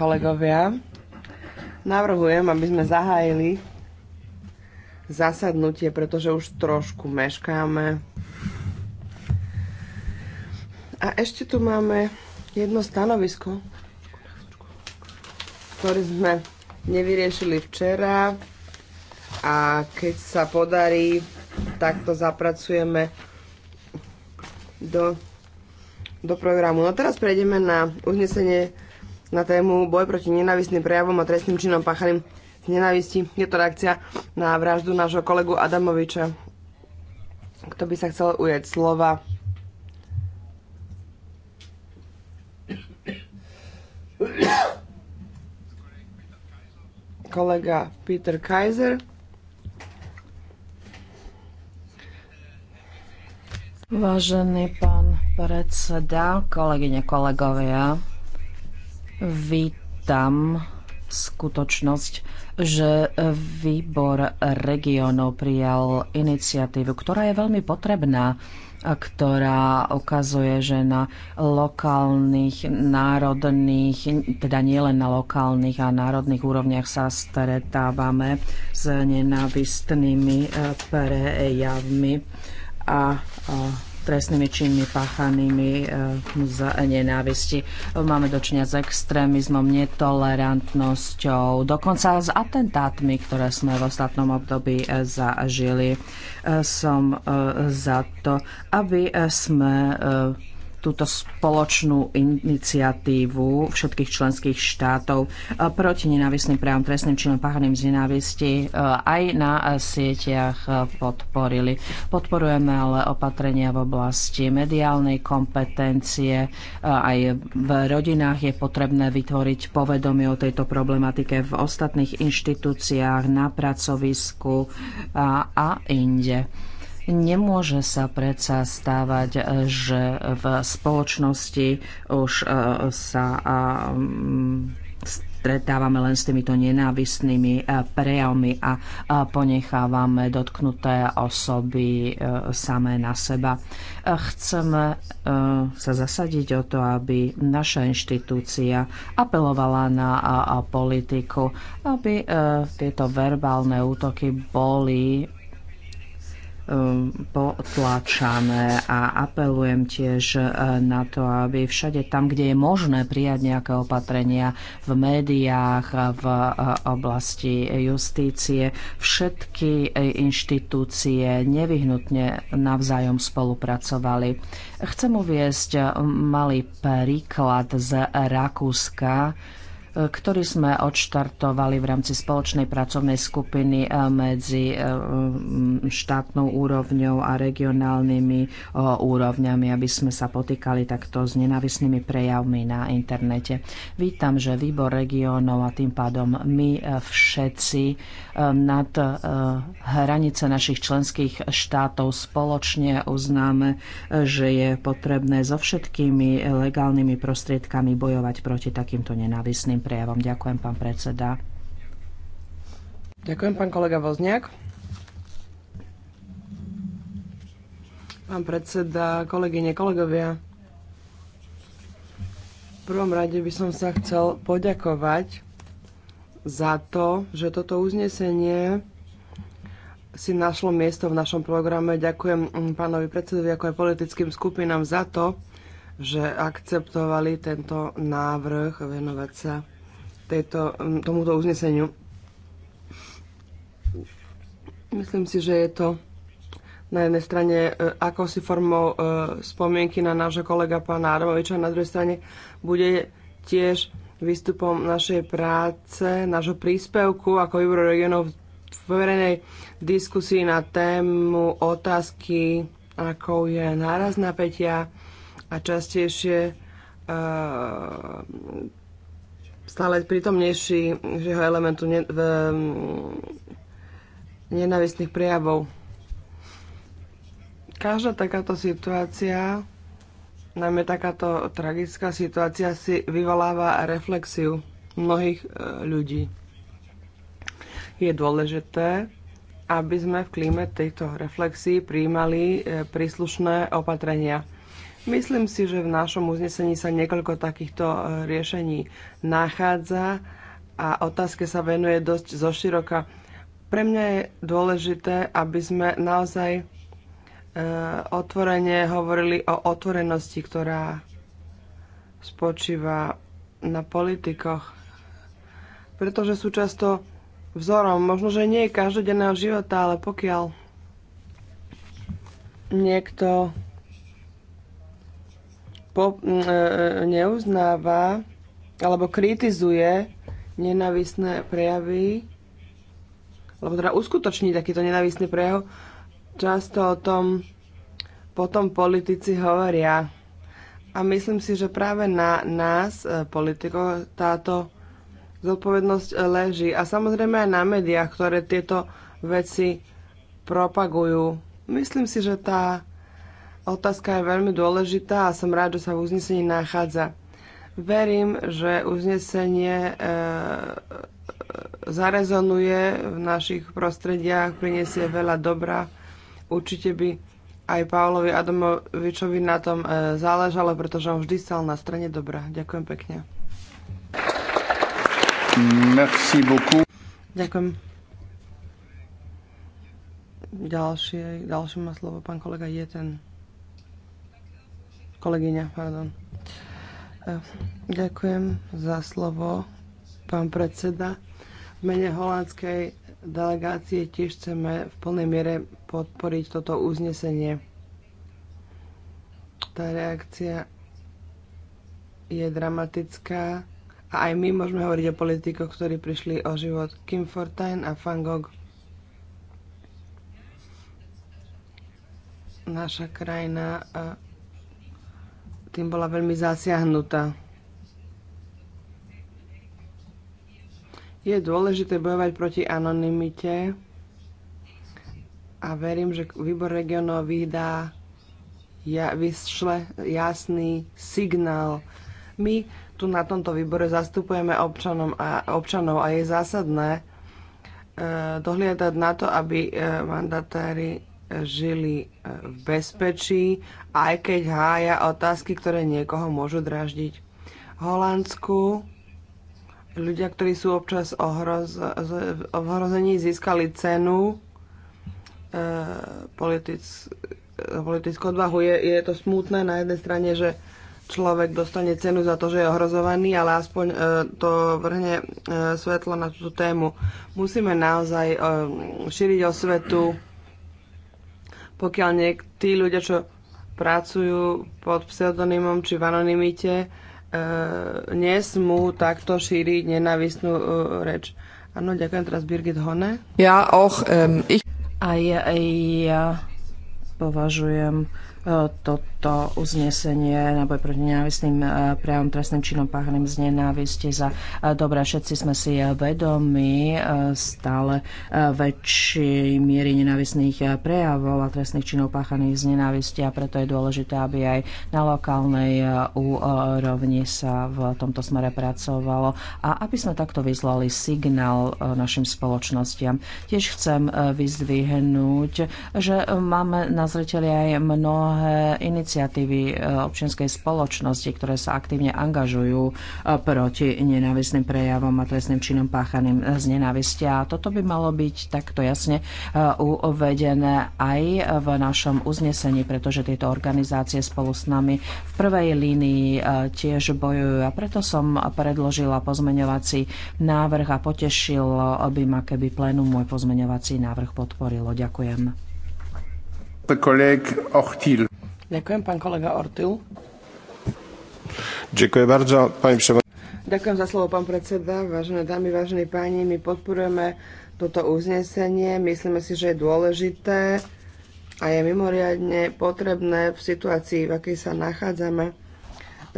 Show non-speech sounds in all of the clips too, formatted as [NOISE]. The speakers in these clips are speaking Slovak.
Kolegovia, navrhujem, aby sme zahájili zasadnutie, pretože už trošku meškáme. A ešte tu máme jedno stanovisko, ktoré sme nevyriešili včera a keď sa podarí, takto zapracujeme do do programu. No teraz prejdeme na uznesenie na tému boj proti nenávistným prejavom a trestným činom páchaným z nenávisti. Je to reakcia na vraždu nášho kolegu Adamoviča. Kto by sa chcel ujať slova? Kolega Peter Kaiser. Vážený pán predseda, kolegyne, kolegovia. Vítam skutočnosť, že výbor regionov prijal iniciatívu, ktorá je veľmi potrebná a ktorá ukazuje, že na lokálnych, národných, teda nielen na lokálnych a národných úrovniach sa stretávame s nenávistnými eh, prejavmi a, a trestnými činmi páchanými e, z nenávisti. Máme dočinia s extrémizmom, netolerantnosťou, dokonca s atentátmi, ktoré sme v ostatnom období e, zažili. E, som za to, aby sme túto spoločnú iniciatívu všetkých členských štátov e, proti nenávisným právom trestným činom páchaným z nenávisti e, aj na e, sieťach podporili. Podporujeme ale opatrenia v oblasti mediálnej kompetencie. Aj v rodinách je potrebné vytvoriť povedomie o tejto problematike v ostatných inštitúciách, na pracovisku a, a inde. Nemôže sa predsa stávať, e, že v spoločnosti už e, sa mm, stretávame len s týmito nenávistnými e, prejavmi a ponechávame dotknuté osoby samé na seba. Chceme sa zasadiť o to, aby naša inštitúcia apelovala na politiku, aby tieto verbálne útoky boli Ehm, potláčané a apelujem tiež e, na to, aby všade tam, kde je možné prijať nejaké opatrenia v médiách, e, v e, oblasti justície, všetky inštitúcie nevyhnutne navzájom spolupracovali. Chcem uviesť malý príklad z Rakúska, ktorý sme odštartovali v rámci spoločnej pracovnej skupiny eh, medzi eh, mm, štátnou úrovňou a regionálnymi eh, úrovňami, aby sme sa potýkali takto s nenávisnými prejavmi na internete. Vítam, že výbor regionov a tým pádom my všetci Ehm, nad eh, hranice našich členských štátov. Spoločne uznáme, eh, že je potrebné so všetkými legálnymi prostriedkami bojovať proti takýmto nenávisným prejavom. Ďakujem, pán predseda. Ďakujem, pán kolega Vozniak. Pán predseda, kolegyne, kolegovia. V prvom rade by som sa chcel poďakovať za to, že toto uznesenie si našlo miesto v našom programe. Ďakujem mm, pánovi predsedovi ako aj politickým skupinám za to, že akceptovali tento návrh venovať sa tejto, mm, tomuto uzneseniu. Myslím si, že je to na jednej strane e, ako si formou e, spomienky na nášho kolega pána Adamoviča, na druhej strane bude tiež výstupom našej práce, nášho príspevku ako regionov v verejnej diskusii na tému otázky, ako je náraz napätia a častejšie uh, stále prítomnejší jeho elementu ne, v, mm, nenavistných prejavov. Každá takáto situácia Najmä takáto tragická situácia si vyvoláva reflexiu mnohých e, ľudí. Je dôležité, aby sme v klíme tejto reflexii príjmali e, príslušné opatrenia. Myslím si, že v našom uznesení sa niekoľko takýchto e, riešení nachádza a otázke sa venuje dosť zoširoka. Pre mňa je dôležité, aby sme naozaj Eh, otvorene hovorili o otvorenosti, ktorá spočíva na politikoch. Pretože sú často vzorom, možno, že nie každodenného života, ale pokiaľ niekto po, e, neuznáva alebo kritizuje nenávisné prejavy, alebo teda uskutoční takýto nenávisný prejav, Často o tom potom politici hovoria. A myslím si, že práve na nás, e, politikov, táto zodpovednosť e, leží. A samozrejme aj na médiách, ktoré tieto veci propagujú. Myslím si, že tá otázka je veľmi dôležitá a som rád, že sa v uznesení nachádza. Verím, že uznesenie e, e zarezonuje v našich prostrediach, prinesie veľa dobra Určite by aj Pavlovi Adamovičovi na tom e, záležalo, pretože on vždy stal na strane dobrá. Ďakujem pekne. Merci beaucoup. Ďakujem. Ďalšie, ďalšie má slovo pán kolega ten Kolegyňa, pardon. E, ďakujem za slovo, pán predseda. V mene holandskej delegácie tiež chceme v plnej miere podporiť toto uznesenie. Tá reakcia je dramatická a aj my môžeme hovoriť o politikoch, ktorí prišli o život. Kim Fortin a Fangog. Naša krajina tým bola veľmi zasiahnutá. Je dôležité bojovať proti anonimite a verím, že výbor regionov vydá ja, vyšle jasný signál. My tu na tomto výbore zastupujeme občanom a, občanov a je zásadné e, dohliadať na to, aby e, mandatári žili e, v bezpečí, aj keď hája otázky, ktoré niekoho môžu draždiť. Holandsku ľudia, ktorí sú občas ohroz, ohrození, získali cenu e, politic, politickú odvahu. Je, je to smutné na jednej strane, že človek dostane cenu za to, že je ohrozovaný, ale aspoň e, to vrhne e, svetlo na túto tému. Musíme naozaj e, šíriť osvetu, pokiaľ nie tí ľudia, čo pracujú pod pseudonymom či v anonimite, E, nesmú takto šíriť nenávistnú e, reč. Áno, ďakujem teraz Birgit Hone. Ja och, um, ich... A ja, ja považujem uh, toto to uznesenie na boj proti nenávistným e, prejavom trestným činom páchaným z nenávisti za e, dobré. Všetci sme si e, vedomi stále väčšej miery nenávistných prejavov a trestných činov páchaných z nenávisti a preto je dôležité, aby aj na lokálnej úrovni sa v tomto smere pracovalo a aby sme takto vyzlali signál našim spoločnostiam. Tiež chcem vyzdvihnúť, že máme na zreteli aj mnohé iniciatívy iniciatívy e, občianskej spoločnosti, ktoré sa aktívne angažujú e, proti nenávisným prejavom a trestným činom páchaným z nenávisti. A toto by malo byť takto jasne e, uvedené aj v našom uznesení, pretože tieto organizácie spolu s nami v prvej línii tiež bojujú. A preto som predložila pozmeňovací návrh a potešil by ma, keby plénum môj pozmeňovací návrh podporilo. Ďakujem. Ochtil. Ďakujem, pán kolega Ortil. Ďakujem bardzo, pani Ďakujem za slovo, pán predseda. Vážené dámy, vážení páni, my podporujeme toto uznesenie. Myslíme si, že je dôležité a je mimoriadne potrebné v situácii, v akej sa nachádzame.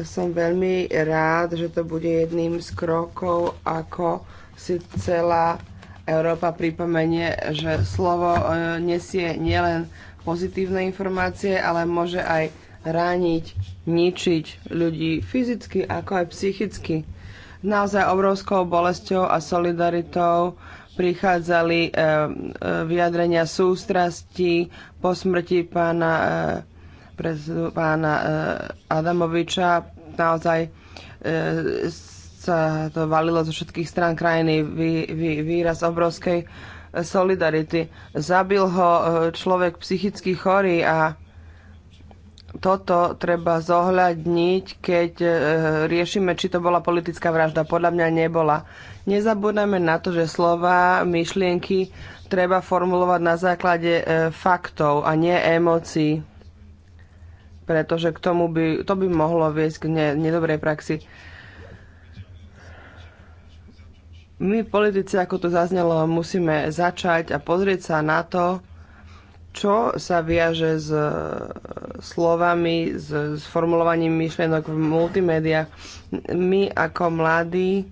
Som veľmi rád, že to bude jedným z krokov, ako si celá Európa pripomenie, že slovo e, nesie nielen pozitívne informácie, ale môže aj rániť, ničiť ľudí fyzicky ako aj psychicky. Naozaj obrovskou bolesťou a solidaritou prichádzali e, e, vyjadrenia sústrasti po smrti pána, e, pána e, Adamoviča. Naozaj e, sa to valilo zo všetkých strán krajiny vý, vý, výraz obrovskej Solidarity. Zabil ho e, človek psychicky chorý a toto treba zohľadniť, keď e, riešime, či to bola politická vražda. Podľa mňa nebola. Nezabúdame na to, že slova, myšlienky treba formulovať na základe e, faktov a nie emócií. Pretože k tomu by, to by mohlo viesť k nedobrej praxi. My politici, ako to zaznelo, musíme začať a pozrieť sa na to, čo sa viaže s e, slovami, s, s formulovaním myšlienok v multimédiách. My ako mladí,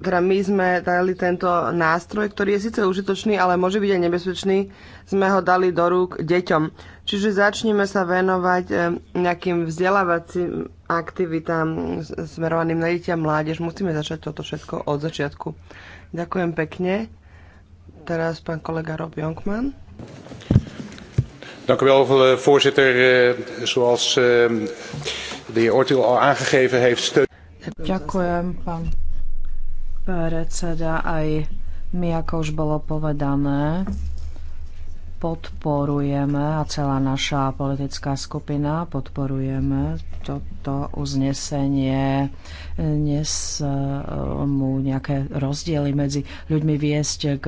teda my sme dali tento nástroj, ktorý je síce užitočný, ale môže byť aj nebezpečný, sme ho dali do rúk deťom Čiže začneme sa venovať eh, nejakým vzdelávacím aktivitám smerovaným na deti a mládež. Musíme začať toto všetko od začiatku. Ďakujem pekne. Teraz pán kolega Rob Jonkman. Dank u wel, eh, voorzitter. Eh, zoals de heer Ortil al aangegeven heeft steun. Ďakujem, pán predseda. Aj my, ako už bolo povedané, podporujeme a celá naša politická skupina podporujeme toto uznesenie. Dnes e, mu nejaké rozdiely medzi ľuďmi viesť k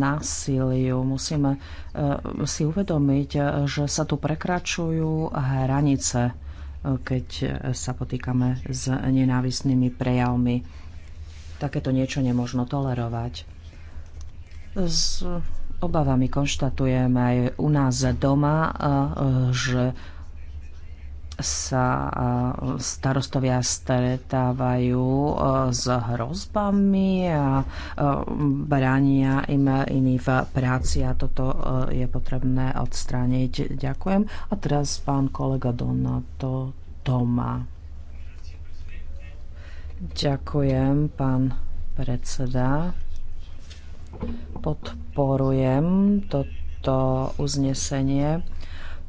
násiliu. Musíme e, si uvedomiť, že sa tu prekračujú hranice, e, keď sa potýkame s nenávisnými prejavmi. Takéto niečo nemôžno tolerovať. Z obavami konštatujem aj u nás doma, že sa starostovia stretávajú s hrozbami a bránia im iní v práci a toto je potrebné odstrániť. Ďakujem. A teraz pán kolega Donato Toma. Ďakujem, pán predseda. Podporujem toto uznesenie.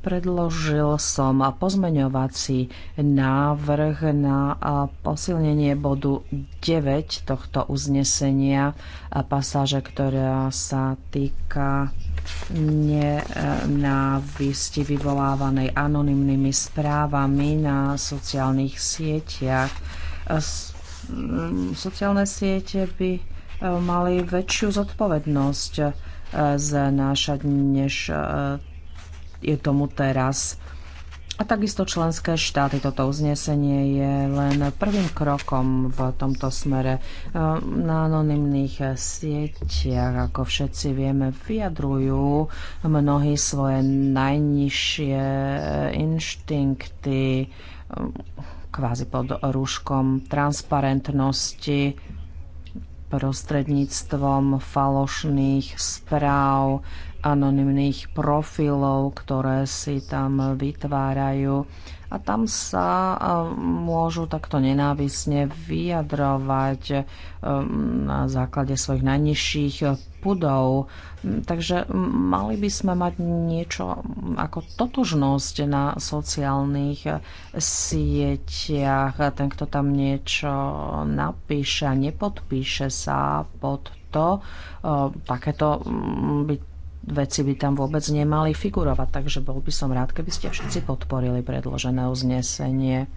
Predložil som pozmeňovací návrh na posilnenie bodu 9 tohto uznesenia, a pasáže, ktorá sa týka nenávisti vyvolávanej anonymnými správami na sociálnych sieťach. Sociálne siete by mali väčšiu zodpovednosť eh, znášať, než eh, je tomu teraz. A takisto členské štáty. Toto uznesenie je len prvým krokom v tomto smere. Eh, na anonimných sieťach, ako všetci vieme, vyjadrujú mnohí svoje najnižšie inštinkty kvázi pod rúškom transparentnosti, prostredníctvom falošných správ, anonimných profilov, ktoré si tam vytvárajú a tam sa môžu takto nenávisne vyjadrovať e, na základe svojich najnižších pudov. Takže mali by sme mať niečo ako totožnosť na sociálnych sieťach. Ten, kto tam niečo napíše a nepodpíše sa pod to, e, takéto by veci by tam vôbec nemali figurovať. Takže bol by som rád, keby ste všetci podporili predložené uznesenie.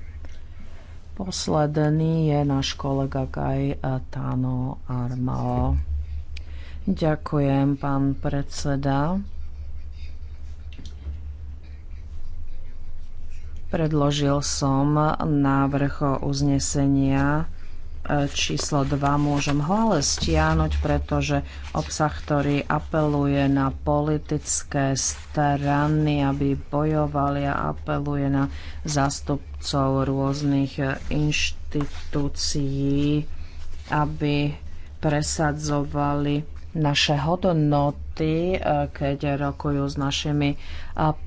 Posledný je náš kolega Gaj eh, Tano Armao. Ďakujem, pán predseda. Predložil som návrh uznesenia E, číslo 2 môžem ho ale stiahnuť, pretože obsah, ktorý apeluje na politické strany, aby bojovali a apeluje na zástupcov rôznych e, inštitúcií, aby presadzovali naše hodnoty, štáty, eh, keď rokujú s našimi eh,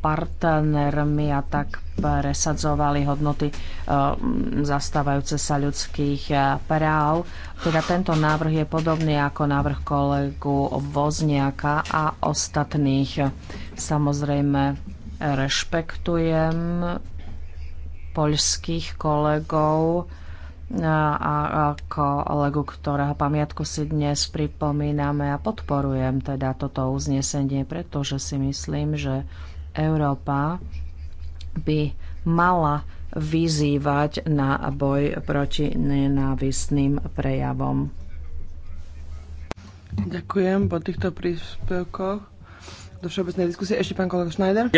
partnermi a tak presadzovali hodnoty eh, zastávajúce sa ľudských práv. Teda tento návrh je podobný ako návrh kolegu Vozniaka a ostatných. Samozrejme, rešpektujem poľských kolegov, a legu, ktorého pamiatku si dnes pripomíname a podporujem teda toto uznesenie, pretože si myslím, že Európa by mala vyzývať na boj proti nenávisným prejavom. Ďakujem po týchto príspevkoch do všeobecnej diskusie. Ešte pán kolega Schneider.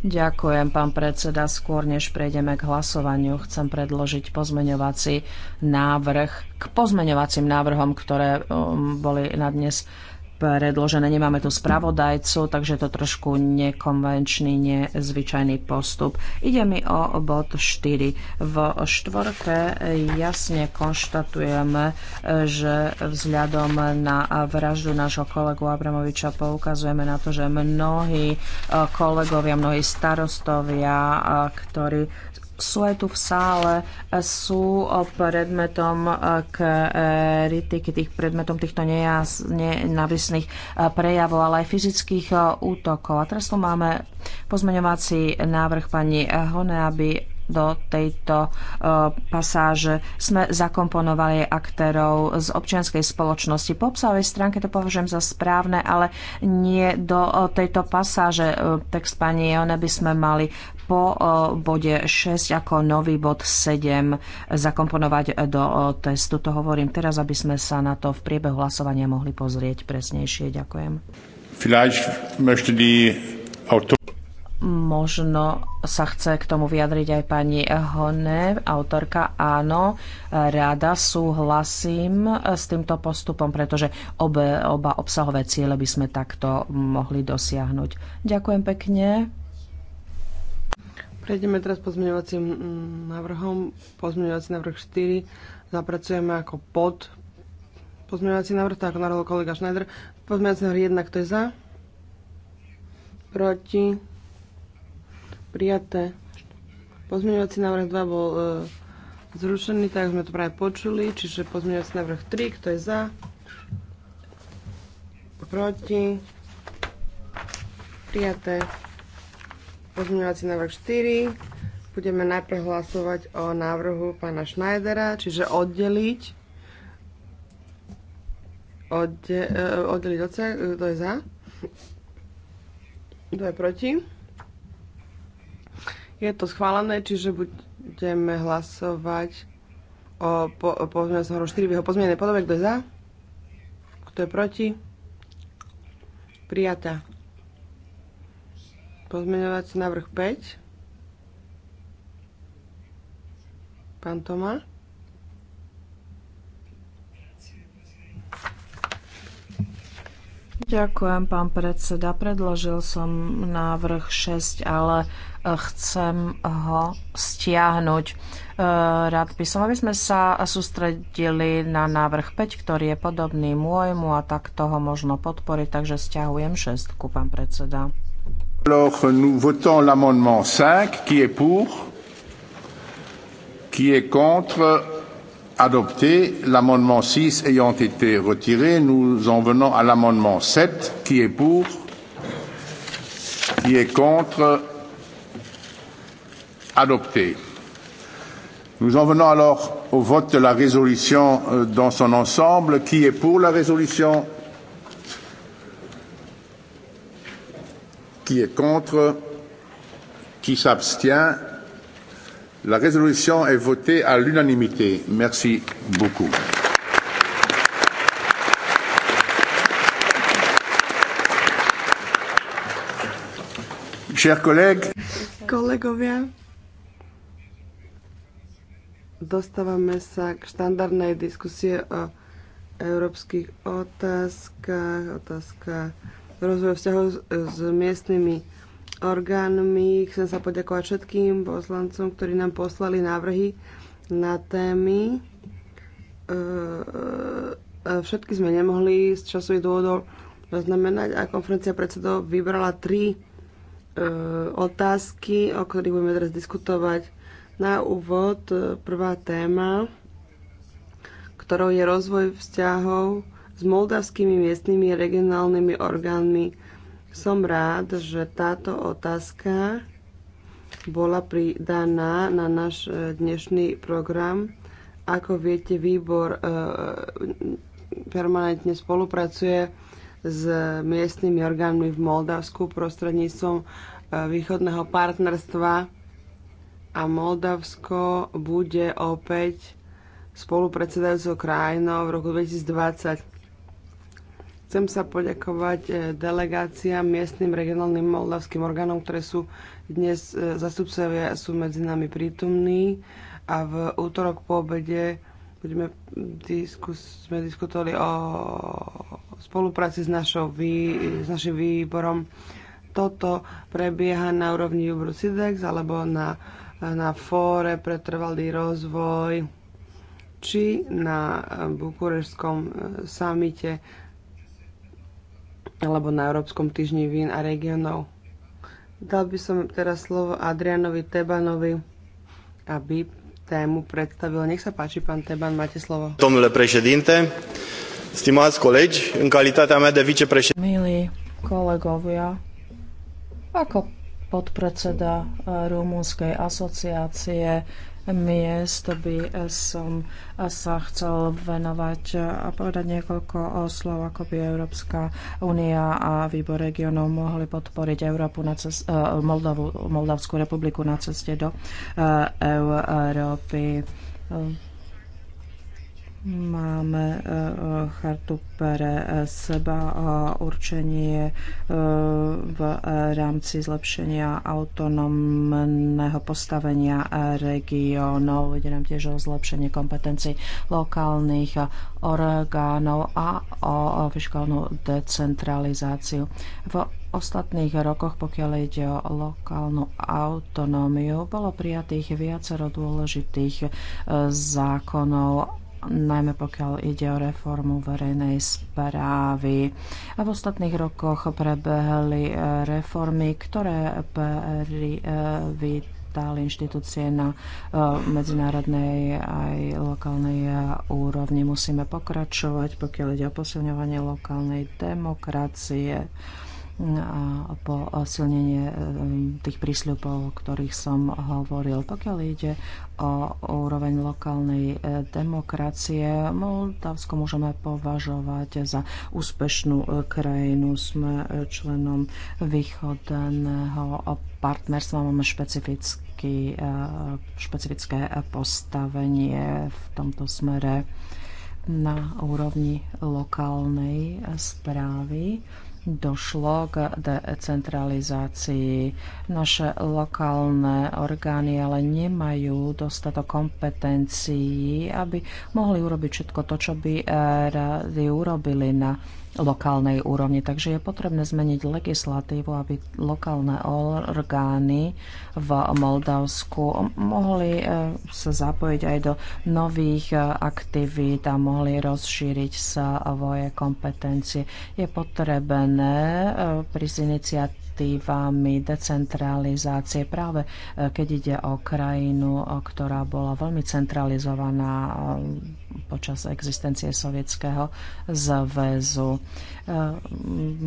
Ďakujem, pán predseda. Skôr než prejdeme k hlasovaniu, chcem predložiť pozmeňovací návrh k pozmeňovacím návrhom, ktoré um, boli na dnes predložené. Nemáme tu spravodajcu, takže to trošku nekonvenčný, nezvyčajný postup. Ide mi o bod 4. V štvorke jasne konštatujeme, že vzhľadom na vraždu nášho kolegu Abramoviča poukazujeme na to, že mnohí eh, kolegovia, mnohí starostovia, eh, ktorí sú aj tu v sále, sú eh, predmetom eh, kritiky, tých predmetom týchto nenávisných eh, prejavov, ale aj fyzických útokov. A teraz tu máme pozmeňovací návrh pani Hone, aby do tejto e, pasáže sme zakomponovali aktérov z občianskej spoločnosti. Po obsahovej stránke to považujem za správne, ale nie do e, tejto pasáže e, text pani Jone by sme mali po bode 6 ako nový bod 7 zakomponovať do testu. To hovorím teraz, aby sme sa na to v priebehu hlasovania mohli pozrieť presnejšie. Ďakujem. Možno sa chce k tomu vyjadriť aj pani Hone, autorka. Áno, rada súhlasím s týmto postupom, pretože obe, oba obsahové ciele by sme takto mohli dosiahnuť. Ďakujem pekne. Prejdeme teraz pozmeňovacím mm, návrhom. Pozmeňovací návrh 4 zapracujeme ako pod pozmeňovací návrh, tak ako navrhol kolega Schneider. Pozmeňovací návrh 1, kto je za? Proti? Prijaté. Pozmeňovací návrh 2 bol e, zrušený, tak sme to práve počuli. Čiže pozmeňovací návrh 3, kto je za? Proti? Prijaté. Pozmeňovací návrh 4. Budeme najprv hlasovať o návrhu pána Schneidera, čiže oddeliť. Odde, e, oddeliť oce, kto je za? Kto je proti? Je to schválené, čiže budeme hlasovať o, po, o pozmenenom 4 v jeho pozmenenej podobe. Kto je za? Kto je proti? Prijatá. Pozmeňovací návrh 5. Pán Toma. Ďakujem, pán predseda. Predložil som návrh 6, ale chcem ho stiahnuť. E, rád by som, aby sme sa sústredili na návrh 5, ktorý je podobný môjmu a tak toho možno podporiť, takže stiahujem 6, pán predseda. Alors, nous votons l'amendement 5, qui est pour, qui est contre, adopté. L'amendement 6 ayant été retiré, nous en venons à l'amendement 7, qui est pour, qui est contre, adopté adopté. Nous en venons alors au vote de la résolution euh, dans son ensemble. Qui est pour la résolution Qui est contre Qui s'abstient La résolution est votée à l'unanimité. Merci beaucoup. Chers collègues, Kolegovia dostávame sa k štandardnej diskusie o európskych otázkach, otázka rozvoja vzťahov s, s miestnymi orgánmi. Chcem sa poďakovať všetkým poslancom, ktorí nám poslali návrhy na témy. E, e, e, všetky sme nemohli z časových dôvodov zaznamenať a konferencia predsedov vybrala tri otázky, o ktorých budeme teraz diskutovať na úvod e, prvá téma, ktorou je rozvoj vzťahov s moldavskými miestnymi regionálnymi orgánmi. Som rád, že táto otázka bola pridaná na náš e, dnešný program. Ako viete, výbor e, permanentne spolupracuje s miestnymi orgánmi v Moldavsku prostredníctvom východného partnerstva a Moldavsko bude opäť spolupredsedajúcou krajinou v roku 2020. Chcem sa poďakovať e, delegáciám, miestnym, regionálnym moldavským orgánom, ktoré sú dnes e, zastupcovia sú medzi nami prítomní a v útorok po obede budeme diskus, sme diskutovali o spolupráci s, našou vý, s našim výborom. Toto prebieha na úrovni Jubru Sidex alebo na na fóre pre trvalý rozvoj či na eh, bukurešskom eh, samite alebo na Európskom týždni vín a regionov. Dal by som teraz slovo Adrianovi Tebanovi, aby tému predstavil. Nech sa páči, pán Teban, máte slovo. Domnule președinte, stimați colegi, în calitatea mea de vicepreședinte... Milí kolegovia, ako podpredseda eh, Rumúnskej asociácie miest by eh, som eh, sa chcel venovať a povedať niekoľko slov, ako by Európska únia a výbor regionov mohli podporiť Európu na cest, Moldavu, Moldavskú republiku na ceste do Európy. Máme e, e, chartu pre e, seba a určenie v rámci zlepšenia autonómneho postavenia regiónov. Ide nám tiež o zlepšenie kompetencií lokálnych orgánov a o fiskálnu decentralizáciu. V ostatných rokoch, pokiaľ ide o lokálnu autonómiu, bolo prijatých viacero dôležitých zákonov najmä pokiaľ ide o reformu verejnej správy. A v ostatných rokoch prebehli e, reformy, ktoré privítali inštitúcie na e, medzinárodnej aj lokálnej e, úrovni. Musíme pokračovať, pokiaľ ide o posilňovanie lokálnej demokracie a osilnenie e, tých prísľubov, o ktorých som hovoril. Pokiaľ ide o úroveň lokálnej e, demokracie, Moldavsko môžeme považovať za úspešnú e, krajinu. Sme členom východného partnerstva, máme špecifické, špecifické postavenie v tomto smere na úrovni lokálnej správy došlo k decentralizácii. Naše lokálne orgány ale nemajú dostatok kompetencií, aby mohli urobiť všetko to, čo by eh, rady urobili na lokálnej úrovni. Takže je potrebné zmeniť legislatívu, aby lokálne orgány v Moldavsku mohli e, sa zapojiť aj do nových e, aktivít a mohli rozšíriť svoje kompetencie. Je potrebné e, prísť iniciatívu alternatívami decentralizácie práve eh, keď ide o krajinu, ktorá bola veľmi centralizovaná eh, počas existencie sovietského zväzu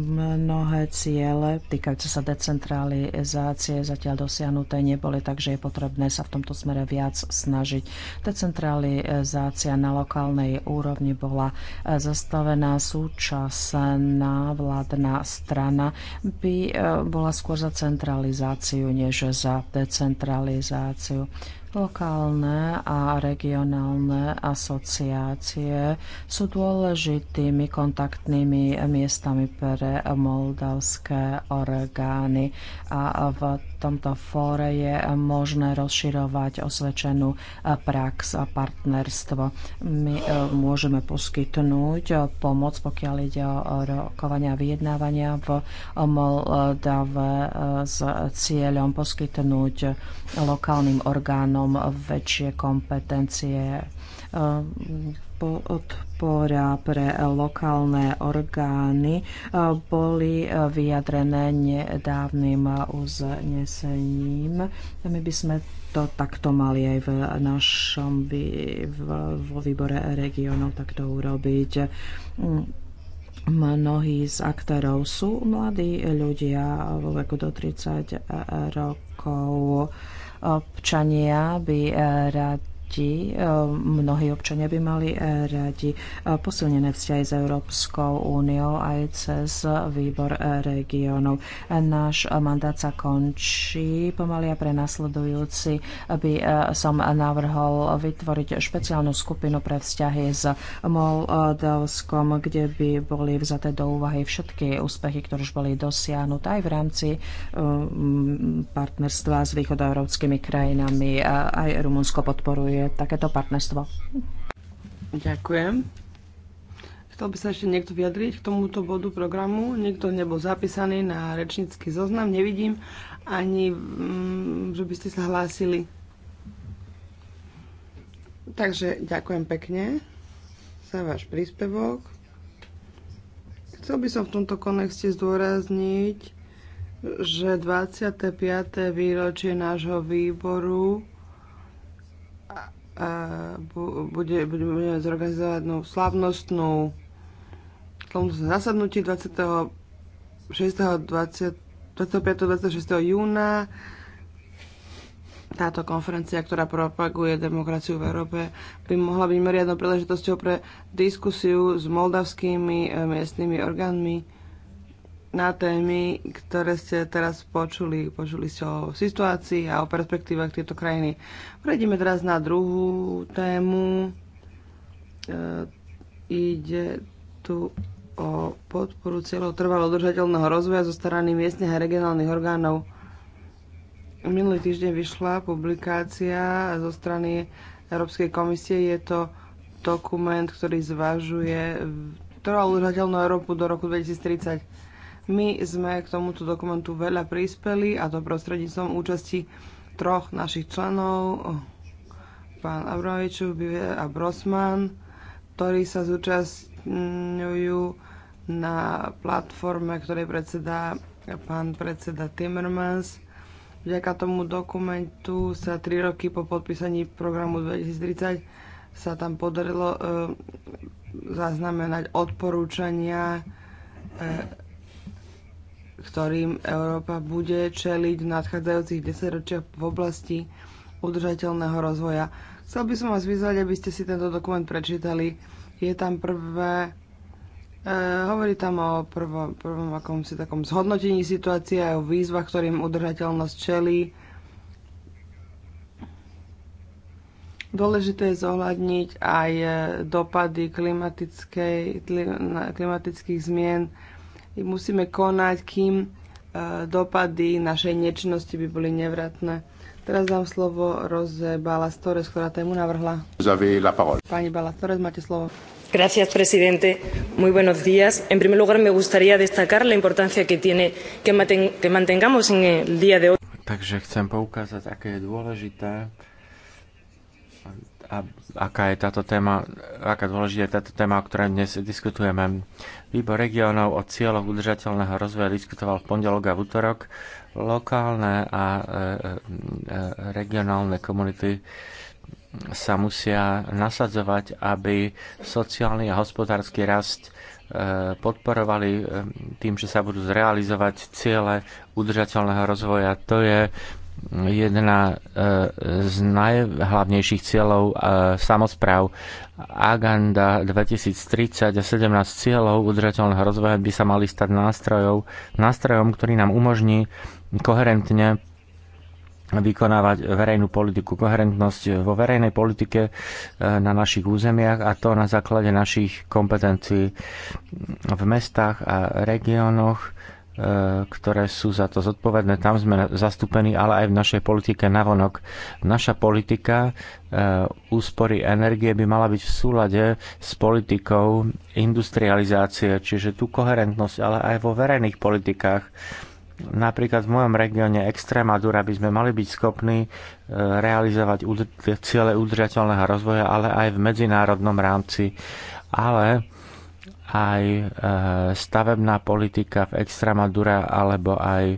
mnohé ciele týkajúce sa decentralizácie zatiaľ dosiahnuté neboli, takže je potrebné sa v tomto smere viac snažiť. Decentralizácia na lokálnej úrovni bola eh, zastavená súčasná vládna strana by eh, bola skôr za centralizáciu než za decentralizáciu. Lokálne a regionálne asociácie sú dôležitými kontaktnými miestami pre moldavské orgány a v tomto fóre je možné rozširovať osvedčenú eh, prax a partnerstvo. My eh, môžeme poskytnúť eh, pomoc, pokiaľ ide o rokovania a vyjednávania v Moldave s cieľom poskytnúť lokálnym orgánom väčšie kompetencie Ehm, podpora pre lokálne orgány e, boli e, vyjadrené nedávnym uznesením. My by sme to takto mali aj v našom vo výbore regionov takto urobiť. Mnohí z aktérov sú mladí ľudia vo veku do 30 rokov. Občania by e, rad radi, e, mnohí občania by mali e, radi e, posilnené vzťahy s Európskou úniou aj cez výbor regionov. Náš mandát sa končí pomaly a pre nasledujúci by som navrhol vytvoriť špeciálnu skupinu pre vzťahy s Moldavskom, kde by boli vzaté do úvahy všetky úspechy, ktoré už boli dosiahnuté aj v rámci partnerstva s východoeurópskymi krajinami. Aj Rumunsko podporuje podporuje takéto partnerstvo. Ďakujem. Chcel by sa ešte niekto vyjadriť k tomuto bodu programu. Niekto nebol zapísaný na rečnícky zoznam, nevidím ani, mm, že by ste sa hlásili. Takže ďakujem pekne za váš príspevok. Chcel by som v tomto kontexte zdôrazniť, že 25. výročie nášho výboru bude, budeme zorganizovať no, slavnostnú slavnostné zasadnutie 26. 25. 26. júna. Táto konferencia, ktorá propaguje demokraciu v Európe, by mohla byť meriadnou príležitosťou pre diskusiu s moldavskými e, miestnymi orgánmi na témy, ktoré ste teraz počuli. Počuli ste o situácii a o perspektívach tieto krajiny. Prejdeme teraz na druhú tému. E, ide tu o podporu cieľov trvalo udržateľného rozvoja zo strany miestnych a regionálnych orgánov. Minulý týždeň vyšla publikácia zo strany Európskej komisie. Je to dokument, ktorý zvažuje trvalo udržateľnú Európu do roku 2030 my sme k tomuto dokumentu veľa prispeli a to prostredníctvom účasti troch našich členov, pán Abramovičov, Bivier a Brosman, ktorí sa zúčastňujú na platforme, ktorej predseda pán predseda Timmermans. Vďaka tomu dokumentu sa tri roky po podpísaní programu 2030 sa tam podarilo e, zaznamenať odporúčania e, ktorým Európa bude čeliť v nadchádzajúcich desaťročiach v oblasti udržateľného rozvoja. Chcel by som vás vyzvať, aby ste si tento dokument prečítali. Je tam prvé, e, hovorí tam o prvom, prvom akomsi takom zhodnotení situácie a o výzvach, ktorým udržateľnosť čelí. Dôležité je zohľadniť aj e, dopady klimatických zmien, musíme konať, kým e, dopady našej nečnosti by boli nevratné. Teraz dám slovo Roze Balas Torres, ktorá tému navrhla. Pani Balas Torres, máte slovo. Gracias, presidente. Muy buenos días. En primer lugar, me gustaría destacar la importancia que tiene que mantengamos en el día de hoy. Takže chcem poukázať, aké je dôležité, a aká je táto téma, aká dôležitá je táto téma, o ktorej dnes diskutujeme. Výbor regionov o cieľoch udržateľného rozvoja diskutoval v pondelok a v útorok. Lokálne a e, e, e regionálne komunity sa musia nasadzovať, aby sociálny a hospodársky rast e, podporovali e, tým, že sa budú zrealizovať ciele udržateľného rozvoja. To je jedna e, z najhlavnejších cieľov e, samozpráv Agenda 2030 a 17 cieľov udržateľného rozvoja by sa mali stať nástrojov, nástrojom, ktorý nám umožní koherentne vykonávať verejnú politiku, koherentnosť vo verejnej politike e, na našich územiach a to na základe našich kompetencií v mestách a regiónoch E, ktoré sú za to zodpovedné. Tam sme zastúpení, ale aj v našej politike navonok. Naša politika e, úspory energie by mala byť v súlade s politikou industrializácie, čiže tú koherentnosť, ale aj vo verejných politikách. Napríklad v mojom regióne Extremadura by sme mali byť schopní e, realizovať ciele udržateľného rozvoja, ale aj v medzinárodnom rámci. Ale aj e, stavebná politika v Extremadura alebo aj e,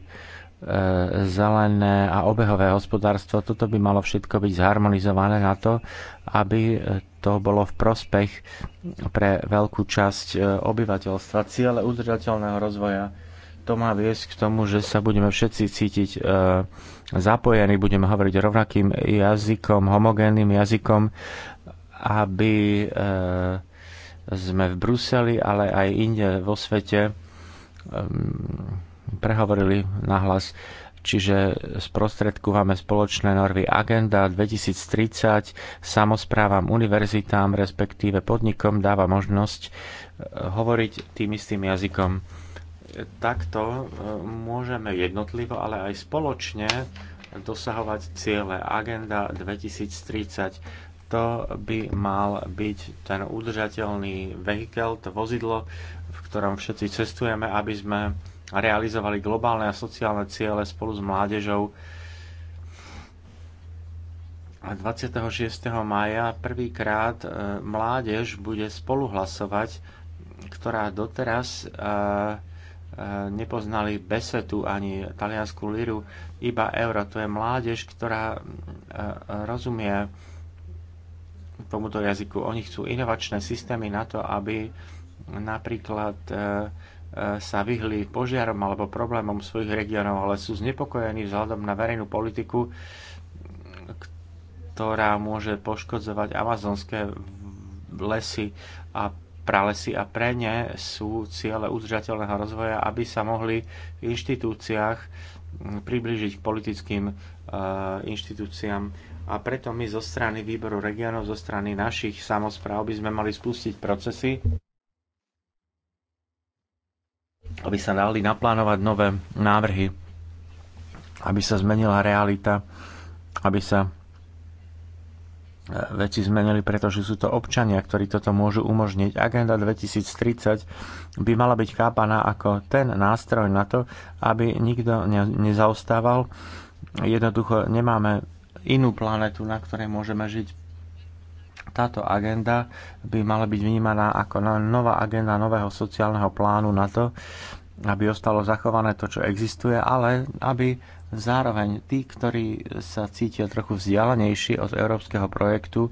zelené a obehové hospodárstvo. Toto by malo všetko byť zharmonizované na to, aby to bolo v prospech pre veľkú časť e, obyvateľstva. Ciele udržateľného rozvoja to má viesť k tomu, že sa budeme všetci cítiť zapojení, budeme hovoriť rovnakým jazykom, homogénnym jazykom, aby sme v Bruseli, ale aj inde vo svete um, prehovorili nahlas, čiže sprostredkúvame spoločné normy Agenda 2030, samozprávam, univerzitám, respektíve podnikom dáva možnosť uh, hovoriť tým istým jazykom. Takto uh, môžeme jednotlivo, ale aj spoločne dosahovať ciele Agenda 2030 to by mal byť ten udržateľný vehikel, to vozidlo, v ktorom všetci cestujeme, aby sme realizovali globálne a sociálne ciele spolu s mládežou. A 26. maja prvýkrát e, mládež bude spolu hlasovať, ktorá doteraz e, e, nepoznali besetu ani taliansku liru, iba euro. To je mládež, ktorá rozumie tomuto jazyku. Oni chcú inovačné systémy na to, aby napríklad e, e, sa vyhli požiarom alebo problémom svojich regiónov, ale sú znepokojení vzhľadom na verejnú politiku, ktorá môže poškodzovať amazonské lesy a pralesy a pre ne sú ciele udržateľného rozvoja, aby sa mohli v inštitúciách priblížiť k politickým e, inštitúciám a preto my zo strany výboru regionov, zo strany našich samozpráv by sme mali spustiť procesy, aby sa dali naplánovať nové návrhy, aby sa zmenila realita, aby sa e, veci zmenili, pretože sú to občania, ktorí toto môžu umožniť. Agenda 2030 by mala byť chápaná ako ten nástroj na to, aby nikto nezaostával. Jednoducho nemáme inú planetu, na ktorej môžeme žiť. Táto agenda by mala byť vnímaná ako nová agenda nového sociálneho plánu na to, aby ostalo zachované to, čo existuje, ale aby zároveň tí, ktorí sa cítia trochu vzdialenejší od európskeho projektu, e,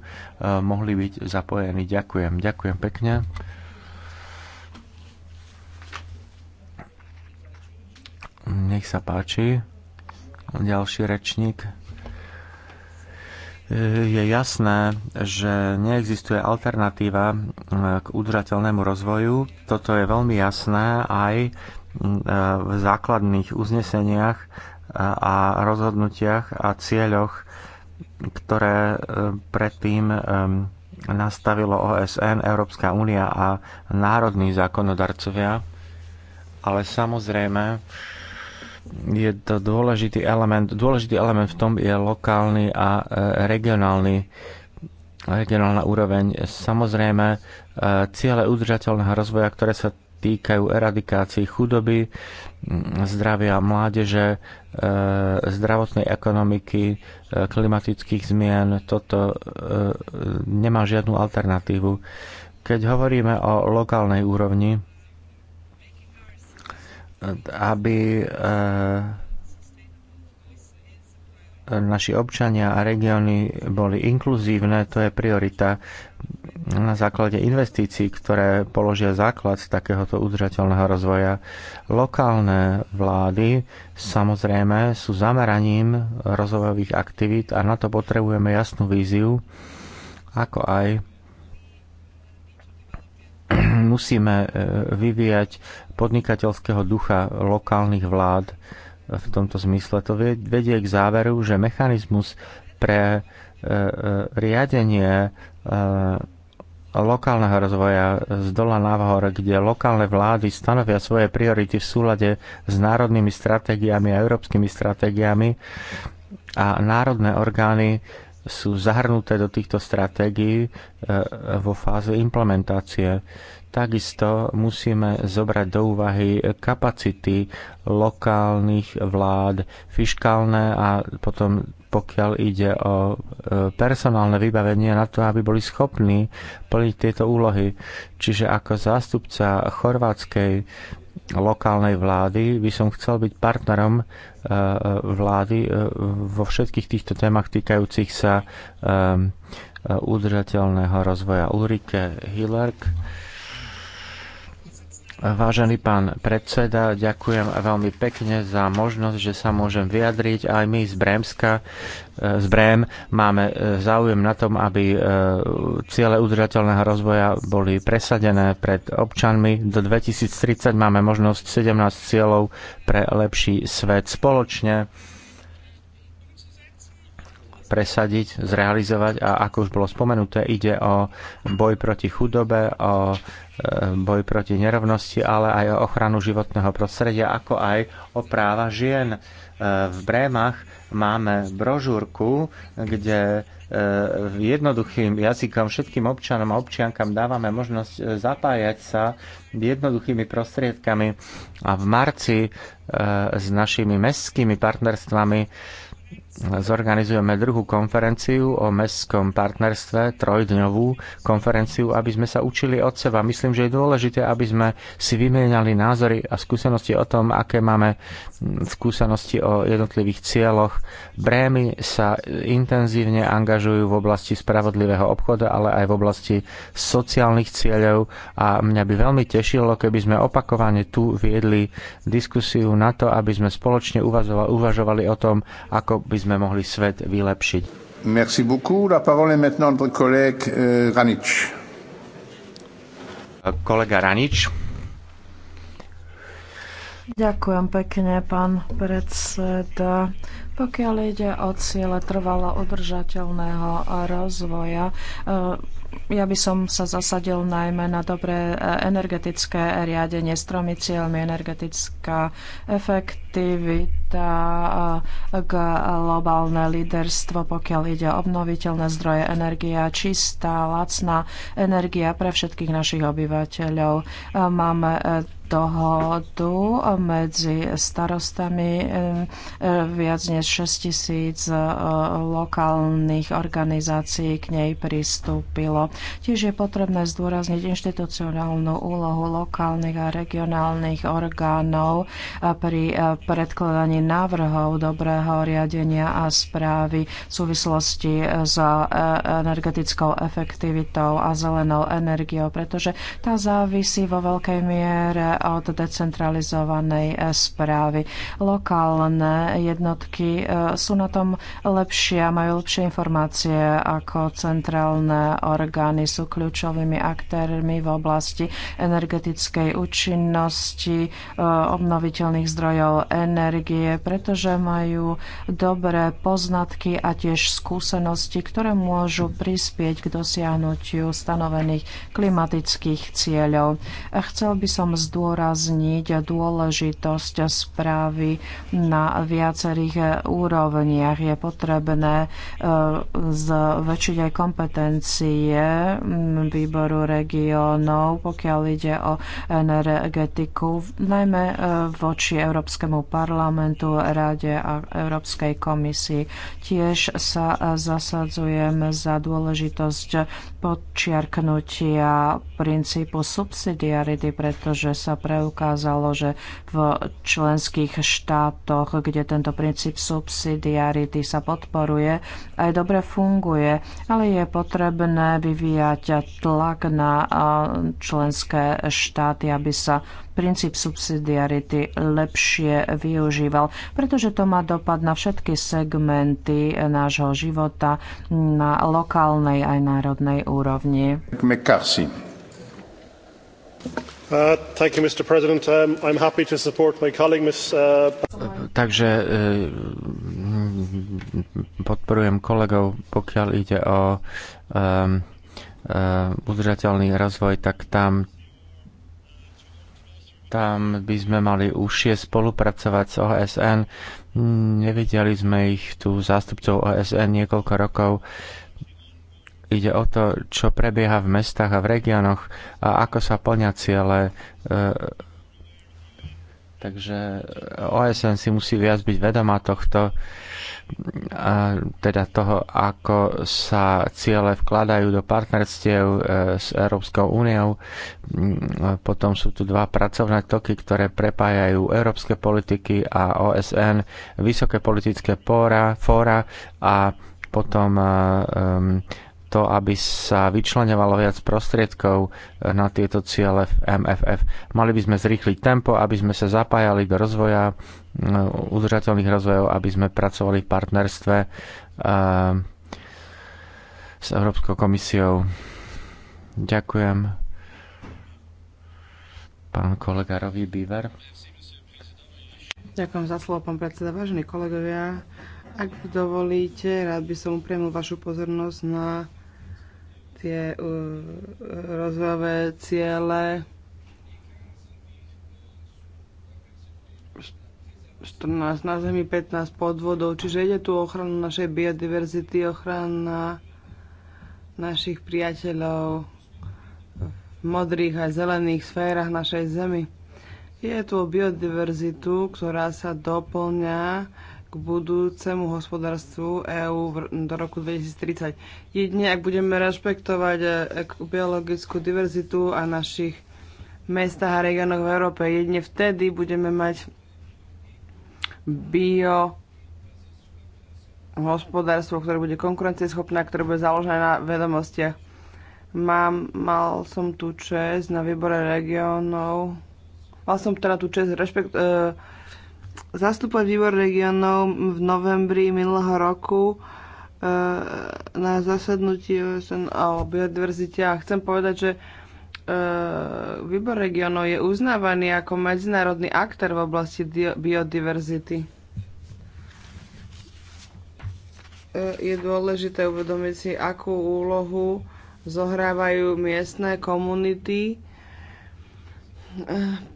mohli byť zapojení. Ďakujem. Ďakujem pekne. Nech sa páči. Ďalší rečník je jasné, že neexistuje alternatíva e, k udržateľnému rozvoju. Toto je veľmi jasné aj e, v základných uzneseniach a rozhodnutiach a cieľoch, ktoré e, predtým nastavilo OSN, Európska únia a národní zákonodarcovia. Ale samozrejme, je to dôležitý element. Dôležitý element v tom je lokálny a e, regionálny regionálna úroveň. Samozrejme, e, ciele udržateľného rozvoja, ktoré sa týkajú eradikácií chudoby, zdravia mládeže, e, zdravotnej ekonomiky, klimatických zmien. Toto nemá žiadnu alternatívu. Keď hovoríme o lokálnej úrovni, aby eh, naši občania a regióny boli inkluzívne, to je priorita na základe investícií, ktoré položia základ takéhoto udržateľného rozvoja. Lokálne vlády samozrejme sú zameraním rozvojových aktivít a na to potrebujeme jasnú víziu, ako aj musíme e, vyvíjať podnikateľského ducha lokálnych vlád v tomto zmysle. To vedie k záveru, že mechanizmus pre e, e, riadenie lokálneho rozvoja z dola nahor, kde lokálne vlády stanovia svoje priority v súlade s národnými stratégiami a európskymi stratégiami a národné orgány sú zahrnuté do týchto stratégií e, vo fáze implementácie. Takisto musíme zobrať do úvahy kapacity lokálnych vlád, fiškálne a potom pokiaľ ide o e, personálne vybavenie na to, aby boli schopní plniť tieto úlohy. Čiže ako zástupca chorvátskej lokálnej vlády. By som chcel byť partnerom eh, vlády eh, vo všetkých týchto témach týkajúcich sa eh, udržateľného rozvoja. Ulrike Hillerk Vážený pán predseda, ďakujem veľmi pekne za možnosť, že sa môžem vyjadriť. Aj my z Brémska, e, z Brém máme e, záujem na tom, aby e, ciele udržateľného rozvoja boli presadené pred občanmi. Do 2030 máme možnosť 17 cieľov pre lepší svet spoločne presadiť, zrealizovať a ako už bolo spomenuté, ide o boj proti chudobe, o e, boj proti nerovnosti, ale aj o ochranu životného prostredia, ako aj o práva žien. E, v Brémach máme brožúrku, kde e, jednoduchým jazykom všetkým občanom a občiankam dávame možnosť zapájať sa jednoduchými prostriedkami. A v marci s našimi mestskými partnerstvami zorganizujeme druhú konferenciu o mestskom partnerstve, trojdňovú konferenciu, aby sme sa učili od seba. Myslím, že je dôležité, aby sme si vymieniali názory a skúsenosti o tom, aké máme skúsenosti o jednotlivých cieľoch. Brémy sa intenzívne angažujú v oblasti spravodlivého obchodu, ale aj v oblasti sociálnych cieľov a mňa by veľmi tešilo, keby sme opakovane tu viedli diskusiu na to, aby sme spoločne uvažovali o tom, ako by sme mohli svet vylepšiť. Merci beaucoup. La parole est maintenant notre collègue euh, Ranic. Kolega Ranič. Ďakujem pekne, pán predseda. Pokiaľ ide o ciele trvalo udržateľného rozvoja, eh, ja by som sa zasadil najmä na dobré eh, energetické riadenie s tromi cieľmi energetická efektivita k globálne líderstvo, pokiaľ ide o obnoviteľné zdroje energia, čistá, lacná energia pre všetkých našich obyvateľov. Máme e, dohodu medzi starostami e, viac než 6 tisíc e, lokálnych organizácií k nej pristúpilo. Tiež je potrebné zdôrazniť inštitucionálnu úlohu lokálnych a regionálnych orgánov pri predkladaní vypracovaní návrhov dobrého riadenia a správy v súvislosti s e, energetickou efektivitou a zelenou energiou, pretože tá závisí vo veľkej miere od decentralizovanej e, správy. Lokálne jednotky e, sú na tom lepšie a majú lepšie informácie ako centrálne orgány. Sú kľúčovými aktérmi v oblasti energetickej účinnosti, obnoviteľných zdrojov energie zdroje, pretože majú dobré poznatky a tiež skúsenosti, ktoré môžu prispieť k dosiahnutiu stanovených klimatických cieľov. Chcel by som zdôrazniť dôležitosť správy na viacerých úrovniach. Je potrebné e, zväčšiť aj kompetencie výboru regionov, pokiaľ ide o energetiku, najmä e, voči Európskemu parlamentu parlamentu, Rade a Európskej komisii. Tiež sa zasadzujem za dôležitosť podčiarknutia princípu subsidiarity, pretože sa preukázalo, že v členských štátoch, kde tento princíp subsidiarity sa podporuje, aj dobre funguje, ale je potrebné vyvíjať tlak na členské štáty, aby sa princíp subsidiarity lepšie využíval povedal, pretože to má dopad na všetky segmenty nášho života na lokálnej aj národnej úrovni. McCarthy. Uh, um, uh, Takže uh, podporujem kolegov, pokiaľ ide o um, udržateľný rozvoj, tak tam tam by sme mali užšie spolupracovať s OSN. Nevideli sme ich tu zástupcov OSN niekoľko rokov. Ide o to, čo prebieha v mestách a v regiónoch a ako sa plňa ciele e, Takže e, OSN si musí viac byť vedomá tohto, teda toho, ako sa ciele vkladajú do partnerstiev e, s Európskou úniou. Mm, e, potom sú tu dva pracovné toky, ktoré prepájajú európske politiky a OSN, vysoké politické fóra a potom to, aby sa vyčlenovalo viac prostriedkov e, na tieto ciele v MFF. Mali by sme zrýchliť tempo, aby sme sa zapájali do rozvoja e, udržateľných rozvojov, aby sme pracovali v partnerstve e, s Európskou komisiou. Ďakujem. Pán kolega Rový Bíver. Ďakujem za slovo, pán predseda. Vážení kolegovia, ak dovolíte, rád by som upriemil vašu pozornosť na tie uh, rozvojové ciele 14 na Zemi, 15 podvodov. Čiže ide tu ochranu našej biodiverzity, ochrana našich priateľov v modrých a zelených sférach našej Zemi. Je tu biodiverzitu, ktorá sa doplňa k budúcemu hospodárstvu EÚ do roku 2030. Jedine, ak budeme rešpektovať e, biologickú diverzitu a našich mestách a regiónoch v Európe, jedine vtedy budeme mať bio hospodárstvo, ktoré bude konkurencieschopné ktoré bude založené na vedomostiach. Mám, mal som tu čest na výbore regiónov, mal som teda tu čest rešpektovať e, zastúpať výbor regionov v novembri minulého roku e, na zasadnutí OSN o biodiverzite a chcem povedať, že e, výbor regionov je uznávaný ako medzinárodný aktér v oblasti biodiverzity. E, je dôležité uvedomiť si, akú úlohu zohrávajú miestne komunity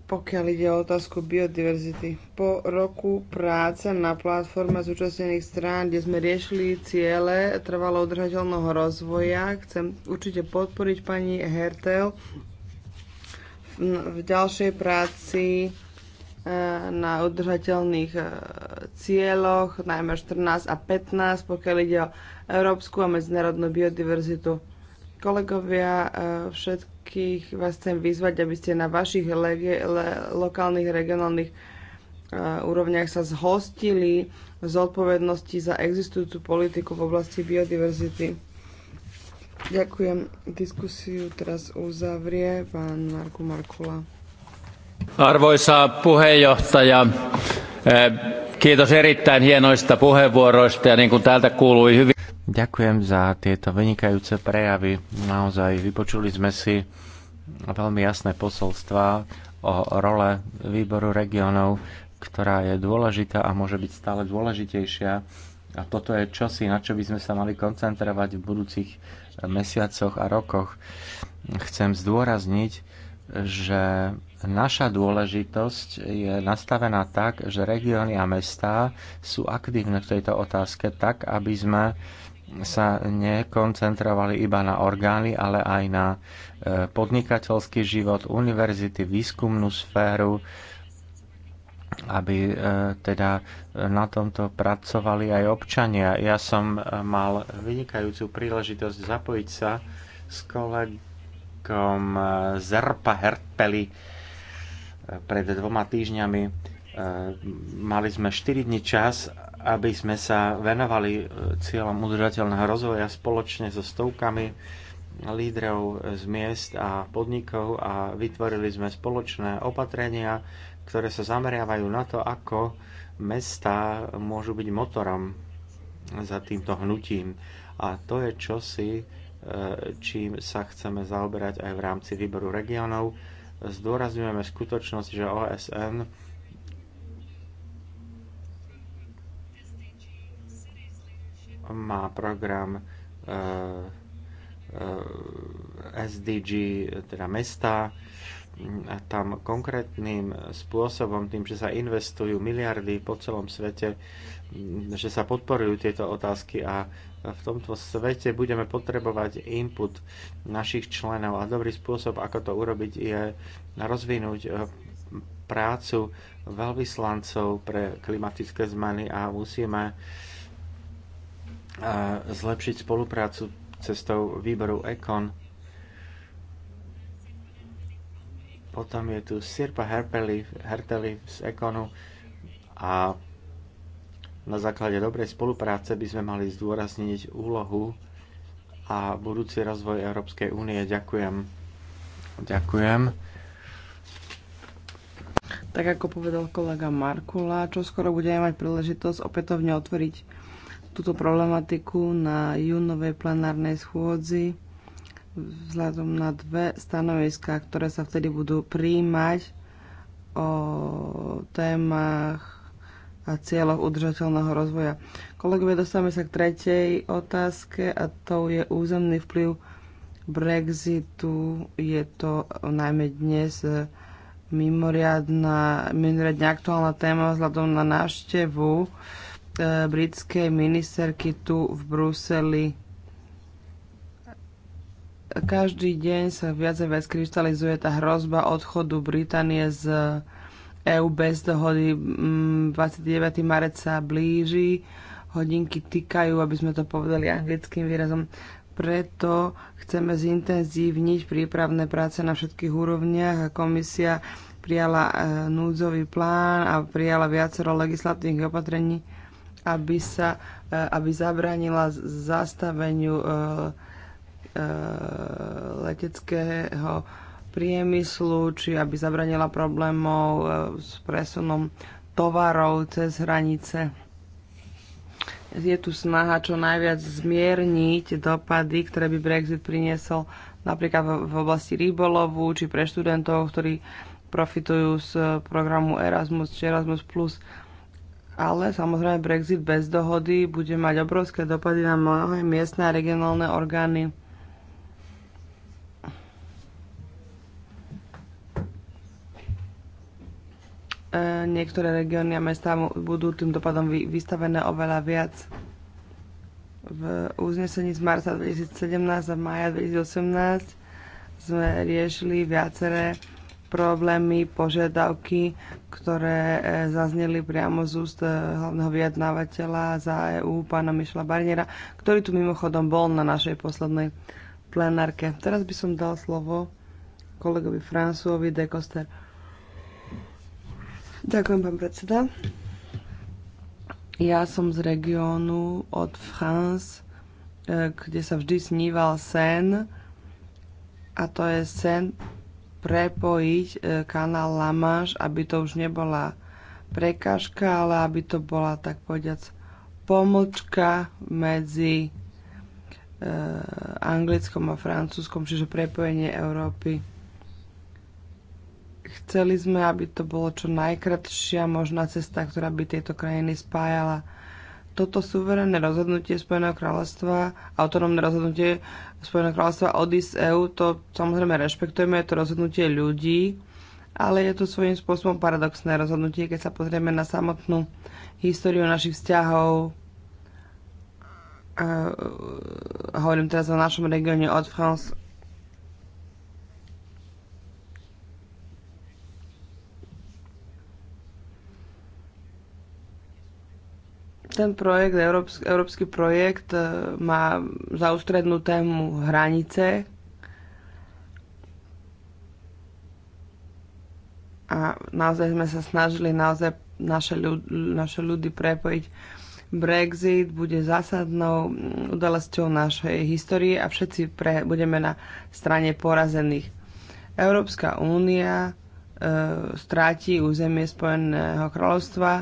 pokiaľ ide o otázku biodiverzity. Po roku práce na platforme zúčastnených strán, kde sme riešili ciele trvalo udržateľného rozvoja, chcem určite podporiť pani Hertel v ďalšej práci eh, na udržateľných eh, cieľoch, najmä 14 a 15, pokiaľ ide o európsku a medzinárodnú biodiverzitu. Kolegovia, eh, všetky všetkých vás chcem vyzvať, aby ste na vašich lege, le, lokálnych, regionálnych uh, úrovniach sa zhostili z odpovednosti za existujúcu politiku v oblasti biodiverzity. Ďakujem. Diskusiu teraz uzavrie pán Marku Markula. Arvoisa puheenjohtaja, e, kiitos erittäin hienoista puheenvuoroista ja niin kuin täältä kuului hyvin. Ďakujem za tieto vynikajúce prejavy. Naozaj vypočuli sme si veľmi jasné posolstva o role výboru regionov, ktorá je dôležitá a môže byť stále dôležitejšia. A toto je čosi, na čo by sme sa mali koncentrovať v budúcich mesiacoch a rokoch. Chcem zdôrazniť, že naša dôležitosť je nastavená tak, že regióny a mestá sú aktívne v tejto otázke tak, aby sme sa nekoncentrovali iba na orgány, ale aj na e, podnikateľský život, univerzity, výskumnú sféru, aby e, teda na tomto pracovali aj občania. Ja som e, mal vynikajúcu príležitosť zapojiť sa s kolegom Zerpa Hertpeli pred dvoma týždňami Eh, mali sme 4 dní čas, aby sme sa venovali eh, cieľom udržateľného rozvoja spoločne so stovkami lídrov eh, z miest a podnikov a vytvorili sme spoločné opatrenia, ktoré sa zameriavajú na to, ako mesta môžu byť motorom za týmto hnutím. A to je čosi, čím sa chceme zaoberať aj v rámci výboru regionov. Zdôrazňujeme skutočnosť, že OSN má program eh, eh, SDG, teda mesta, a tam konkrétnym spôsobom, tým, že sa investujú miliardy po celom svete, že sa podporujú tieto otázky a v tomto svete budeme potrebovať input našich členov a dobrý spôsob, ako to urobiť, je rozvinúť eh, prácu veľvyslancov pre klimatické zmeny a musíme a zlepšiť spoluprácu cestou výboru ECON. Potom je tu Sirpa Herpeli, Herteli z ECONu a na základe dobrej spolupráce by sme mali zdôrazniť úlohu a budúci rozvoj Európskej únie. Ďakujem. Ďakujem. Tak ako povedal kolega Markula, čo skoro budeme mať príležitosť opätovne otvoriť túto problematiku na júnovej plenárnej schôdzi vzhľadom na dve stanoviská, ktoré sa vtedy budú príjmať o témach a cieľoch udržateľného rozvoja. Kolegovia, dostávame sa k tretej otázke a to je územný vplyv Brexitu. Je to najmä dnes mimoriadna, mimoriadne aktuálna téma vzhľadom na návštevu britskej ministerky tu v Bruseli. Každý deň sa viac a viac kryštalizuje tá hrozba odchodu Británie z EU bez dohody. 29. Mm, marec sa blíži, hodinky týkajú, aby sme to povedali anglickým výrazom. Preto chceme zintenzívniť prípravné práce na všetkých úrovniach a komisia prijala eh, núdzový plán a prijala viacero legislatívnych opatrení aby sa eh, aby zabránila zastaveniu eh, eh, leteckého priemyslu, či aby zabranila problémov s presunom tovarov cez hranice. Je tu snaha čo najviac zmierniť dopady, ktoré by Brexit priniesol napríklad v oblasti rybolovu, či pre študentov, ktorí profitujú z programu Erasmus či Erasmus+ ale samozrejme Brexit bez dohody bude mať obrovské dopady na mnohé miestne a regionálne orgány. E, niektoré regióny a mesta budú tým dopadom vystavené oveľa viac. V uznesení z marca 2017 a maja 2018 sme riešili viaceré problémy, požiadavky, ktoré e, zazneli priamo z úst e, hlavného vyjednávateľa za EÚ, pána Mišla Barniera, ktorý tu mimochodom bol na našej poslednej plenárke. Teraz by som dal slovo kolegovi Francovi de Koster. Ďakujem, pán predseda. Ja som z regiónu od France, kde sa vždy sníval sen, a to je sen prepojiť e, kanál La Manche, aby to už nebola prekažka, ale aby to bola tak povediac pomlčka medzi e, anglickom a francúzskom, čiže prepojenie Európy. Chceli sme, aby to bolo čo najkratšia možná cesta, ktorá by tieto krajiny spájala toto suverénne rozhodnutie Spojeného kráľovstva, autonómne rozhodnutie Spojeného kráľovstva odísť z EÚ, to samozrejme rešpektujeme, je to rozhodnutie ľudí, ale je to svojím spôsobom paradoxné rozhodnutie, keď sa pozrieme na samotnú históriu našich vzťahov. Uh, hovorím teraz o našom regióne od France Ten projekt, európsky, európsky projekt e, má za ústrednú tému hranice a naozaj sme sa snažili naozaj naše, ľud, naše ľudy prepojiť. Brexit bude zásadnou udalosťou našej histórie a všetci pre, budeme na strane porazených. Európska únia e, stráti územie Spojeného kráľovstva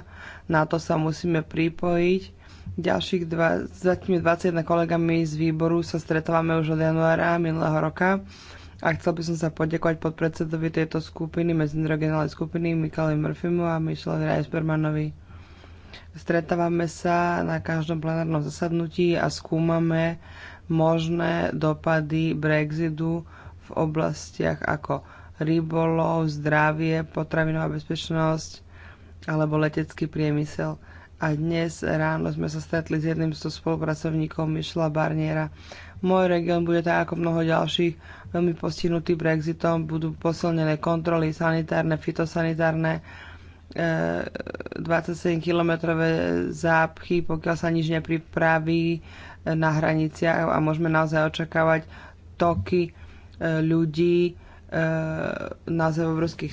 na to sa musíme pripojiť. Ďalších tými 21 kolegami z výboru sa stretávame už od januára minulého roka. A chcel by som sa poďakovať podpredsedovi tejto skupiny, medziregionálnej skupiny, Mikalovi Murphymu a Michelovi Reisbermanovi. Stretávame sa na každom plenárnom zasadnutí a skúmame možné dopady Brexitu v oblastiach ako rybolov, zdravie, potravinová bezpečnosť, alebo letecký priemysel. A dnes ráno sme sa stretli s jedným zo spolupracovníkov Mišla Barniera. Môj región bude tak ako mnoho ďalších veľmi postihnutý Brexitom. Budú posilnené kontroly sanitárne, fitosanitárne, 27-kilometrové eh, zápchy, pokiaľ sa nič nepripraví eh, na hraniciach a môžeme naozaj očakávať toky eh, ľudí Eh, na obrovských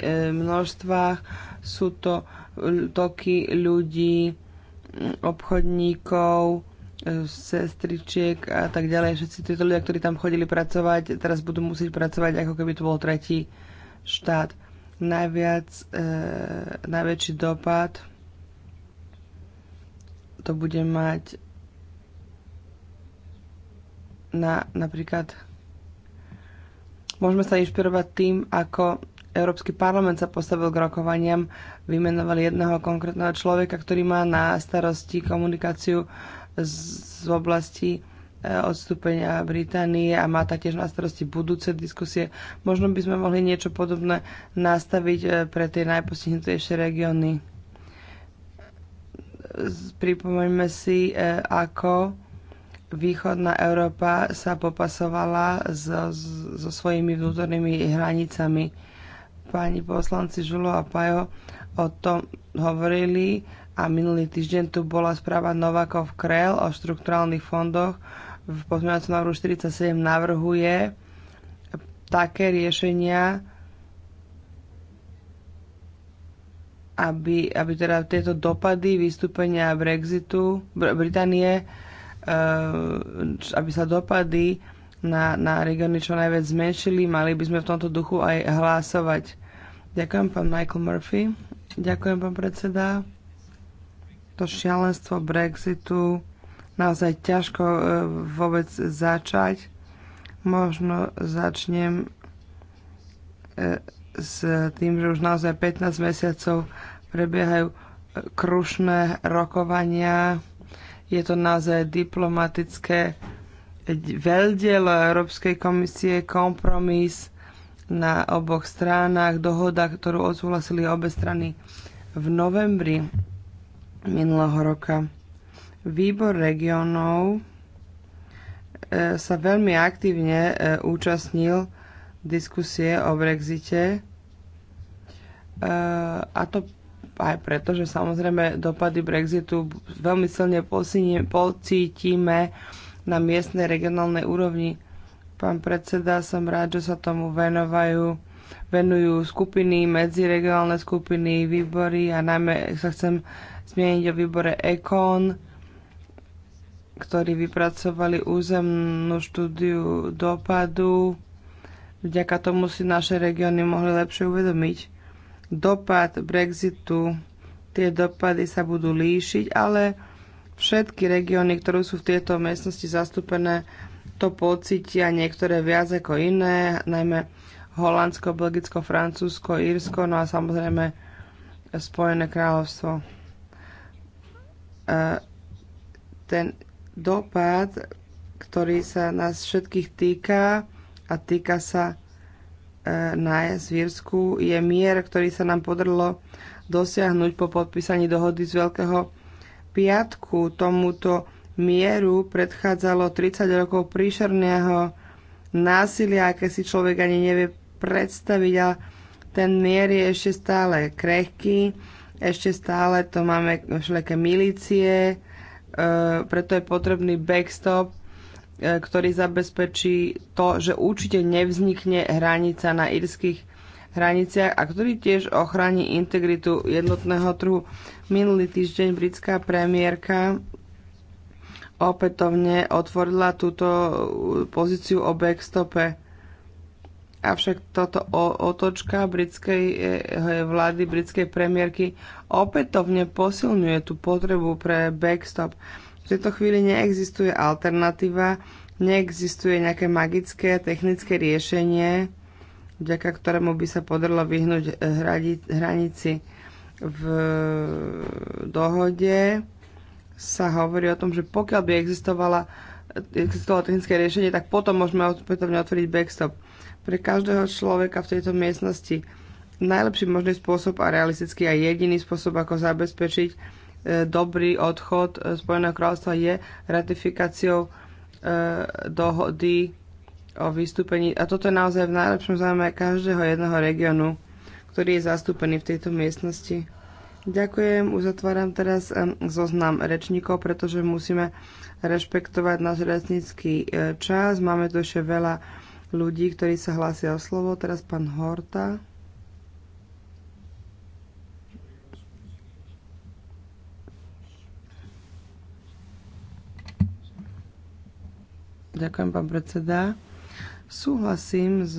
eh, množstvách. Sú to toky ľudí, mm, obchodníkov, eh, sestričiek a tak ďalej. Všetci títo ľudia, ktorí tam chodili pracovať, teraz budú musieť pracovať, ako keby to bol tretí štát. Najviac, e, najväčší dopad to bude mať na napríklad Môžeme sa inšpirovať tým, ako Európsky parlament sa postavil k rokovaniam, vymenoval jedného konkrétneho človeka, ktorý má na starosti komunikáciu z, oblasti e, odstúpenia Británie a má taktiež na starosti budúce diskusie. Možno by sme mohli niečo podobné nastaviť e, pre tie najpostihnutejšie regióny. E, pripomeňme si, ako východná Európa sa popasovala so, so svojimi vnútornými hranicami. Páni poslanci Žulo a Pajo o tom hovorili a minulý týždeň tu bola správa Novakov Krel o štrukturálnych fondoch. V pozmeňovacom návrhu 47 navrhuje také riešenia, aby, aby teda tieto dopady vystúpenia Brexitu, Br- Británie Eh, aby sa dopady na, na regióny čo najviac zmenšili. Mali by sme v tomto duchu aj hlasovať. Ďakujem, pán Michael Murphy. Ďakujem, pán predseda. To šialenstvo Brexitu naozaj ťažko eh, vôbec začať. Možno začnem eh, s tým, že už naozaj 15 mesiacov prebiehajú krušné rokovania je to naozaj diplomatické veľdielo Európskej komisie, kompromis na oboch stranách, dohoda, ktorú odsúhlasili obe strany v novembri minulého roka. Výbor regionov e, sa veľmi aktívne e, účastnil diskusie o Brexite e, a to aj preto, že samozrejme dopady Brexitu veľmi silne pocítime na miestnej regionálnej úrovni. Pán predseda, som rád, že sa tomu venovajú, venujú skupiny, medziregionálne skupiny, výbory a najmä sa chcem zmieniť o výbore ECON, ktorí vypracovali územnú štúdiu dopadu. Vďaka tomu si naše regióny mohli lepšie uvedomiť dopad Brexitu, tie dopady sa budú líšiť, ale všetky regióny, ktoré sú v tejto miestnosti zastúpené, to pocítia niektoré viac ako iné, najmä Holandsko, Belgicko, Francúzsko, Írsko, no a samozrejme Spojené kráľovstvo. E, ten dopad, ktorý sa nás všetkých týka a týka sa E, nájsť v Írsku je mier, ktorý sa nám podarilo dosiahnuť po podpísaní dohody z Veľkého piatku. Tomuto mieru predchádzalo 30 rokov príšerného násilia, aké si človek ani nevie predstaviť a ten mier je ešte stále krehký, ešte stále to máme všelijaké milície, e, preto je potrebný backstop E, ktorý zabezpečí to, že určite nevznikne hranica na írskych hraniciach a ktorý tiež ochráni integritu jednotného trhu. Minulý týždeň britská premiérka opätovne otvorila túto e, pozíciu o backstope. Avšak toto otočka britskej e, vlády, britskej premiérky opätovne posilňuje tú potrebu pre backstop tejto chvíli neexistuje alternatíva, neexistuje nejaké magické technické riešenie, vďaka ktorému by sa podarilo vyhnúť eh, hranici v eh, dohode sa hovorí o tom, že pokiaľ by existovala, eh, existovalo technické riešenie, tak potom môžeme opätovne otvoriť backstop. Pre každého človeka v tejto miestnosti najlepší možný spôsob a realistický a jediný spôsob, ako zabezpečiť dobrý odchod Spojeného kráľovstva je ratifikáciou e, dohody o vystúpení. A toto je naozaj v najlepšom záujme každého jedného regiónu, ktorý je zastúpený v tejto miestnosti. Ďakujem, uzatváram teraz zoznam rečníkov, pretože musíme rešpektovať náš rečnícky e, čas. Máme tu ešte veľa ľudí, ktorí sa hlásia o slovo. Teraz pán Horta. Ďakujem, pán predseda. Súhlasím s,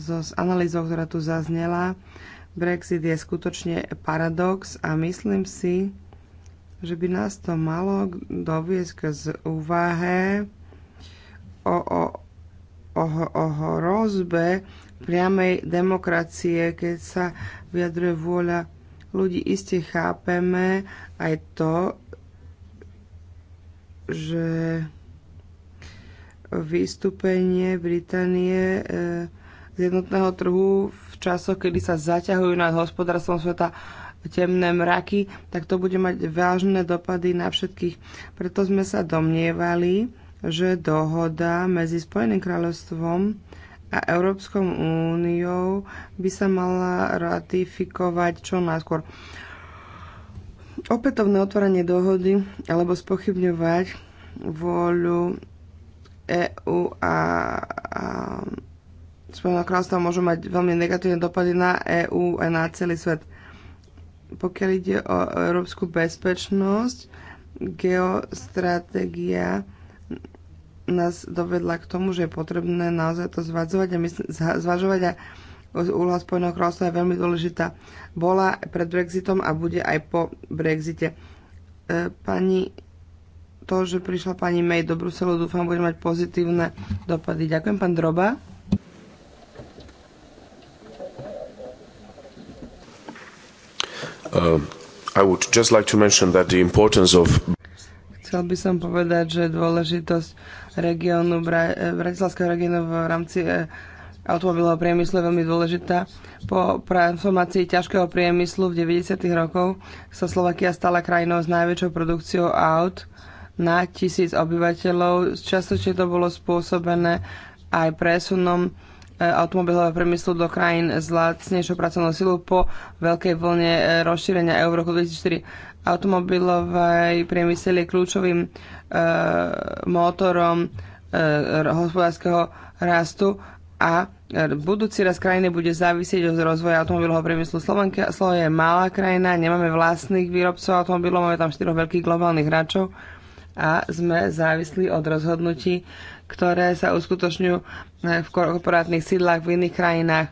s, s analýzou, ktorá tu zaznela. Brexit je skutočne paradox a myslím si, že by nás to malo doviesť k úvahe o, o, o, o hrozbe priamej demokracie, keď sa vyjadruje vôľa ľudí. isté chápeme aj to, že vystúpenie Británie eh, z jednotného trhu v časoch, kedy sa zaťahujú nad hospodárstvom sveta temné mraky, tak to bude mať vážne dopady na všetkých. Preto sme sa domnievali, že dohoda medzi Spojeným kráľovstvom a Európskou úniou by sa mala ratifikovať čo najskôr. Opätovné otvorenie dohody alebo spochybňovať vôľu EU a, a Spojené kráľovstvo môžu mať veľmi negatívne dopady na EÚ a na celý svet. Pokiaľ ide o európsku bezpečnosť, geostratégia nás dovedla k tomu, že je potrebné naozaj to zvažovať a, mysl- zvažovať a úloha Spojeného kráľovstva je veľmi dôležitá. Bola pred Brexitom a bude aj po Brexite. E, pani to, že prišla pani May do Bruselu, dúfam, bude mať pozitívne dopady. Ďakujem, pán Droba. Uh, I would just like to mention that the importance of Chcel by som povedať, že dôležitosť regiónu, Bra- Bratislavského regiónu v rámci eh, automobilového priemyslu je veľmi dôležitá. Po transformácii ťažkého priemyslu v 90. rokoch sa Slovakia stala krajinou s najväčšou produkciou aut na tisíc obyvateľov. Častočne to bolo spôsobené aj presunom e, automobilového priemyslu do krajín s lacnejšou pracovnou silou po veľkej vlne e, rozšírenia EU v roku 2004. Automobilový priemysel je kľúčovým e, motorom e, hospodárskeho rastu a e, budúci raz krajiny bude závisieť od rozvoja automobilového priemyslu. Slovenka, Slovenka je malá krajina, nemáme vlastných výrobcov automobilov, máme tam štyroch veľkých globálnych hráčov a sme závislí od rozhodnutí, ktoré sa uskutočňujú eh, v korporátnych sídlach v iných krajinách.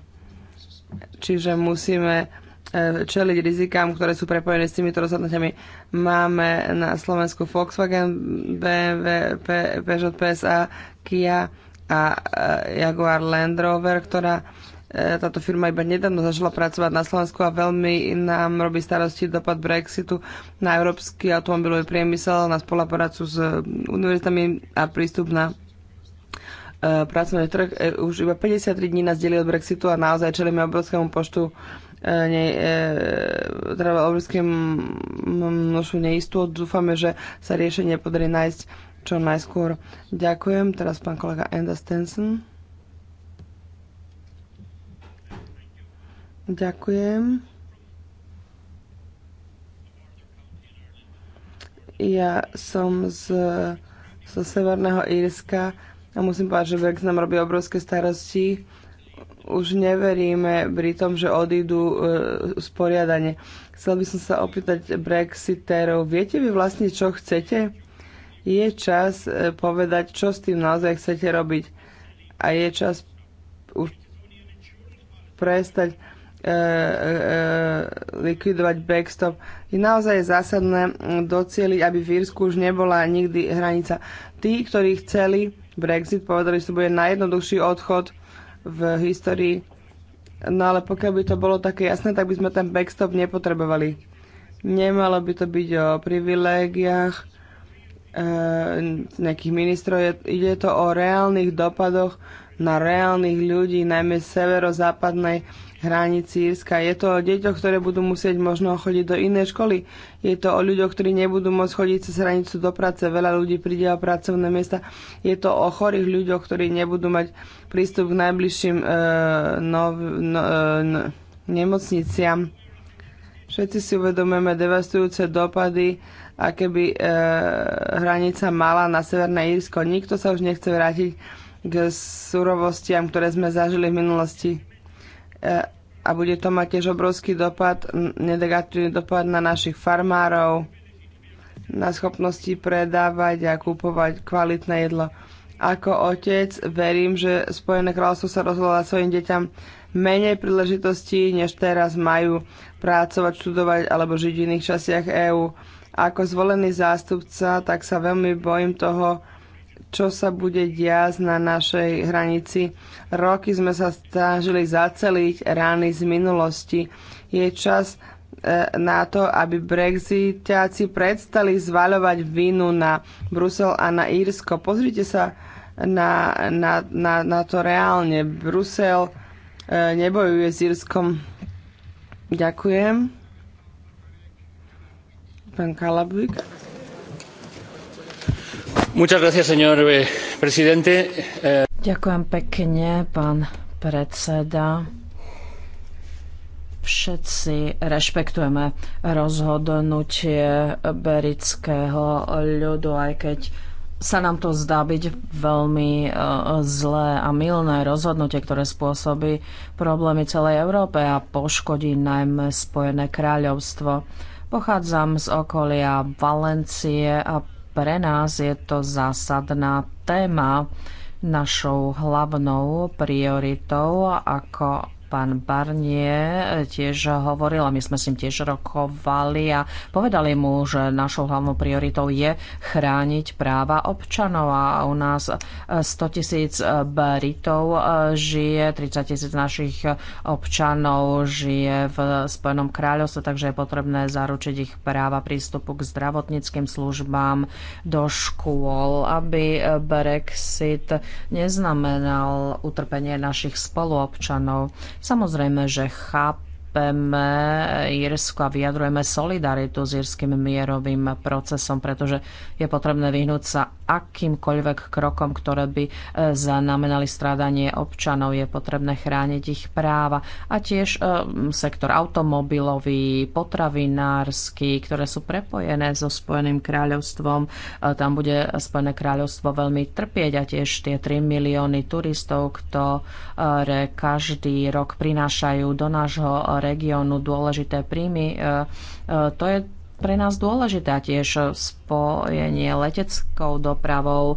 Čiže musíme eh, čeliť rizikám, ktoré sú prepojené s týmito rozhodnutiami. Máme na Slovensku Volkswagen, BMW, Peugeot PSA, Kia a eh, Jaguar Land Rover, ktorá E, táto firma iba nedávno začala pracovať na Slovensku a veľmi nám robí starosti dopad Brexitu na európsky automobilový priemysel, na spoluprácu s univerzitami a prístup na e, pracovný trh. E, už iba 53 dní nás delí od Brexitu a naozaj čelíme obrovskému poštu ne, teda obrovským množstvu neistú. Dúfame, že sa riešenie podarí nájsť čo najskôr. Ďakujem. Teraz pán kolega Enda Stenson. Ďakujem. Ja som z, zo Severného Írska a musím povedať, že Brexit nám robí obrovské starosti. Už neveríme Britom, že odídu e, sporiadane. Chcel by som sa opýtať Brexiterov, viete vy vlastne, čo chcete? Je čas e, povedať, čo s tým naozaj chcete robiť. A je čas už prestať E, e, e, likvidovať backstop. Je naozaj zásadné docieliť, aby v Írsku už nebola nikdy hranica. Tí, ktorí chceli Brexit, povedali, že to bude najjednoduchší odchod v histórii. No ale pokiaľ by to bolo také jasné, tak by sme ten backstop nepotrebovali. Nemalo by to byť o privilégiách nejakých ministrov. Ide to o reálnych dopadoch na reálnych ľudí, najmä severozápadnej hranici Írska. Je to o deťoch, ktoré budú musieť možno chodiť do inej školy. Je to o ľuďoch, ktorí nebudú môcť chodiť cez hranicu do práce. Veľa ľudí príde o pracovné miesta. Je to o chorých ľuďoch, ktorí nebudú mať prístup k najbližším e, no, no, no, nemocniciam. Všetci si uvedomujeme devastujúce dopady, aké by e, hranica mala na Severné Írsko. Nikto sa už nechce vrátiť k surovostiam, ktoré sme zažili v minulosti a bude to mať tiež obrovský dopad, negatívny dopad na našich farmárov, na schopnosti predávať a kúpovať kvalitné jedlo. Ako otec verím, že Spojené kráľovstvo sa rozhodlo svojim deťam menej príležitostí, než teraz majú pracovať, študovať alebo žiť v iných častiach EÚ. Ako zvolený zástupca, tak sa veľmi bojím toho, čo sa bude diať na našej hranici. Roky sme sa snažili zaceliť rány z minulosti. Je čas e, na to, aby Brexitiaci prestali zvaľovať vinu na Brusel a na Írsko. Pozrite sa na, na, na, na to reálne. Brusel e, nebojuje s Írskom. Ďakujem. Pán Kalabík. Eh, eh, Ďakujem pekne, pán predseda. Všetci rešpektujeme rozhodnutie berického ľudu, aj keď sa nám to zdá byť veľmi e, zlé a milné rozhodnutie, ktoré spôsobí problémy celej Európe a poškodí najmä Spojené kráľovstvo. Pochádzam z okolia Valencie a pre nás je to zásadná téma. Našou hlavnou prioritou ako pán Barnie tiež hovoril a my sme s ním tiež rokovali a povedali mu, že našou hlavnou prioritou je chrániť práva občanov a u nás 100 tisíc Britov žije, 30 tisíc našich občanov žije v Spojenom kráľovstve, takže je potrebné zaručiť ich práva prístupu k zdravotníckým službám, do škôl, aby Brexit neznamenal utrpenie našich spoluobčanov. Samozrejme, že chápem, chápeme Írsko a vyjadrujeme solidaritu s írskym mierovým procesom, pretože je potrebné vyhnúť sa akýmkoľvek krokom, ktoré by e, znamenali strádanie občanov. Je potrebné chrániť ich práva a tiež e, sektor automobilový, potravinársky, ktoré sú prepojené so Spojeným kráľovstvom. E, tam bude Spojené kráľovstvo veľmi trpieť a tiež tie 3 milióny turistov, ktoré každý rok prinášajú do nášho regiónu dôležité príjmy. E, e, to je pre nás dôležité tiež spojenie leteckou dopravou. E,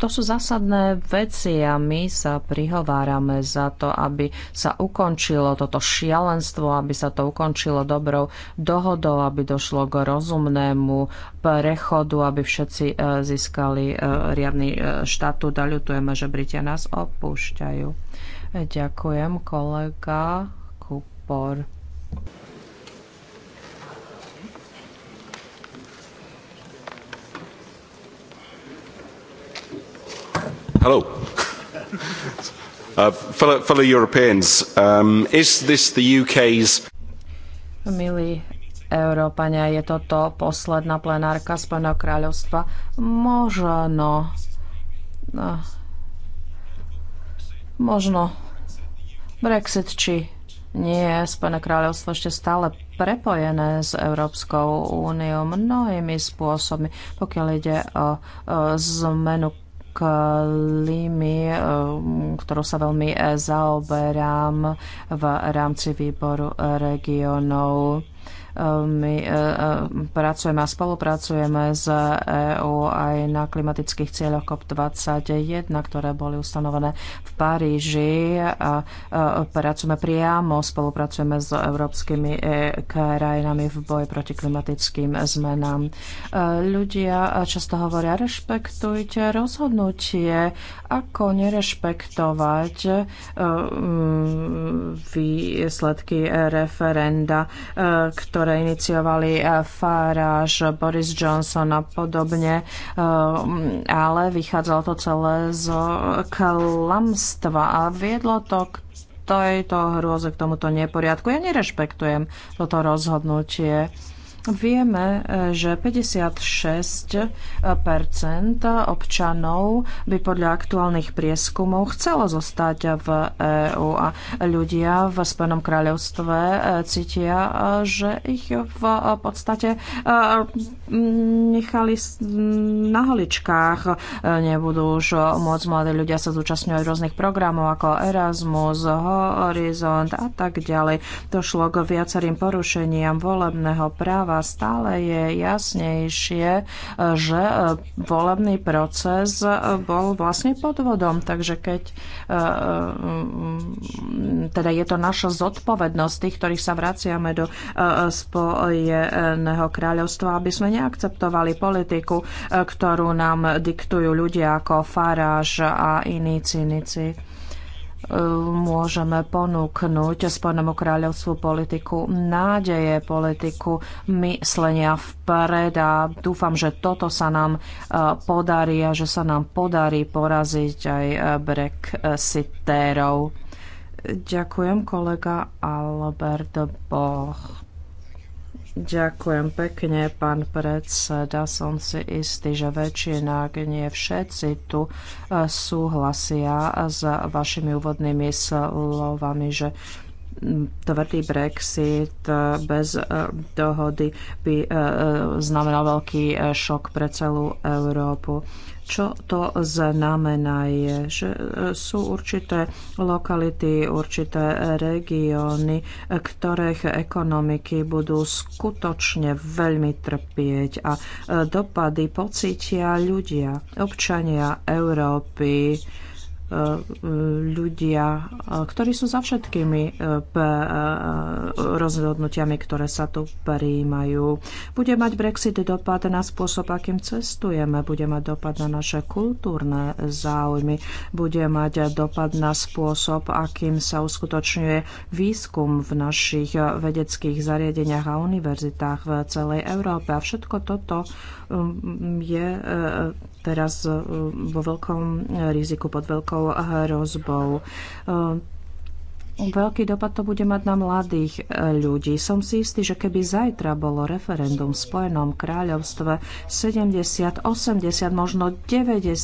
to sú zásadné veci a my sa prihovárame za to, aby sa ukončilo toto šialenstvo, aby sa to ukončilo dobrou dohodou, aby došlo k rozumnému prechodu, aby všetci získali riadny štatút a ľutujeme, že Britia nás opúšťajú. Ďakujem, kolega spor. Hello. Uh, fellow, fellow Europeans, um, is this the UK's... Milí Európania, je toto posledná plenárka Spojeného kráľovstva? Možno. No. Možno. Brexit či nie je Spojené kráľovstvo ešte stále prepojené s Európskou úniou mnohými spôsobmi, pokiaľ ide o, zmenu klímy, e, ktorú sa veľmi e, zaoberám v rámci výboru regionov. My e, e, pracujeme a spolupracujeme s EU aj na klimatických cieľoch COP21, ktoré boli ustanovené v Paríži. A e, pracujeme priamo, spolupracujeme s európskymi krajinami v boji proti klimatickým zmenám. Ľudia často hovoria, rešpektujte rozhodnutie, ako nerešpektovať výsledky referenda, ktoré ktoré iniciovali eh, Faráž, Boris Johnson a podobne, eh, ale vychádzalo to celé z klamstva a viedlo to k tejto hrôze, k tomuto neporiadku. Ja nerešpektujem toto rozhodnutie. Vieme, že 56 občanov by podľa aktuálnych prieskumov chcelo zostať v EÚ a ľudia v Spojenom kráľovstve e, cítia, že ich v podstate e, nechali na holičkách. E, nebudú už môcť mladí ľudia sa zúčastňovať rôznych programov ako Erasmus, Horizont a tak ďalej. Došlo k viacerým porušeniam volebného práva stále je jasnejšie, e, že e, volebný proces e, bol vlastne podvodom. Takže keď teda je to naša zodpovednosť tých, ktorých sa vraciame do Spojeného kráľovstva, aby sme neakceptovali politiku, ktorú nám diktujú ľudia ako Faráž a iní cynici môžeme ponúknuť Spojenému kráľovstvu politiku nádeje, politiku myslenia vpred a dúfam, že toto sa nám e, podarí a že sa nám podarí poraziť aj e, Brexitérov. Ďakujem kolega Albert Boch. Ďakujem pekne, pán predseda. Som si istý, že väčšina, ak nie všetci tu eh, súhlasia s vašimi úvodnými slovami, že mm, tvrdý Brexit eh, bez eh, dohody by znamenal veľký šok pre celú Európu. Čo to znamená je, že e, sú určité lokality, určité regióny, e, ktorých ekonomiky budú skutočne veľmi trpieť a e, dopady pocítia ľudia, občania Európy Eh, ľudia, eh, ktorí sú za všetkými eh, rozhodnutiami, ktoré sa tu prijímajú. Bude mať Brexit dopad na spôsob, akým cestujeme, bude mať dopad na naše kultúrne záujmy, bude mať dopad na spôsob, akým sa uskutočňuje výskum v našich vedeckých zariadeniach a univerzitách v celej Európe. A všetko toto Um, je uh, teraz uh, vo veľkom riziku, pod veľkou hrozbou. Uh, veľký dopad to bude mať na mladých ľudí. Som si istý, že keby zajtra bolo referendum v Spojenom kráľovstve, 70, 80, možno 90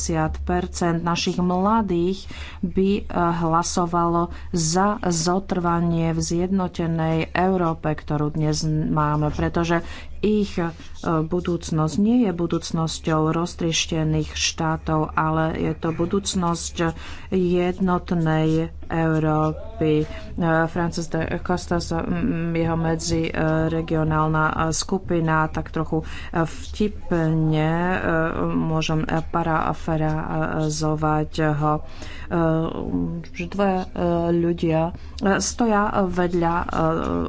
našich mladých by hlasovalo za zotrvanie v zjednotenej Európe, ktorú dnes máme, pretože ich e, budúcnosť nie je budúcnosťou roztrieštených štátov, ale je to budúcnosť jednotnej Európy. E, Francis de Costas, jeho medziregionálna e, skupina, tak trochu vtipne môžem parafrazovať ho, že dve ľudia stoja vedľa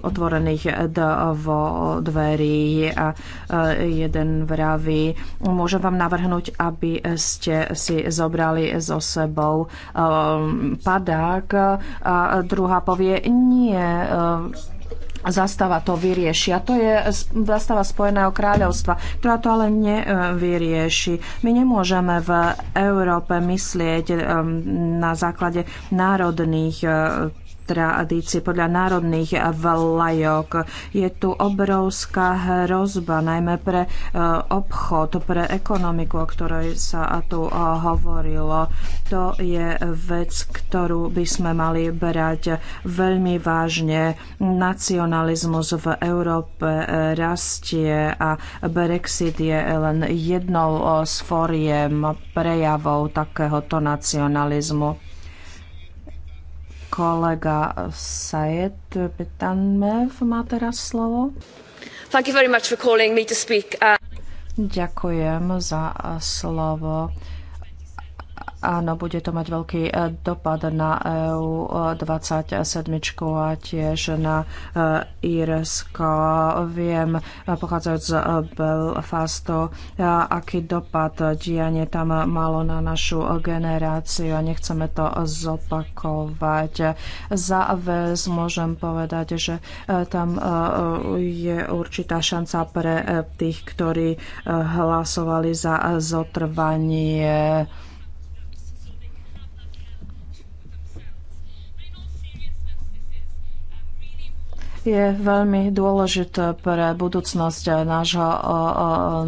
otvorených dverí hovorí a jeden vraví, môžem vám navrhnúť, aby ste si zobrali so sebou um, padák a druhá povie, nie, um, zastava to vyriešia. To je zastava Spojeného kráľovstva, ktorá to ale nevyrieši. My nemôžeme v Európe myslieť um, na základe národných uh, tradícií, podľa národných vlajok. Je tu obrovská hrozba, najmä pre e, obchod, pre ekonomiku, o ktorej sa tu e, hovorilo. To je vec, ktorú by sme mali brať veľmi vážne. Nacionalizmus v Európe rastie a Brexit je len jednou z foriem prejavov takéhoto nacionalizmu. Kolega Sayed Bitanmev má teraz slovo. Thank you very much for calling me to speak. Uh... Ďakujem za uh, slovo. Áno, bude to mať veľký e, dopad na EU 27 e, a tiež na e, Írsko. Viem, pochádzajúc z Belfastu, aký dopad dianie tam malo na našu generáciu a nechceme to zopakovať. Za VS môžem povedať, že tam je určitá šanca pre tých, ktorí hlasovali za zotrvanie je veľmi dôležité pre budúcnosť nášho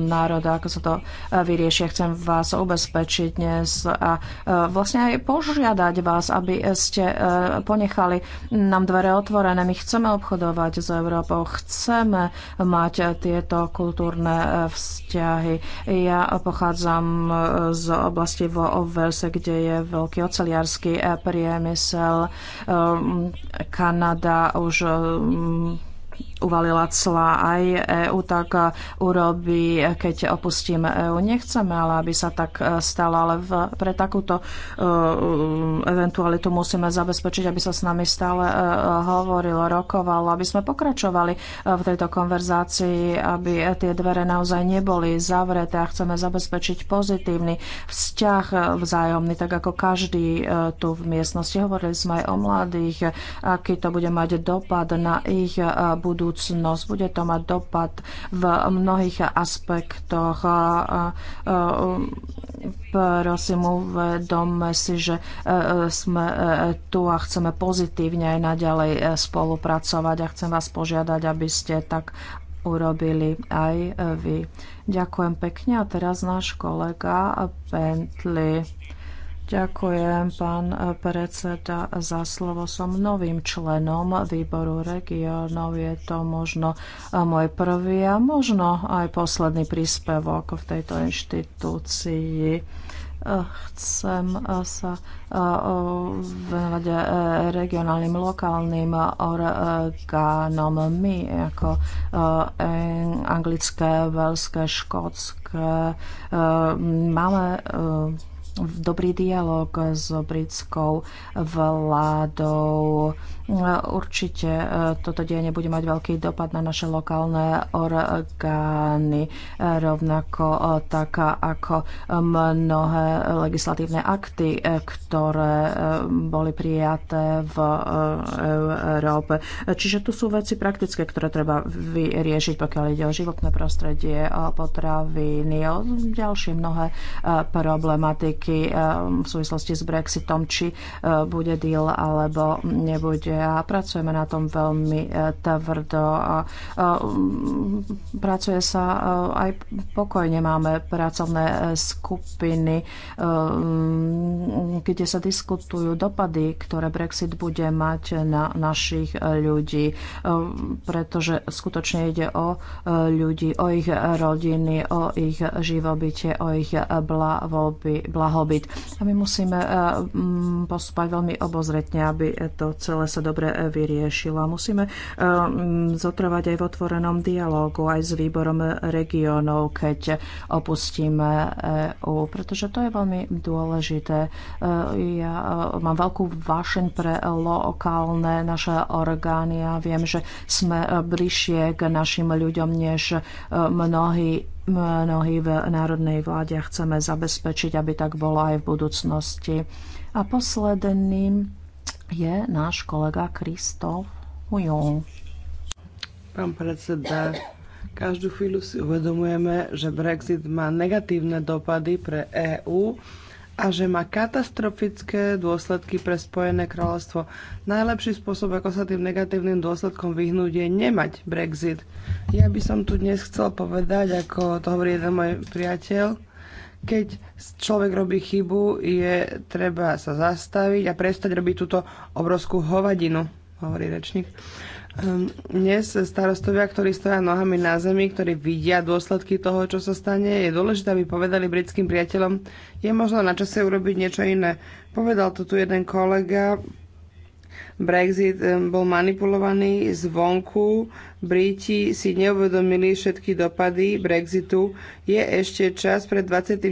národa, ako sa to e, vyrieši. Chcem vás ubezpečiť dnes a e, vlastne aj požiadať vás, aby ste e, ponechali nám dvere otvorené. My chceme obchodovať s Európou, chceme mať tieto kultúrne vzťahy. Ja pochádzam z oblasti vo Ovelse, kde je veľký oceliarský priemysel. Kanada už mi uvalila clá aj EÚ, tak urobí, keď opustím EÚ. Nechceme, ale aby sa tak e, stalo, ale v, pre takúto uh, eventualitu musíme zabezpečiť, aby sa s nami stále uh, hovorilo, rokovalo, aby sme pokračovali v tejto konverzácii, aby tie dvere naozaj neboli zavreté a chceme zabezpečiť pozitívny vzťah vzájomný, tak ako každý uh, tu v miestnosti. Hovorili sme aj o mladých, aký to bude mať dopad na ich budúcnosť budúcnosť. Bude to mať dopad v mnohých aspektoch. Prosím, uvedomme si, že e, e, sme e, tu a chceme pozitívne aj naďalej spolupracovať a chcem vás požiadať, aby ste tak urobili aj vy. Ďakujem pekne a teraz náš kolega Bentley. Ďakujem, pán e, predseda, za slovo. Som novým členom výboru regionov. Je to možno e, môj prvý a možno aj posledný príspevok v tejto inštitúcii e, chcem sa venovať regionálnym, lokálnym orgánom. My ako anglické, veľské, škótske máme dobrý dialog s britskou vládou. Určite e, toto dianie bude mať veľký dopad na naše lokálne orgány, e, rovnako e, tak ako mnohé legislatívne akty, ktoré boli prijaté v Európe. Čiže tu sú veci praktické, ktoré treba vyriešiť, pokiaľ ide o životné prostredie, o potraviny, o ďalšie mnohé problematiky roky eh, v súvislosti s Brexitom, či eh, bude deal alebo nebude. A pracujeme na tom veľmi eh, tvrdo. A pracuje sa aj pokojne. Máme pracovné skupiny, kde sa diskutujú dopady, ktoré Brexit bude mať na našich ľudí, pretože skutočne ide o ľudí, o ich rodiny, o ich živobytie, o ich blahobyt blahobyt. A my musíme eh, mm, postupovať veľmi obozretne, aby to celé sa dobre eh, vyriešilo. Musíme eh, mm, zotrvať aj v otvorenom dialógu, aj s výborom regionov, keď opustíme EU, e pretože to je veľmi dôležité. Ja mám veľkú vášeň pre lokálne naše orgány a viem, že sme bližšie k našim ľuďom, než mnohí mnohí v národnej vláde a chceme zabezpečiť, aby tak bolo aj v budúcnosti. A posledným je náš kolega Kristof Hujon. Pán predseda, každú chvíľu si uvedomujeme, že Brexit má negatívne dopady pre EÚ. EU a že má katastrofické dôsledky pre Spojené kráľovstvo. Najlepší spôsob, ako sa tým negatívnym dôsledkom vyhnúť, je nemať Brexit. Ja by som tu dnes chcel povedať, ako to hovorí jeden môj priateľ, keď človek robí chybu, je treba sa zastaviť a prestať robiť túto obrovskú hovadinu, hovorí rečník. Ehm, dnes starostovia, ktorí stoja nohami na zemi, ktorí vidia dôsledky toho, čo sa stane, je dôležité, aby povedali britským priateľom, je možno na čase urobiť niečo iné. Povedal to tu jeden kolega, Brexit ehm, bol manipulovaný zvonku, Briti si neuvedomili všetky dopady Brexitu, je ešte čas pred 29.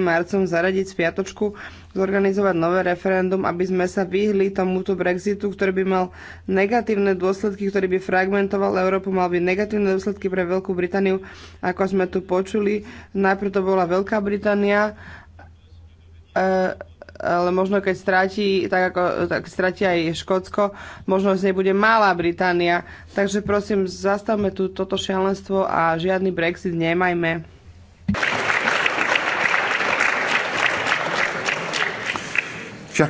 marcom zaradiť spiatočku, zorganizovať nové referendum, aby sme sa vyhli tomuto Brexitu, ktorý by mal negatívne dôsledky, ktorý by fragmentoval Európu, mal by negatívne dôsledky pre Veľkú Britániu, ako sme tu počuli. Najprv to bola Veľká Británia, e, ale možno keď stráti, tak ako tak stráti aj Škótsko, možno z nej bude malá Británia. Takže prosím, zastavme tu toto šialenstvo a žiadny Brexit nemajme. E,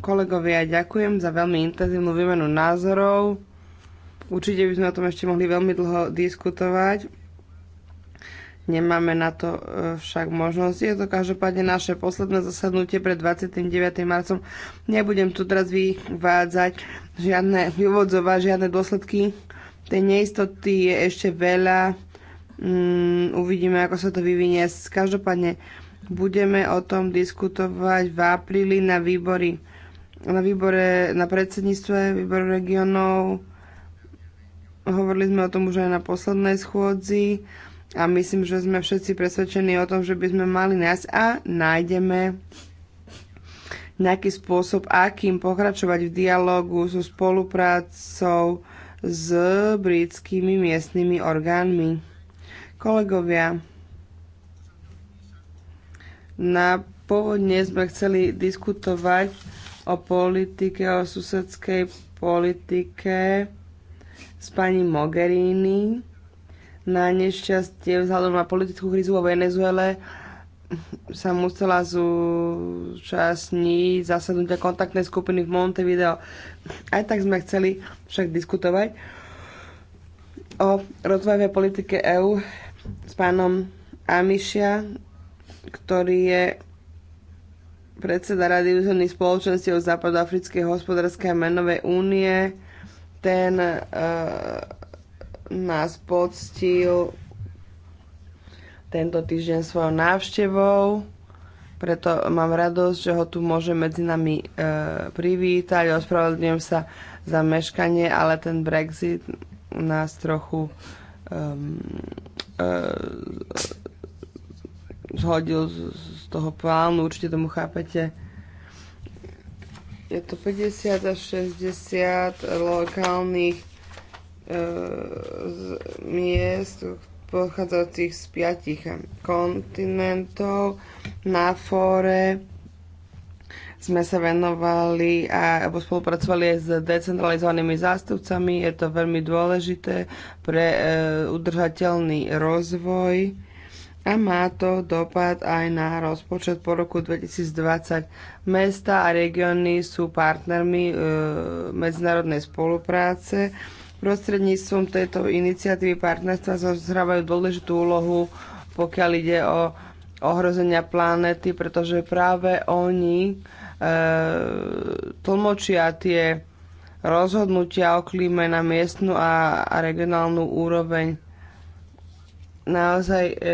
kolegovia, ďakujem za veľmi intenzívnu výmenu názorov. Určite by sme o tom ešte mohli veľmi dlho diskutovať. Nemáme na to e, však možnosť. Je to každopádne naše posledné zasadnutie pred 29. marcom. Nebudem tu teraz vyvádzať žiadne, vyvodzovať žiadne dôsledky. Tej neistoty je ešte veľa. Mm, uvidíme, ako sa to vyvinie. Každopádne budeme o tom diskutovať v apríli na výbory. Na výbore, na predsedníctve výboru regionov. Hovorili sme o tom už aj na poslednej schôdzi a myslím, že sme všetci presvedčení o tom, že by sme mali nájsť a nájdeme nejaký spôsob, akým pokračovať v dialogu so spoluprácou s britskými miestnymi orgánmi. Kolegovia, na pôvodne sme chceli diskutovať o politike, o susedskej politike s pani Mogherini na nešťastie vzhľadom na politickú krízu vo Venezuele sa musela zúčastniť zasadnutia kontaktnej skupiny v Montevideo. Aj tak sme chceli však diskutovať o rozvojovej politike EÚ s pánom Amišia, ktorý je predseda Rady územných spoločenstiev Západoafrickej hospodárskej a menovej únie. Ten uh, nás poctil tento týždeň svojou návštevou. Preto mám radosť, že ho tu môže medzi nami e, privítať. Ospravedlňujem sa za meškanie, ale ten Brexit nás trochu um, e, zhodil z, z toho plánu. Určite tomu chápete. Je to 50 až 60 lokálnych z miest pochádzajúcich z piatich kontinentov. Na fóre sme sa venovali a, alebo spolupracovali aj s decentralizovanými zástupcami. Je to veľmi dôležité pre e, udržateľný rozvoj a má to dopad aj na rozpočet po roku 2020. Mesta a regióny sú partnermi e, medzinárodnej spolupráce. E, Prostredníctvom tejto iniciatívy partnerstva zohrávajú dôležitú úlohu, pokiaľ ide o ohrozenia planéty, pretože práve oni e, tlmočia tie rozhodnutia o klíme na miestnu a, a regionálnu úroveň. Naozaj e, e,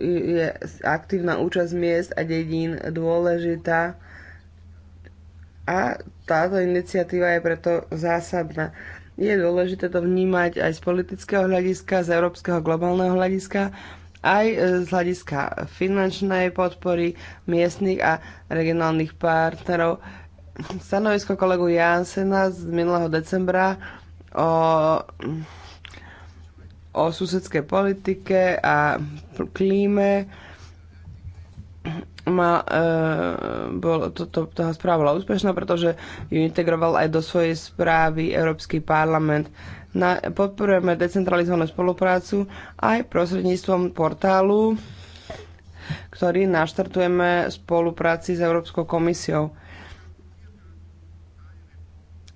je aktívna účasť miest a dedín dôležitá a táto iniciatíva je preto zásadná. Je dôležité to vnímať aj z politického hľadiska, z európskeho globálneho hľadiska, aj e, z hľadiska finančnej podpory miestnych a regionálnych partnerov. Stanovisko kolegu Jansena z minulého decembra o, o susedskej politike a klíme ma, e, bol, to, to, tá správa bola úspešná, pretože ju integroval aj do svojej správy Európsky parlament. Na, podporujeme decentralizovanú spoluprácu aj prostredníctvom portálu, ktorý naštartujeme spolupráci s Európskou komisiou.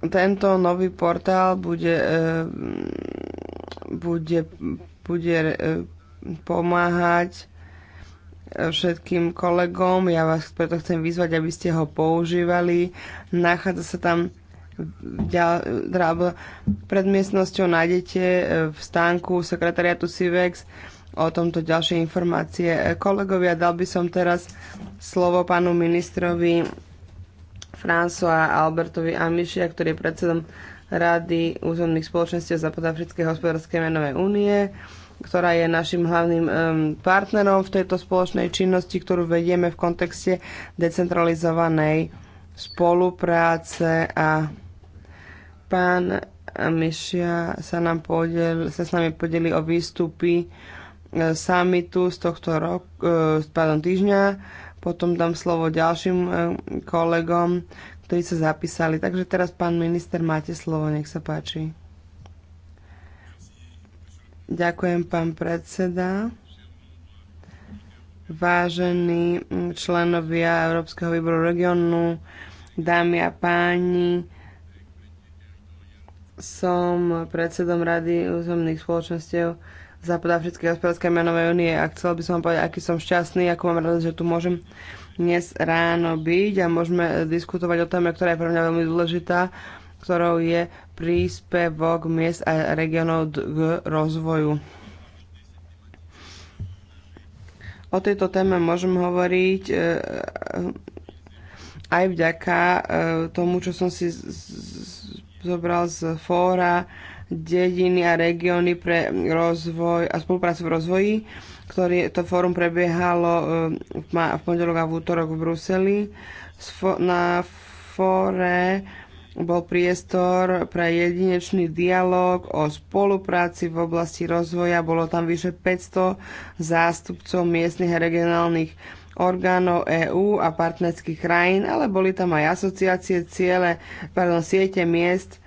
Tento nový portál bude, e, bude, bude e, pomáhať všetkým kolegom. Ja vás preto chcem vyzvať, aby ste ho používali. Nachádza sa tam pred miestnosťou nájdete e, v stánku sekretariatu CIVEX o tomto ďalšie informácie. E, kolegovia, dal by som teraz slovo pánu ministrovi François Albertovi Amišia, ktorý je predsedom Rady územných spoločností za podafrickej hospodárskej menovej únie ktorá je našim hlavným partnerom v tejto spoločnej činnosti, ktorú vedieme v kontexte decentralizovanej spolupráce a pán Mišia sa, nám podiel, sa s nami podeli o výstupy e, summitu z tohto rok, e, pardon, týždňa. Potom dám slovo ďalším e, kolegom, ktorí sa zapísali. Takže teraz, pán minister, máte slovo, nech sa páči. Ďakujem, pán predseda. Vážení členovia Európskeho výboru regionu, dámy a páni, som predsedom Rady územných spoločenstiev Západoafrickej hospodárskej menovej únie a chcel by som vám povedať, aký som šťastný, ako mám radosť, že tu môžem dnes ráno byť a môžeme diskutovať o téme, ktorá je pre mňa veľmi dôležitá ktorou je príspevok miest a regionov k rozvoju. O tejto téme môžem hovoriť e, aj vďaka e, tomu, čo som si zobral z fóra dediny a regióny pre rozvoj a spoluprácu v rozvoji, ktorý to fórum prebiehalo e, v pondelok a v útorok v Bruseli. Na fóre bol priestor pre jedinečný dialog o spolupráci v oblasti rozvoja. Bolo tam vyše 500 zástupcov miestnych a regionálnych orgánov EÚ a partnerských krajín, ale boli tam aj asociácie, ciele, pardon, siete miest,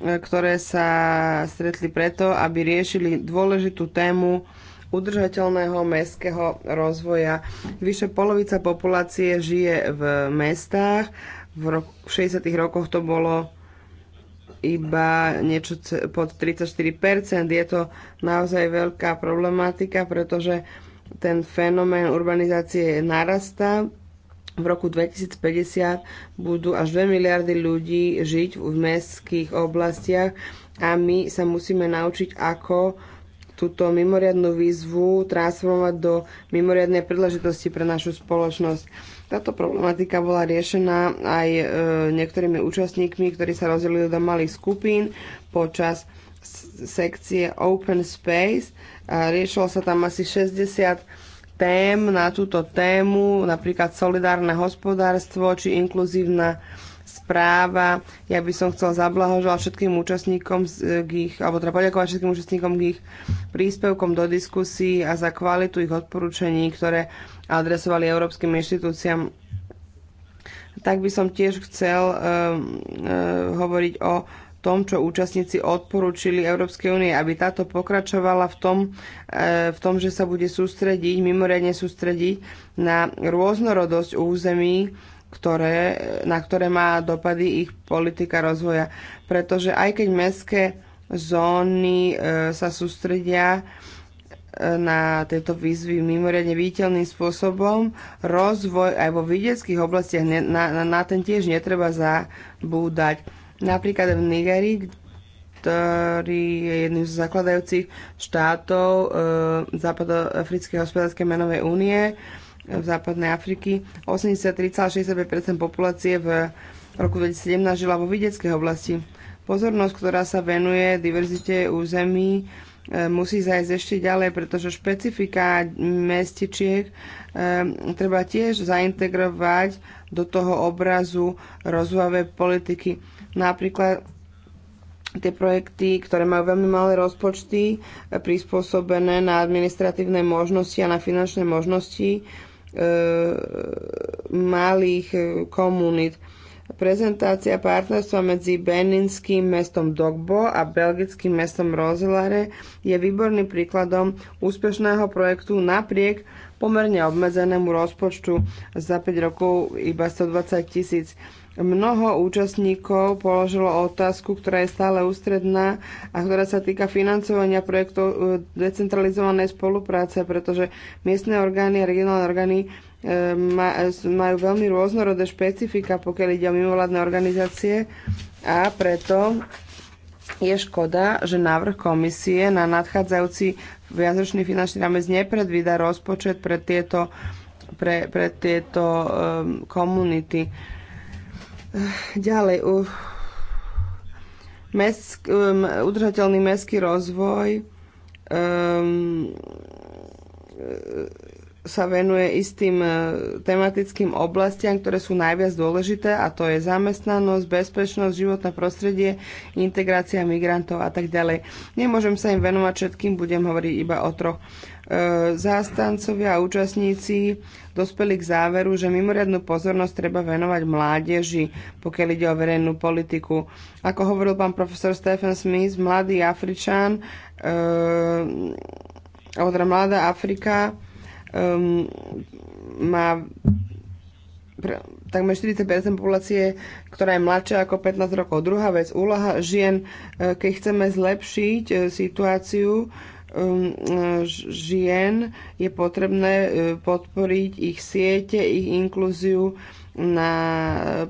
e, ktoré sa stretli preto, aby riešili dôležitú tému udržateľného mestského rozvoja. Vyše polovica populácie žije v mestách v, rok, v 60. rokoch to bolo iba niečo pod 34%. Je to naozaj veľká problematika, pretože ten fenomén urbanizácie narastá. V roku 2050 budú až 2 miliardy ľudí žiť v mestských oblastiach a my sa musíme naučiť, ako túto mimoriadnú výzvu transformovať do mimoriadnej príležitosti pre našu spoločnosť táto problematika bola riešená aj e, niektorými účastníkmi, ktorí sa rozdelili do malých skupín počas sekcie Open Space. A riešilo sa tam asi 60 tém na túto tému, napríklad solidárne hospodárstvo či inkluzívna správa. Ja by som chcel zablahožovať všetkým účastníkom e, k ich, alebo teda poďakovať všetkým účastníkom k ich príspevkom do diskusí a za kvalitu ich odporúčení, ktoré adresovali európskym inštitúciám. Tak by som tiež chcel uh, hovoriť o tom, čo účastníci odporúčili Európskej únie, aby táto pokračovala v tom, eh, v tom, že sa bude sústrediť, mimoriadne sústrediť na rôznorodosť území, ktoré, na ktoré má dopady ich politika rozvoja. Pretože aj keď mestské zóny sa sústredia na tieto výzvy mimoriadne viditeľným spôsobom. Rozvoj aj vo vidieckých oblastiach na, na, na ten tiež netreba zabúdať. Napríklad v Nigerii, ktorý je jedným z zakladajúcich štátov e, Západoafrickej hospodárskej menovej únie e, v západnej Afriky, 83,65 populácie v roku 2017 žila vo vidieckej oblasti. Pozornosť, ktorá sa venuje diverzite území, E, musí zajsť ešte ďalej, pretože špecifika mestičiek e, treba tiež zaintegrovať do toho obrazu rozvojovej politiky. Napríklad tie projekty, ktoré majú veľmi malé rozpočty, e, prispôsobené na administratívne možnosti a na finančné možnosti malých komunít. Prezentácia partnerstva medzi beninským mestom Dogbo a belgickým mestom Rozilare je výborným príkladom úspešného projektu napriek pomerne obmedzenému rozpočtu za 5 rokov iba 120 tisíc. Mnoho účastníkov položilo otázku, ktorá je stále ústredná a ktorá sa týka financovania projektov e, decentralizovanej spolupráce, pretože miestne orgány a regionálne orgány Ehm, majú veľmi rôznorodé špecifika, pokiaľ ide o mimovládne organizácie a preto je škoda, že návrh komisie na nadchádzajúci viacročný finančný rámec nepredvída rozpočet pre tieto, pre, pre tieto ehm, komunity. Um, Ďalej, uh, mesk, um, udržateľný mestský rozvoj um, sa venuje istým e, tematickým oblastiam, ktoré sú najviac dôležité a to je zamestnanosť, bezpečnosť, životné prostredie, integrácia migrantov a tak ďalej. Nemôžem sa im venovať všetkým, budem hovoriť iba o troch. E, zástancovia a účastníci dospeli k záveru, že mimoriadnú pozornosť treba venovať mládeži, pokiaľ ide o verejnú politiku. Ako hovoril pán profesor Stephen Smith, mladý Afričan, e, alebo teda mladá Afrika, um, má takmer 40% populácie, ktorá je mladšia ako 15 rokov. Druhá vec, úloha žien, e, keď chceme zlepšiť e, situáciu ehm, e, žien, je potrebné podporiť ich siete, ich inklúziu na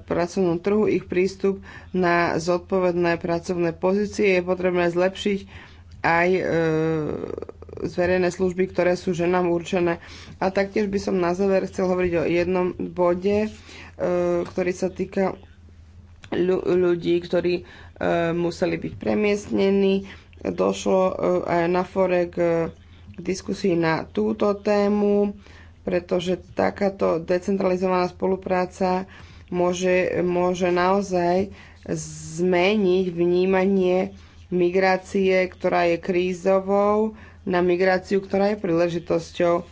pracovnom trhu, ich prístup na zodpovedné pracovné pozície. Je potrebné zlepšiť aj zverejné služby, ktoré sú ženám určené. A taktiež by som na záver chcel hovoriť o jednom bode, e, ktorý sa týka ľudí, ktorí e, museli byť premiestnení. Došlo e, aj na forek k diskusii na túto tému, pretože takáto decentralizovaná spolupráca môže, môže naozaj zmeniť vnímanie migrácie, ktorá je krízovou, na migráciu, ktorá je príležitosťou.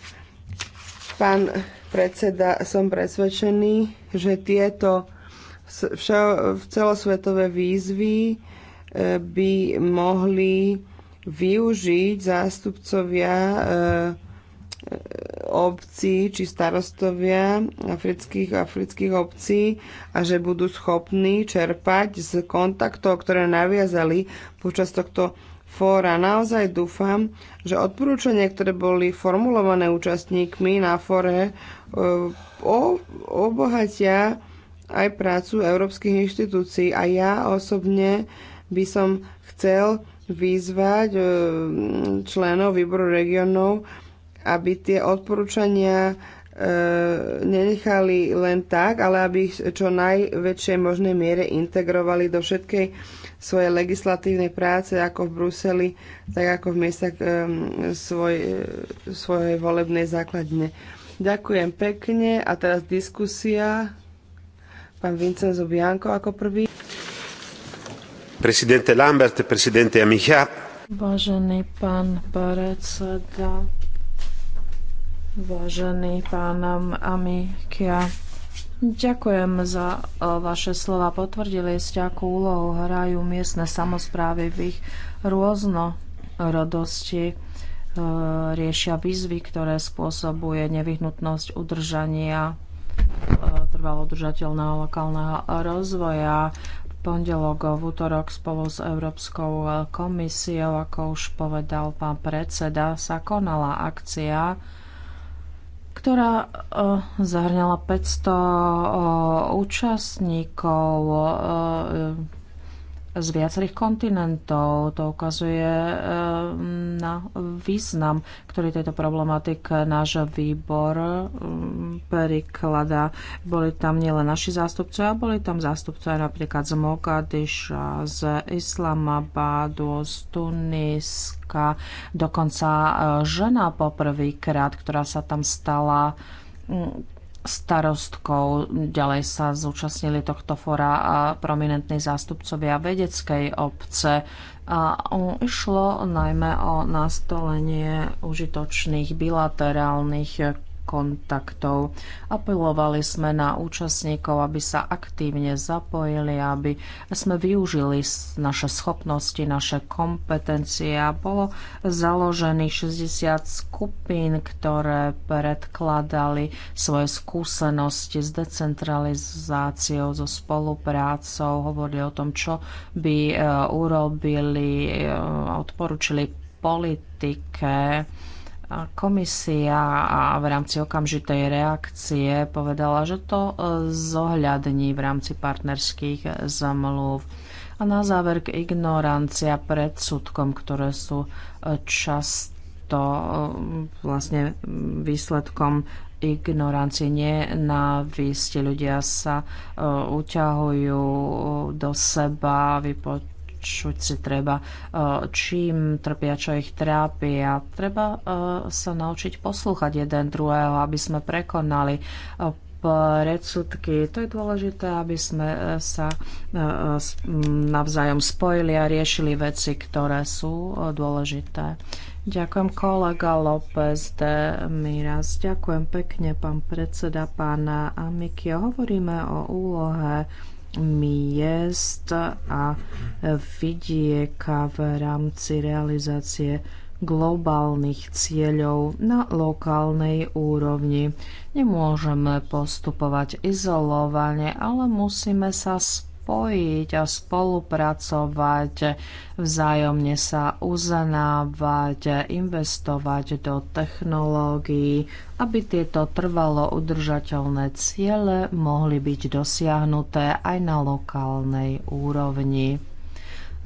Pán predseda, som presvedčený, že tieto celosvetové výzvy e, by mohli využiť zástupcovia e, e, obcí či starostovia afrických, afrických obcí a že budú schopní čerpať z kontaktov, ktoré naviazali počas tohto fóra. Naozaj dúfam, že odporúčania, ktoré boli formulované účastníkmi na fóre, e, obohatia aj prácu európskych inštitúcií. A ja osobne by som chcel vyzvať e, členov výboru regionov, aby tie odporúčania e, nenechali len tak, ale aby ich čo najväčšej možnej miere integrovali do všetkej svojej legislatívnej práce ako v Bruseli, tak ako v miestach um, svoj, e, svojej volebnej základne. Ďakujem pekne a teraz diskusia. Pán Vincenzo Bianco ako prvý. Presidente Lambert, presidente Amicha. Vážený pán predseda, vážený pán Amikia, Ďakujem za e, vaše slova. Potvrdili ste, akú úlohu hrajú miestne samozprávy v ich rôznorodosti. E, riešia výzvy, ktoré spôsobuje nevyhnutnosť udržania e, trvalo udržateľného lokálneho rozvoja. V pondelok, v útorok spolu s Európskou komisiou, ako už povedal pán predseda, sa konala akcia ktorá e, zahrňala 500 e, účastníkov e, z viacerých kontinentov. To ukazuje e, na význam, ktorý tejto problematike náš výbor e, prikladá. Boli tam nielen naši zástupcovia, boli tam zástupcovia napríklad z Mogadiša, z Islamabadu, z Tuniska, dokonca e, žena poprvýkrát, ktorá sa tam stala starostkou. Ďalej sa zúčastnili tohto fora a prominentní zástupcovia vedeckej obce. A išlo najmä o nastolenie užitočných bilaterálnych kontaktov. Apelovali sme na účastníkov, aby sa aktívne zapojili, aby sme využili naše schopnosti, naše kompetencie a bolo založených 60 skupín, ktoré predkladali svoje skúsenosti s decentralizáciou, so spoluprácou, hovorili o tom, čo by e, urobili, e, odporúčili politike Komisia a v rámci okamžitej reakcie povedala, že to e, zohľadní v rámci partnerských zmluv. A na záver k ignorancia predsudkom, ktoré sú e, často e, vlastne výsledkom ignorancie, nenávisti. Ľudia sa uťahujú do seba, vypočujú čo si treba, e, čím trpia, čo ich trápi a treba e, sa naučiť poslúchať jeden druhého, aby sme prekonali e, predsudky. To je dôležité, aby sme sa navzájom spojili a riešili veci, ktoré sú dôležité. Ďakujem kolega López de Miras. Ďakujem pekne, pán predseda, pána Amikio. Hovoríme o úlohe miest a vidieka v rámci realizácie globálnych cieľov na lokálnej úrovni. Nemôžeme postupovať izolovane, ale musíme sa spolu spojiť a spolupracovať, vzájomne sa uznávať, investovať do technológií, aby tieto trvalo udržateľné ciele mohli byť dosiahnuté aj na lokálnej úrovni.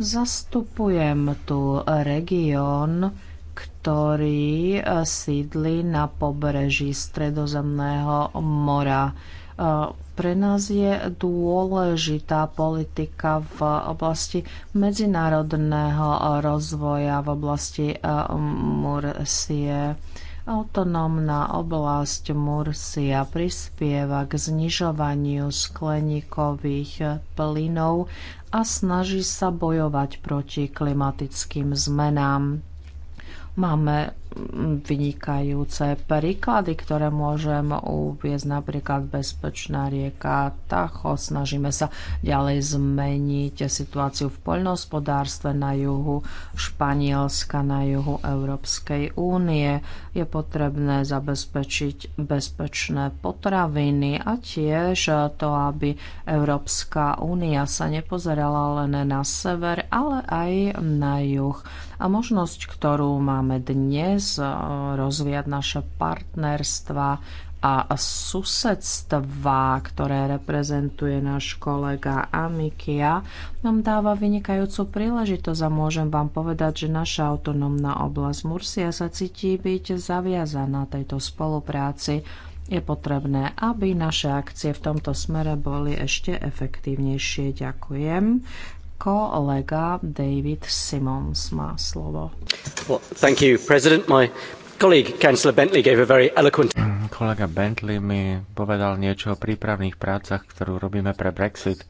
Zastupujem tu región, ktorý eh, sídli na pobreží Stredozemného mora. Eh, pre nás je dôležitá politika v oblasti medzinárodného rozvoja, v oblasti eh, Mursie. Autonómna oblasť Mursia prispieva k znižovaniu skleníkových plynov a snaží sa bojovať proti klimatickým zmenám. Máme vynikajúce príklady, ktoré môžem uviezť napríklad bezpečná rieka Tacho. Snažíme sa ďalej zmeniť situáciu v poľnohospodárstve na juhu Španielska, na juhu Európskej únie. Je potrebné zabezpečiť bezpečné potraviny a tiež to, aby Európska únia sa nepozerala len na sever, ale aj na juh a možnosť, ktorú máme dnes eh, rozvíjať naše partnerstva, a susedstva, ktoré reprezentuje náš kolega Amikia, nám dáva vynikajúcu príležitosť a môžem vám povedať, že naša autonómna oblasť Mursia sa cíti byť zaviazaná tejto spolupráci. Je potrebné, aby naše akcie v tomto smere boli ešte efektívnejšie. Ďakujem. Kolega David Simons má slovo. Well, thank you, President. My colleague, Councillor Bentley, gave a very eloquent... Mm, kolega Bentley mi povedal niečo o prípravných prácach, ktorú robíme pre Brexit.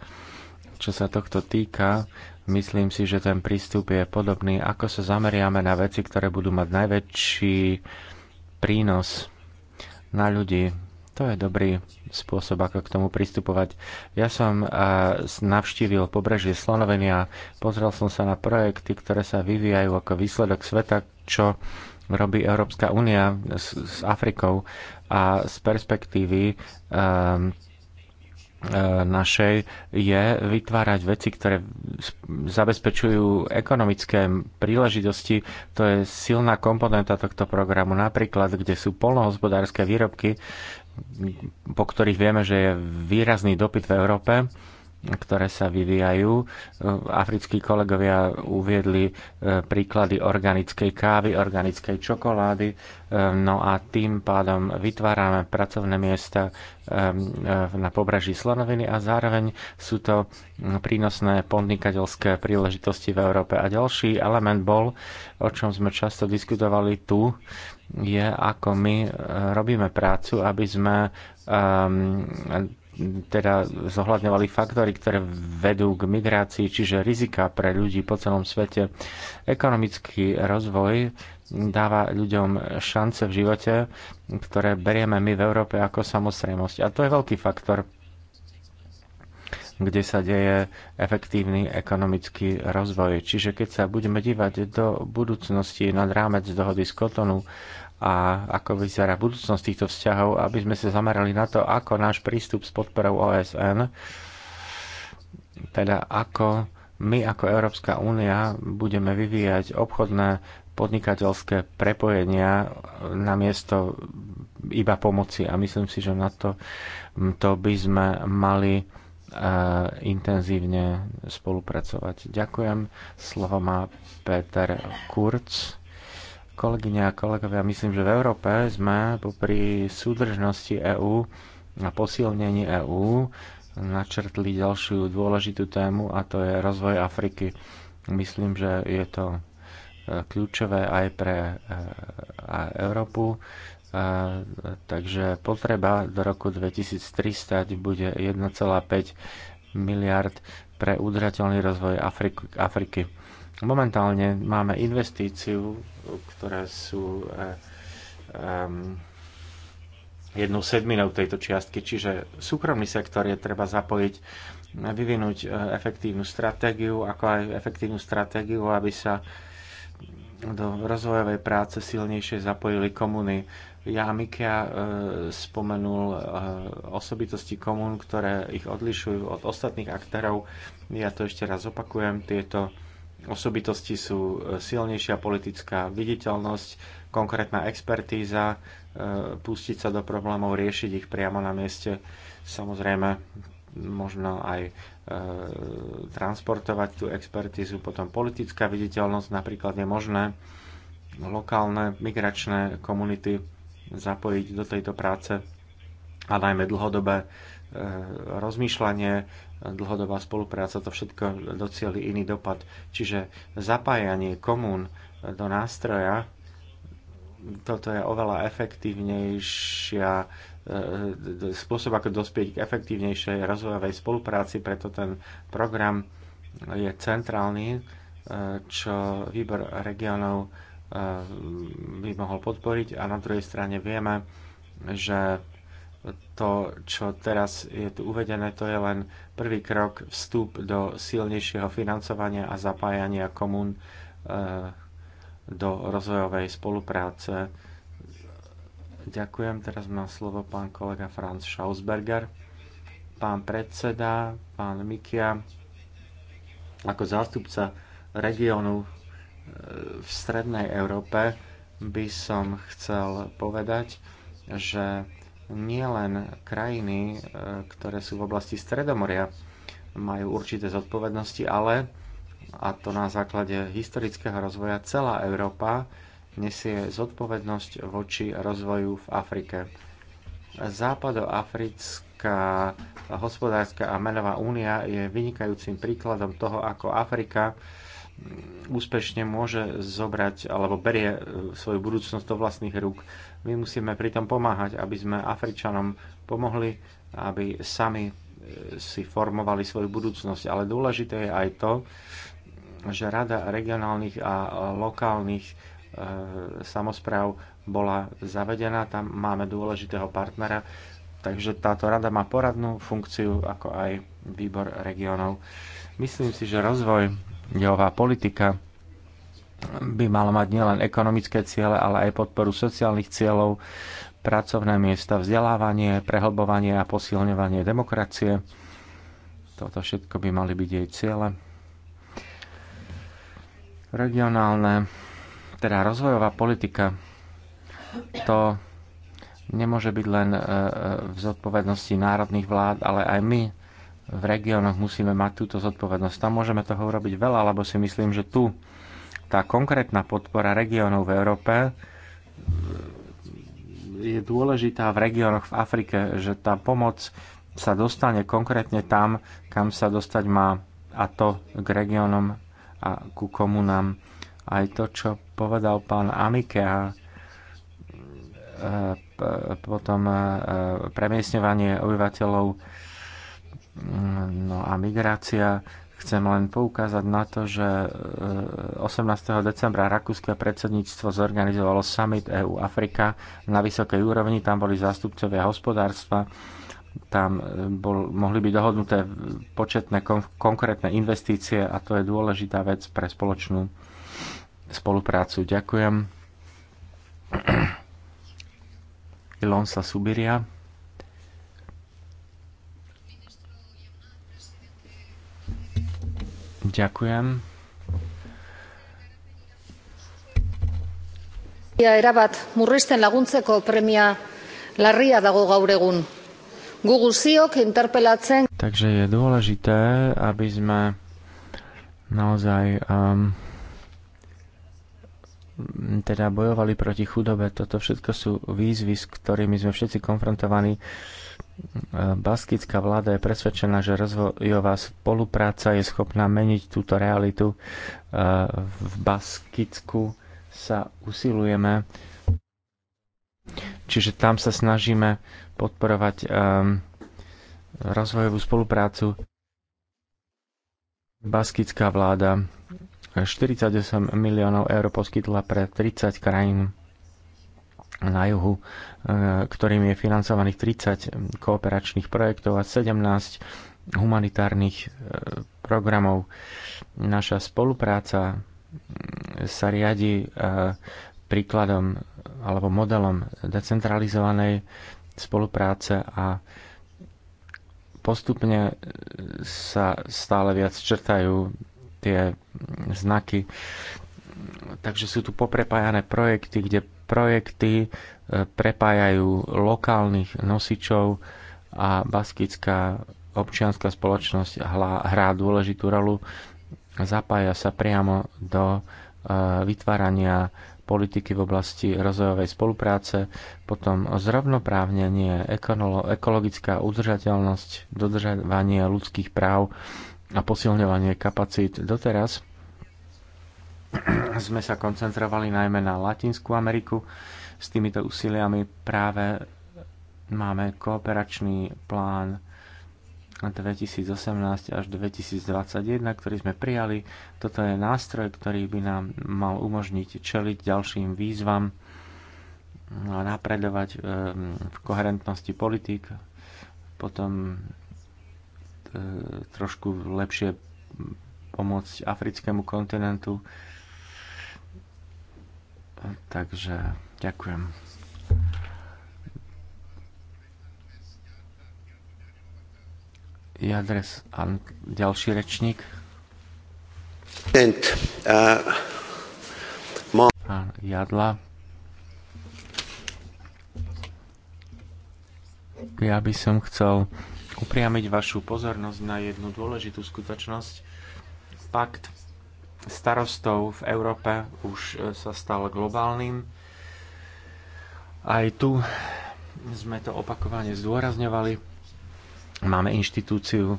Čo sa tohto týka, myslím si, že ten prístup je podobný. Ako sa zameriame na veci, ktoré budú mať najväčší prínos na ľudí, to je dobrý spôsob, ako k tomu pristupovať. Ja som navštívil pobrežie Slonovenia, pozrel som sa na projekty, ktoré sa vyvíjajú ako výsledok sveta, čo robí Európska únia s, s Afrikou a z perspektívy um, našej je vytvárať veci, ktoré zabezpečujú ekonomické príležitosti. To je silná komponenta tohto programu. Napríklad, kde sú polnohospodárske výrobky, po ktorých vieme, že je výrazný dopyt v Európe, ktoré sa vyvíjajú. Africkí kolegovia uviedli e, príklady organickej kávy, organickej čokolády, e, no a tým pádom vytvárame pracovné miesta e, na pobreží Slonoviny a zároveň sú to prínosné podnikateľské príležitosti v Európe. A ďalší element bol, o čom sme často diskutovali tu, je, ako my eh, robíme prácu, aby sme um, teda zohľadňovali faktory, ktoré vedú k migrácii, čiže rizika pre ľudí po celom svete. Ekonomický rozvoj dáva ľuďom šance v živote, ktoré berieme my v Európe ako samozrejmosť. A to je veľký faktor kde sa deje efektívny ekonomický rozvoj. Čiže keď sa budeme dívať do budúcnosti nad rámec dohody z Kotonu a ako vyzerá budúcnosť týchto vzťahov, aby sme sa zamerali na to, ako náš prístup s podporou OSN, teda ako my ako Európska únia budeme vyvíjať obchodné podnikateľské prepojenia namiesto iba pomoci a myslím si, že na to, to by sme mali intenzívne spolupracovať. Ďakujem. Slovo má Peter Kurz. Kolegyne a kolegovia, myslím, že v Európe sme pri súdržnosti EÚ a posilnení EÚ načrtli ďalšiu dôležitú tému a to je rozvoj Afriky. Myslím, že je to e, kľúčové aj pre e, Európu. A, takže potreba do roku 2030 bude 1,5 miliard pre udržateľný rozvoj Afrik Afriky. Momentálne máme investíciu, ktoré sú um, jednou sedminou tejto čiastky, čiže súkromný sektor je treba zapojiť, vyvinúť e, efektívnu stratégiu, ako aj efektívnu stratégiu, aby sa do rozvojovej práce silnejšie zapojili komuny, ja Mikia e, spomenul e, osobitosti komún, ktoré ich odlišujú od ostatných aktérov. Ja to ešte raz opakujem. Tieto osobitosti sú e, silnejšia politická viditeľnosť, konkrétna expertíza, pustiť sa do problémov, riešiť ich priamo na mieste. Samozrejme, možno aj transportovať tú expertízu, potom politická viditeľnosť, napríklad je možné lokálne migračné komunity zapojiť do tejto práce a najmä dlhodobé e, rozmýšľanie, dlhodobá spolupráca, to všetko docieli iný dopad. Čiže zapájanie komún do nástroja, toto je oveľa efektívnejšia e, spôsob, ako dospieť k efektívnejšej rozvojovej spolupráci, preto ten program je centrálny, e, čo výbor regionov E, by mohol podporiť a na druhej strane vieme, že to, čo teraz je tu uvedené, to je len prvý krok vstup do silnejšieho financovania a zapájania komún e, do rozvojovej spolupráce. Ďakujem, teraz má slovo pán kolega Franz Schausberger, pán predseda, pán Mikia, ako zástupca regiónu v strednej Európe by som chcel povedať, že nie len krajiny, e, ktoré sú v oblasti Stredomoria, majú určité zodpovednosti, ale, a to na základe historického rozvoja, celá Európa nesie zodpovednosť voči rozvoju v Afrike. Západoafrická hospodárska a menová únia je vynikajúcim príkladom toho, ako Afrika úspešne môže zobrať alebo berie e, svoju budúcnosť do vlastných rúk. My musíme pritom pomáhať, aby sme Afričanom pomohli, aby sami e, si formovali svoju budúcnosť. Ale dôležité je aj to, že Rada regionálnych a lokálnych e, samozpráv bola zavedená. Tam máme dôležitého partnera, takže táto rada má poradnú funkciu, ako aj výbor regionov. Myslím si, že rozvoj Delová politika by mala mať nielen ekonomické ciele, ale aj podporu sociálnych cieľov, pracovné miesta, vzdelávanie, prehlbovanie a posilňovanie demokracie. Toto všetko by mali byť jej ciele. Regionálne, teda rozvojová politika, to nemôže byť len e, e, v zodpovednosti národných vlád, ale aj my v regiónoch musíme mať túto zodpovednosť. Tam môžeme toho urobiť veľa, lebo si myslím, že tu tá konkrétna podpora regiónov v Európe e, je dôležitá v regiónoch v Afrike, že tá pomoc sa dostane konkrétne tam, kam sa dostať má a to k regiónom a ku komunám. Aj to, čo povedal pán Amike a e, potom e, premiesňovanie obyvateľov No a migrácia, chcem len poukázať na to, že 18. E, decembra rakúske predsedníctvo zorganizovalo summit EU Afrika na vysokej úrovni, tam boli zástupcovia hospodárstva, tam e, bol, mohli byť dohodnuté početné kon, konkrétne investície a to je dôležitá vec pre spoločnú spoluprácu. Ďakujem. [CLEARS THROAT] Ilonsa Subiria. Ďakujem. Ja erabat murrizten laguntzeko premia larria dago gaur egun. Guguziok interpelatzen... Takže je dôležité, aby sme naozaj um, teda bojovali proti chudobe. Toto všetko sú výzvy, s ktorými sme všetci konfrontovaní. Uh, Baskická vláda je presvedčená, že rozvojová spolupráca je schopná meniť túto realitu. E, v Baskicku sa usilujeme, čiže tam sa snažíme podporovať e, rozvojovú spoluprácu. Baskická vláda 48 miliónov eur poskytla pre 30 krajín na juhu, e, ktorým je financovaných 30 kooperačných projektov a 17 humanitárnych e, programov. Naša spolupráca sa riadi e, príkladom alebo modelom decentralizovanej spolupráce a postupne sa stále viac črtajú tie znaky. Takže sú tu poprepájané projekty, kde projekty e, prepájajú lokálnych nosičov a baskická občianská spoločnosť hrá dôležitú rolu, zapája sa priamo do e, vytvárania politiky v oblasti rozvojovej spolupráce, potom zrovnoprávnenie, ekologická udržateľnosť, dodržovanie ľudských práv a posilňovanie kapacít. Doteraz [CLEARS THROAT] sme sa koncentrovali najmä na Latinskú Ameriku. S týmito úsiliami práve máme kooperačný plán 2018 až 2021, ktorý sme prijali. Toto je nástroj, ktorý by nám mal umožniť čeliť ďalším výzvam a napredovať ehm, v koherentnosti politik, potom e, trošku lepšie pomôcť africkému kontinentu Takže ďakujem. adres a ďalší rečník. Jadla. Ja by som chcel upriamiť vašu pozornosť na jednu dôležitú skutočnosť. Pakt starostov v Európe už e, sa stal globálnym. Aj tu sme to opakovane zdôrazňovali. Máme inštitúciu e, e,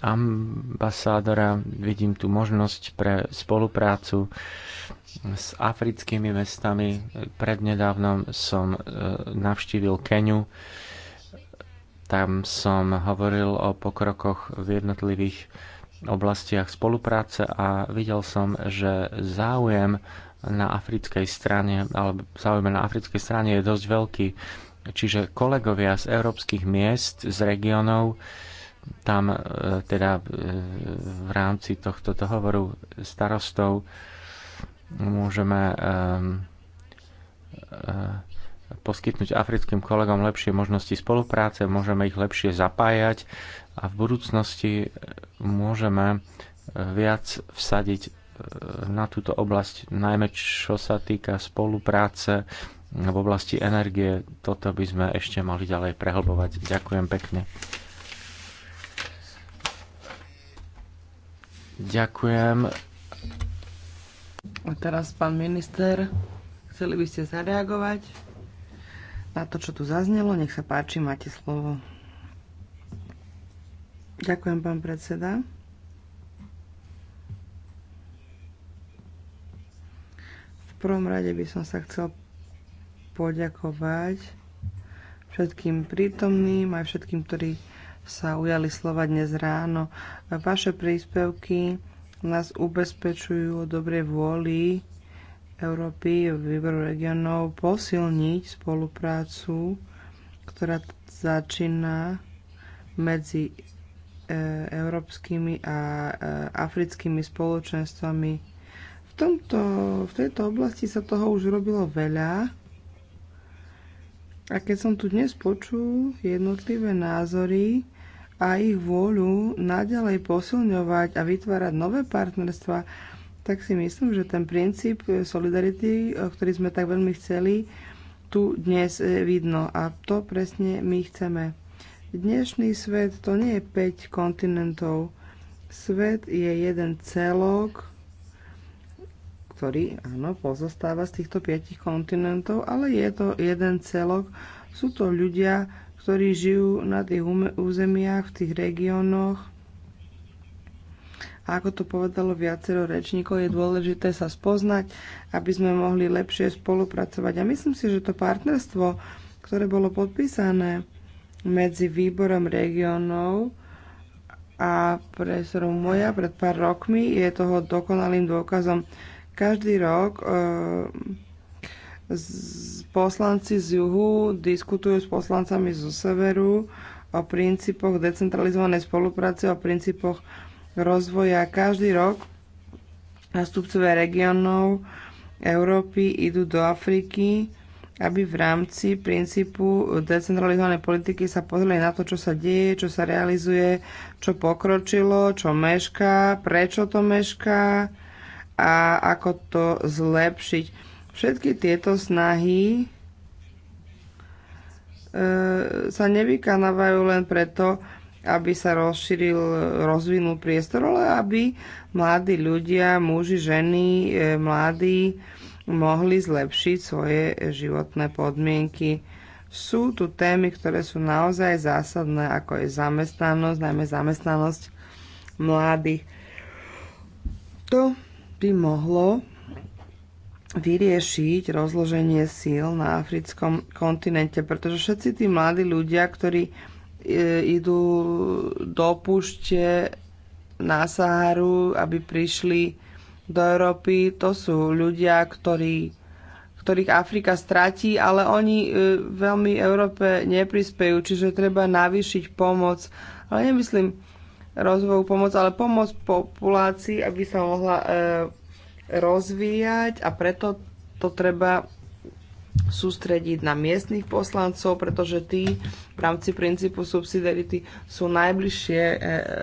ambasádora, vidím tu možnosť pre spoluprácu s africkými mestami. Prednedávnom som navštívil Keniu. Tam som hovoril o pokrokoch v jednotlivých oblastiach spolupráce a videl som, že záujem na africkej strane, alebo záujem na africkej strane je dosť veľký. Čiže kolegovia z európskych miest, z regiónov, tam e, teda e, v rámci tohto dohovoru starostov môžeme e, poskytnúť africkým kolegom lepšie možnosti spolupráce, môžeme ich lepšie zapájať a v budúcnosti e, môžeme e, viac vsadiť e, na túto oblasť, najmä čo sa týka spolupráce v oblasti energie. Toto by sme ešte mali ďalej prehlbovať. Ďakujem pekne. Ďakujem. A teraz, pán minister, chceli by ste zareagovať na to, čo tu zaznelo? Nech sa páči, máte slovo. Ďakujem, pán predseda. V prvom rade by som sa chcel poďakovať všetkým prítomným aj všetkým, ktorí sa ujali slova dnes ráno. Vaše príspevky nás ubezpečujú o dobrej vôli Európy v výboru regionov posilniť spoluprácu, ktorá začína medzi európskymi a e, africkými spoločenstvami. V, tomto, v tejto oblasti sa toho už robilo veľa. A keď som tu dnes počul jednotlivé názory a ich vôľu naďalej posilňovať a vytvárať nové partnerstva, tak si myslím, že ten princíp solidarity, ktorý sme tak veľmi chceli, tu dnes e, vidno. A to presne my chceme. Dnešný svet to nie je 5 kontinentov. Svet je jeden celok, ktorý, áno, pozostáva z týchto 5 kontinentov, ale je to jeden celok. Sú to ľudia, ktorí žijú na tých územiach, v tých regiónoch. A ako to povedalo viacero rečníkov, je dôležité sa spoznať, aby sme mohli lepšie spolupracovať. A myslím si, že to partnerstvo, ktoré bolo podpísané, medzi výborom regionov a profesorom Moja pred pár rokmi. Je toho dokonalým dôkazom. Každý rok e, z, poslanci z juhu diskutujú s poslancami zo severu o princípoch decentralizovanej spolupráce, o princípoch rozvoja. Každý rok Nastupcovia regionov Európy idú do Afriky aby v rámci princípu decentralizovanej politiky sa pozreli na to, čo sa deje, čo sa realizuje, čo pokročilo, čo mešká, prečo to mešká a ako to zlepšiť. Všetky tieto snahy e, sa nevykonávajú len preto, aby sa rozšíril, rozvinul priestor, ale aby mladí ľudia, muži, ženy, e, mladí, mohli zlepšiť svoje životné podmienky. Sú tu témy, ktoré sú naozaj zásadné, ako je zamestnanosť, najmä zamestnanosť mladých. To by mohlo vyriešiť rozloženie síl na africkom kontinente, pretože všetci tí mladí ľudia, ktorí e, idú do púšte na Saharu, aby prišli do Európy. To sú ľudia, ktorí, ktorých Afrika stratí, ale oni e, veľmi Európe neprispejú, čiže treba navýšiť pomoc. Ale nemyslím rozvoju pomoc, ale pomoc populácii, aby sa mohla e, rozvíjať a preto to treba sústrediť na miestnych poslancov, pretože tí v rámci princípu subsidiarity sú najbližšie e,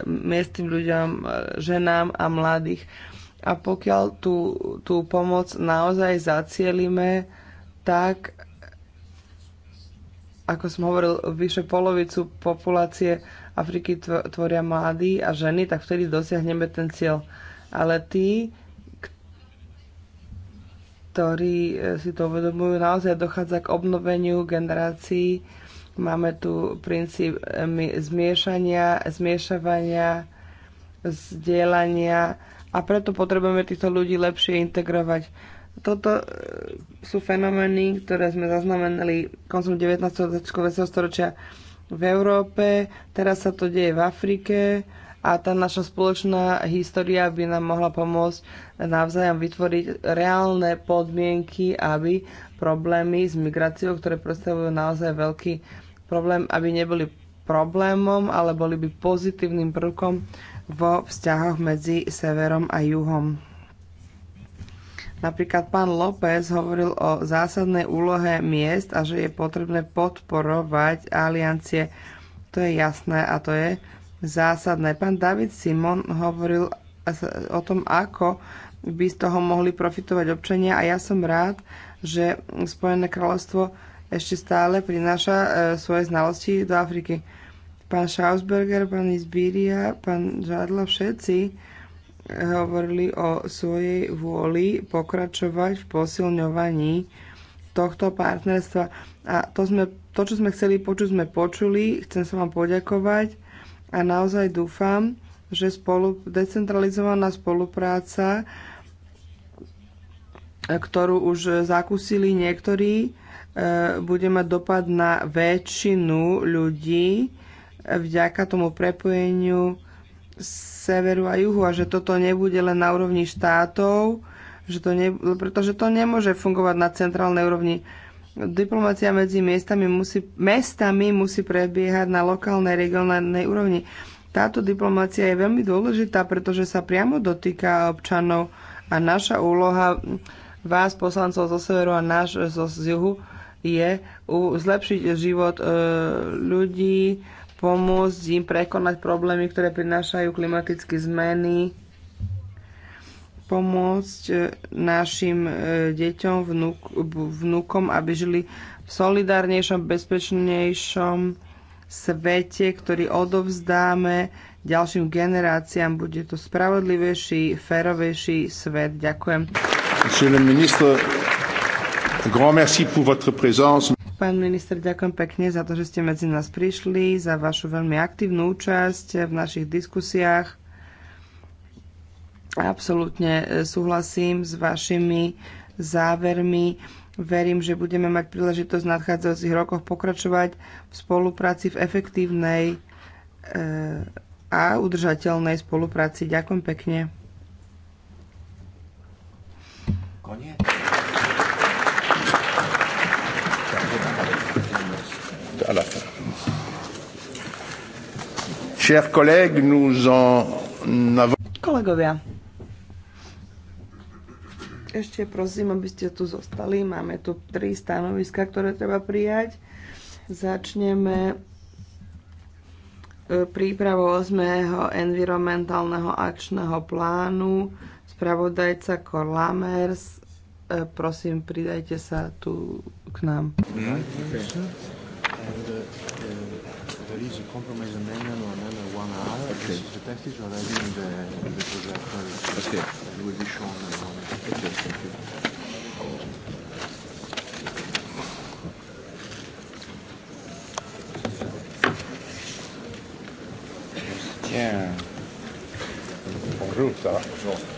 miestnym ľuďom, e, ženám a mladých. E, a pokiaľ tú, tú pomoc naozaj zacielime, tak ako som hovoril, vyše polovicu populácie Afriky tvoria mladí a ženy, tak vtedy dosiahneme ten cieľ. Ale tí, ktorí e, si to uvedomujú, naozaj dochádza k obnoveniu generácií. Máme tu princíp e, zmiešania, zmiešavania, zdieľania a preto potrebujeme týchto ľudí lepšie integrovať. Toto e, sú fenomény, ktoré sme zaznamenali koncom 19. a 20. storočia v Európe, teraz sa to deje v Afrike a tá naša spoločná história by nám mohla pomôcť navzájom vytvoriť reálne podmienky, aby problémy s migráciou, ktoré predstavujú naozaj veľký problém, aby neboli problémom, ale boli by pozitívnym prvkom vo vzťahoch medzi severom a juhom. Napríklad pán López hovoril o zásadnej úlohe miest a že je potrebné podporovať aliancie. To je jasné a to je zásadné. Pán David Simon hovoril o tom, ako by z toho mohli profitovať občania a ja som rád, že Spojené kráľovstvo ešte stále prináša e, svoje znalosti do Afriky pán Schausberger, pán Izbíria, pán Žadla, všetci eh, hovorili o svojej vôli pokračovať v posilňovaní tohto partnerstva. A to, sme, to, čo sme chceli počuť, sme počuli. Chcem sa vám poďakovať a naozaj dúfam, že spolu, decentralizovaná spolupráca, eh, ktorú už zakúsili niektorí, eh, bude mať dopad na väčšinu ľudí vďaka tomu prepojeniu severu a juhu a že toto nebude len na úrovni štátov, že to ne, pretože to nemôže fungovať na centrálnej úrovni. Diplomácia medzi miestami musí, mestami musí prebiehať na lokálnej, regionálnej úrovni. Táto diplomácia je veľmi dôležitá, pretože sa priamo dotýka občanov a naša úloha vás, poslancov zo severu a náš zo z juhu, je zlepšiť život e, ľudí, pomôcť im prekonať problémy, ktoré prinášajú klimatické zmeny, pomôcť e, našim e, deťom, vnúk, vnúkom, aby žili v solidárnejšom, bezpečnejšom svete, ktorý odovzdáme ďalším generáciám. Bude to spravodlivejší, férovejší svet. Ďakujem. Monsieur le ministre, grand merci pour votre présence. Pán minister, ďakujem pekne za to, že ste medzi nás prišli, za vašu veľmi aktívnu účasť v našich diskusiách. Absolútne e, súhlasím s vašimi závermi. Verím, že budeme mať príležitosť v nadchádzajúcich rokoch pokračovať v spolupráci v efektívnej e, a udržateľnej spolupráci. Ďakujem pekne. Koniec. à la fin. Chers collègues, nous en avons... Kolegovia, ešte prosím, aby ste tu zostali. Máme tu tri stanoviska, ktoré treba prijať. Začneme e, prípravou 8. environmentálneho akčného plánu. Spravodajca Korlamers, e, prosím, pridajte sa tu k nám. Mm, And uh, uh, there is a compromise amendment or amendment one hour. Okay. This is the package is already in the, in the projector. Okay. It will be shown in one hour. Okay, thank you. Yeah. Bonjour, ça va Bonjour.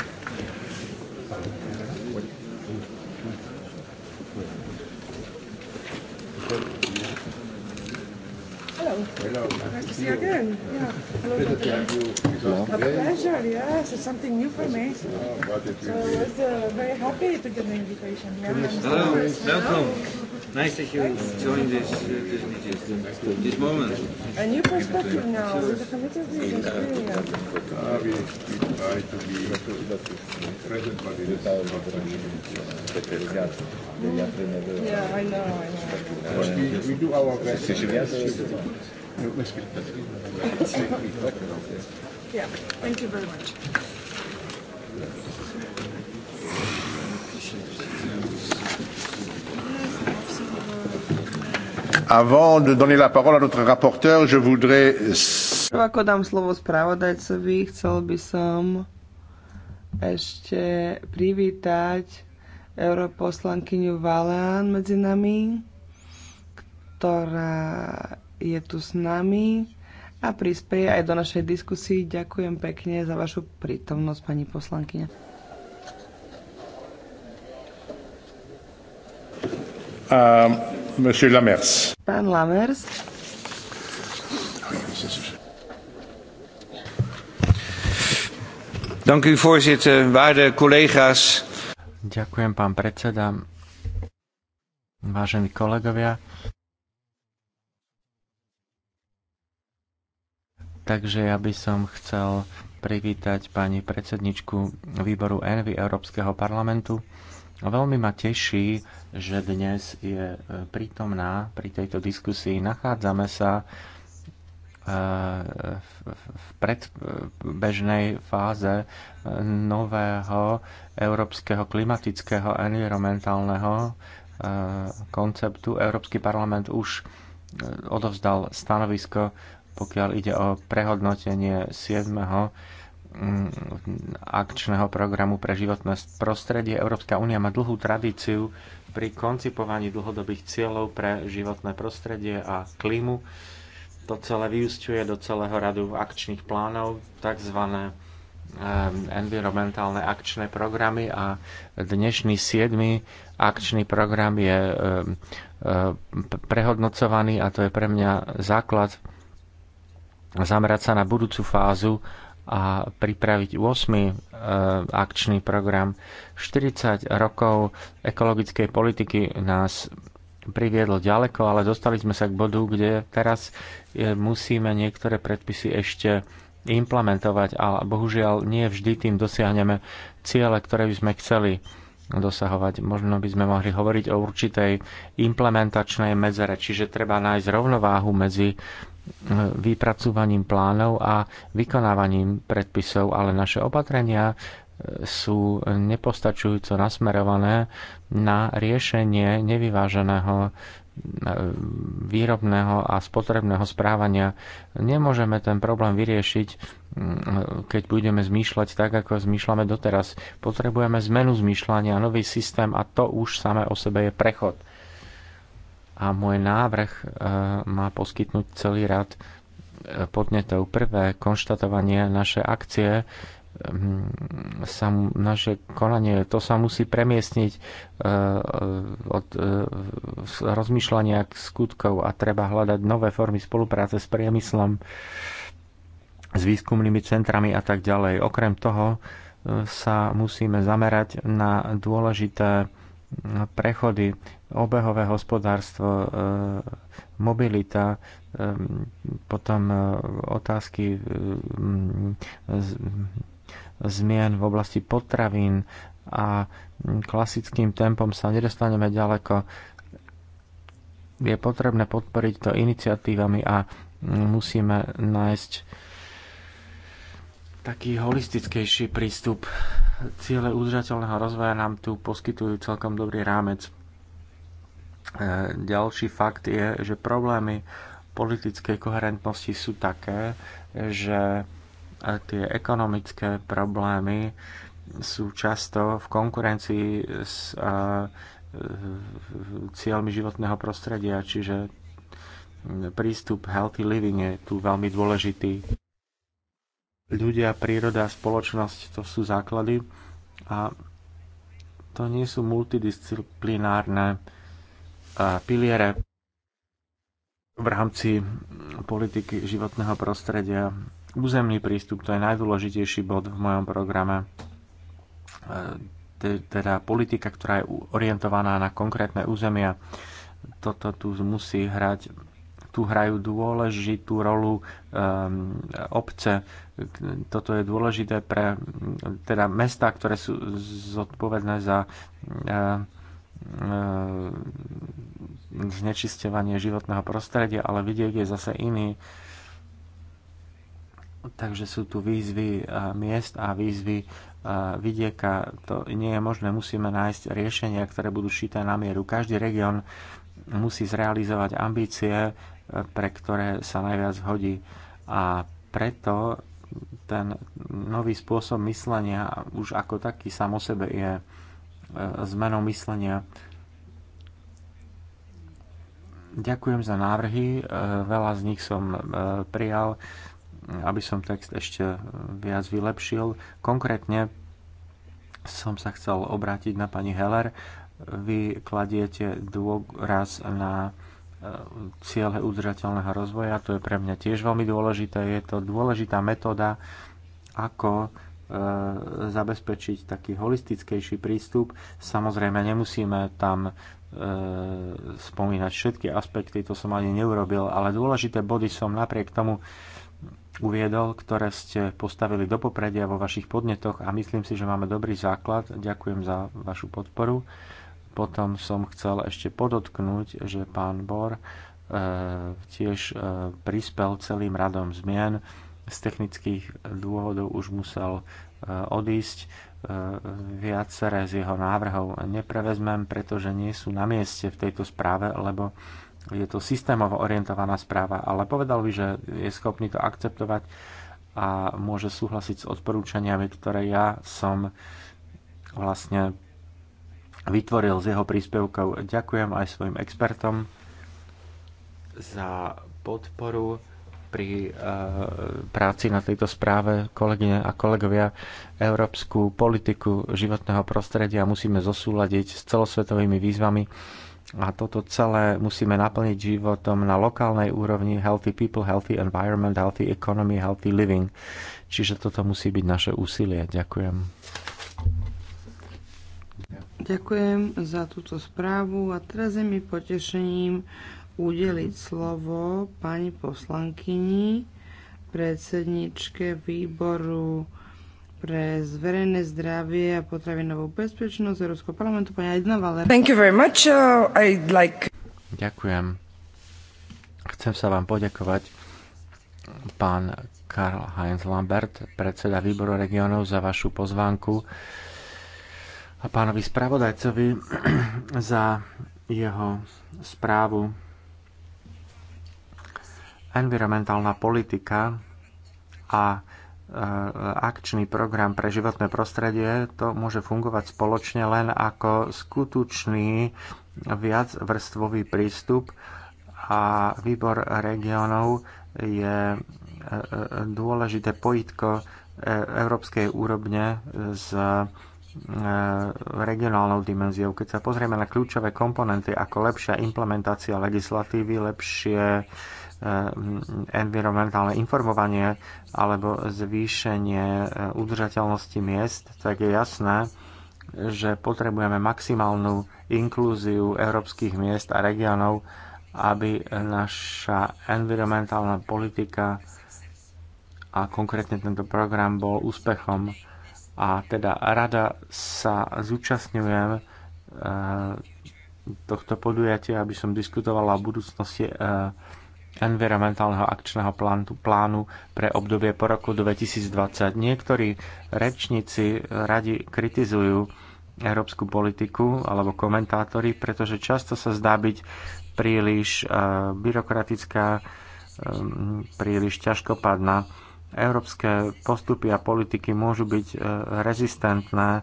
see you again. Yeah. Hello, Hello. A pleasure, yes. It's something new for me. Uh, so I was uh, very happy to get the invitation. Yeah, Hello, welcome. Nice that you joined this, uh, this meeting, this moment. A new perspective now with the committee of Uh, we, Yeah, I know, I know. we do our best thank you very much. Avant de donner la parole à notre rapporteur, je voudrais... Ako dám slovo spravodajcovi, chcel by som ešte privítať europoslankyňu Valán medzi nami, ktorá je tu s nami a prispieje aj do našej diskusie. Ďakujem pekne za vašu prítomnosť, pani poslankyňa. Uh, Lamers. Pán Lamers. Dank u voorzitter, waarde collega's. Ďakujem, pán predseda. Vážení kolegovia, Takže ja by som chcel privítať pani predsedničku výboru ENVY Európskeho parlamentu. Veľmi ma teší, že dnes je e, prítomná pri tejto diskusii. Nachádzame sa e, v predbežnej fáze e, nového európskeho klimatického a environmentálneho konceptu. Európsky parlament už odovzdal stanovisko pokiaľ ide o prehodnotenie 7 mm, akčného programu pre životné prostredie. Európska únia má dlhú tradíciu pri koncipovaní dlhodobých cieľov pre životné prostredie a klímu. To celé vyústiuje do celého radu akčných plánov, tzv. environmentálne akčné programy a dnešný 7. akčný program je prehodnocovaný a to je pre mňa základ zamerať sa na budúcu fázu a pripraviť 8. E, akčný program. 40 rokov ekologickej politiky nás priviedlo ďaleko, ale dostali sme sa k bodu, kde teraz e, musíme niektoré predpisy ešte implementovať a bohužiaľ nie vždy tým dosiahneme ciele, ktoré by sme chceli dosahovať. Možno by sme mohli hovoriť o určitej implementačnej medzere, čiže treba nájsť rovnováhu medzi vypracúvaním plánov a vykonávaním predpisov, ale naše opatrenia e, sú nepostačujúco nasmerované na riešenie nevyváženého e, výrobného a spotrebného správania. Nemôžeme ten problém vyriešiť, keď budeme zmýšľať tak, ako zmýšľame doteraz. Potrebujeme zmenu zmýšľania, nový systém a to už samé o sebe je prechod a môj návrh e, má poskytnúť celý rad e, podnetov. Prvé konštatovanie naše akcie hm, sa naše konanie, to sa musí premiestniť e, od rozmýšľania k skutkov a treba hľadať nové formy spolupráce s priemyslom, s výskumnými centrami a tak ďalej. Okrem toho sa musíme zamerať na dôležité prechody, obehové hospodárstvo, e, mobilita, e, potom e, otázky zmien v oblasti potravín a klasickým tempom sa nedostaneme ďaleko. Je potrebné podporiť to iniciatívami a musíme nájsť taký holistickejší prístup. Ciele udržateľného rozvoja nám tu poskytujú celkom dobrý rámec. E, ďalší fakt je, že problémy politickej koherentnosti sú také, že tie ekonomické problémy sú často v konkurencii s e, cieľmi životného prostredia, čiže prístup healthy living je tu veľmi dôležitý ľudia, príroda a spoločnosť to sú základy a to nie sú multidisciplinárne piliere v rámci politiky životného prostredia. Územný prístup to je najdôležitejší bod v mojom programe. Teda politika, ktorá je orientovaná na konkrétne územia, toto tu musí hrať tu hrajú dôležitú rolu um, obce. Toto je dôležité pre teda mesta, ktoré sú zodpovedné za um, znečisťovanie životného prostredia, ale vidieť je zase iný. Takže sú tu výzvy uh, miest a výzvy vidieka. To nie je možné, musíme nájsť riešenia, ktoré budú šité na mieru. Každý región musí zrealizovať ambície pre ktoré sa najviac hodí. A preto ten nový spôsob myslenia už ako taký sám o sebe je e, zmenou myslenia. Ďakujem za návrhy, e, veľa z nich som e, prijal, aby som text ešte viac vylepšil. Konkrétne som sa chcel obrátiť na pani Heller. Vy kladiete dôraz na ciele udržateľného rozvoja. To je pre mňa tiež veľmi dôležité. Je to dôležitá metóda, ako e, zabezpečiť taký holistickejší prístup. Samozrejme, nemusíme tam e, spomínať všetky aspekty, to som ani neurobil, ale dôležité body som napriek tomu uviedol, ktoré ste postavili do popredia vo vašich podnetoch a myslím si, že máme dobrý základ. Ďakujem za vašu podporu. Potom som chcel ešte podotknúť, že pán Bor e, tiež e, prispel celým radom zmien. Z technických dôvodov už musel e, odísť. Viaceré z jeho návrhov neprevezmem, pretože nie sú na mieste v tejto správe, lebo je to systémovo orientovaná správa, ale povedal by, že je schopný to akceptovať a môže súhlasiť s odporúčaniami, ktoré ja som vlastne vytvoril z jeho príspevkov. Ďakujem aj svojim expertom za podporu pri eh, práci na tejto správe, kolegyne a kolegovia, európsku politiku životného prostredia musíme zosúľadiť s celosvetovými výzvami a toto celé musíme naplniť životom na lokálnej úrovni healthy people, healthy environment, healthy economy, healthy living. Čiže toto musí byť naše úsilie. Ďakujem. Ďakujem za túto správu a teraz je mi potešením udeliť slovo pani poslankyni, predsedničke výboru pre zverejné zdravie a potravinovú bezpečnosť Európskeho parlamentu, pani Aidna Valer. Thank you very much. Uh, I'd like... Ďakujem. Chcem sa vám poďakovať, pán Karl Heinz Lambert, predseda výboru regionov, za vašu pozvánku a pánovi spravodajcovi [CLEARS THROAT] za jeho správu. Environmentálna politika a e, akčný program pre životné prostredie, to môže fungovať spoločne len ako skutočný viacvrstvový prístup a výbor regionov je e, e, dôležité pojitko európskej úrovne s E, regionálnou dimenziou. Keď sa pozrieme na kľúčové komponenty ako lepšia implementácia legislatívy, lepšie e, environmentálne informovanie alebo zvýšenie e, udržateľnosti miest, tak je jasné, že potrebujeme maximálnu inklúziu európskych miest a regiónov, aby naša environmentálna politika a konkrétne tento program bol úspechom a teda rada sa zúčastňujem e, tohto podujatia, aby som diskutovala o budúcnosti e, environmentálneho akčného plánu, plánu pre obdobie po roku 2020. Niektorí rečníci radi kritizujú európsku politiku alebo komentátori, pretože často sa zdá byť príliš e, byrokratická, príliš ťažkopadná Európske postupy a politiky môžu byť e, rezistentné e,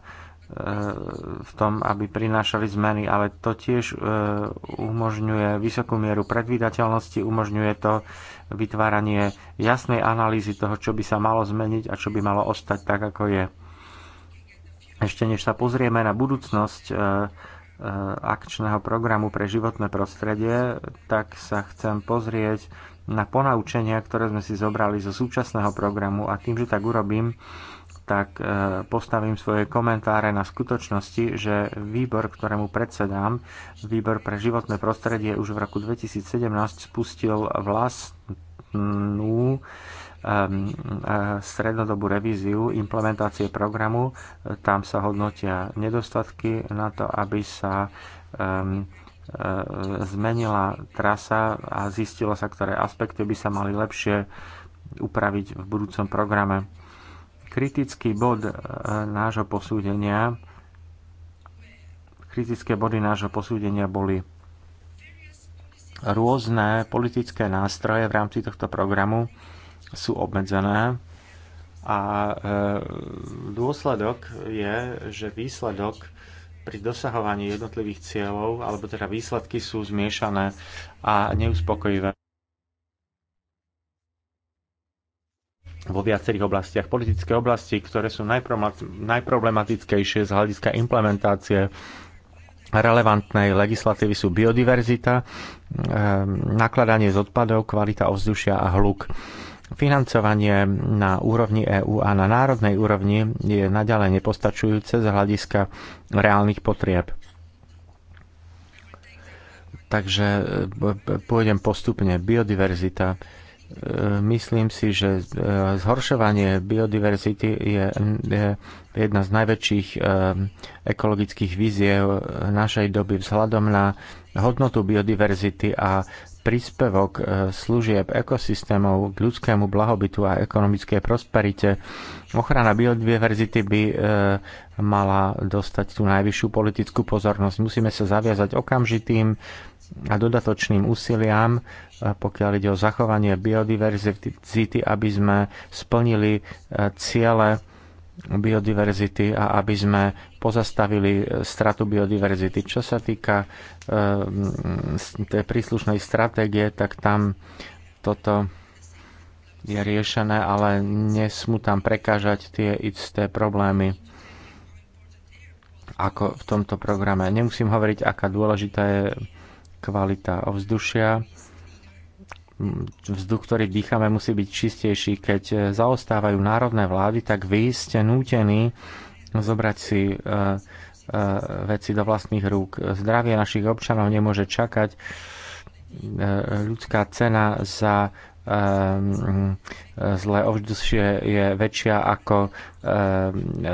v tom, aby prinášali zmeny, ale to tiež e, umožňuje vysokú mieru predvídateľnosti, umožňuje to vytváranie jasnej analýzy toho, čo by sa malo zmeniť a čo by malo ostať tak, ako je. Ešte než sa pozrieme na budúcnosť akčného programu pre životné prostredie, tak sa chcem pozrieť na ponaučenia, ktoré sme si zobrali zo súčasného programu a tým, že tak urobím, tak e, postavím svoje komentáre na skutočnosti, že výbor, ktorému predsedám, výbor pre životné prostredie už v roku 2017 spustil vlastnú e, strednodobú revíziu implementácie programu. Tam sa hodnotia nedostatky na to, aby sa E, zmenila trasa a zistilo sa, ktoré aspekty by sa mali lepšie upraviť v budúcom programe. Kritický bod e, nášho posúdenia kritické body nášho posúdenia boli rôzne politické nástroje v rámci tohto programu sú obmedzené a e, dôsledok je, že výsledok pri dosahovaní jednotlivých cieľov, alebo teda výsledky sú zmiešané a neuspokojivé. vo viacerých oblastiach. Politické oblasti, ktoré sú najproblematickejšie z hľadiska implementácie relevantnej legislatívy sú biodiverzita, ehm, nakladanie z odpadov, kvalita ovzdušia a hluk. Financovanie na úrovni EÚ a na národnej úrovni je naďalej nepostačujúce z hľadiska reálnych potrieb. Takže e, pôjdem postupne. Biodiverzita. E, myslím si, že e, zhoršovanie biodiverzity je jedna z najväčších ekologických víziev našej doby vzhľadom na hodnotu biodiverzity a príspevok e, služieb ekosystémov k ľudskému blahobytu a ekonomickej prosperite. Ochrana biodiverzity by e, mala dostať tú najvyššiu politickú pozornosť. Musíme sa zaviazať okamžitým a dodatočným úsiliam, e, pokiaľ ide o zachovanie biodiverzity, aby sme splnili ciele biodiverzity a aby sme pozastavili e, stratu biodiverzity. Čo sa týka e, tej príslušnej stratégie, tak tam toto je riešené, ale nesmú tam prekážať tie isté problémy ako v tomto programe. Nemusím hovoriť, aká dôležitá je kvalita ovzdušia vzduch, ktorý dýchame, musí byť čistejší. Keď eh, zaostávajú národné vlády, tak vy ste nútení zobrať si eh, eh, veci do vlastných rúk. Zdravie našich občanov nemôže čakať. Ľudská cena za mm, zlé ovzdušie je väčšia ako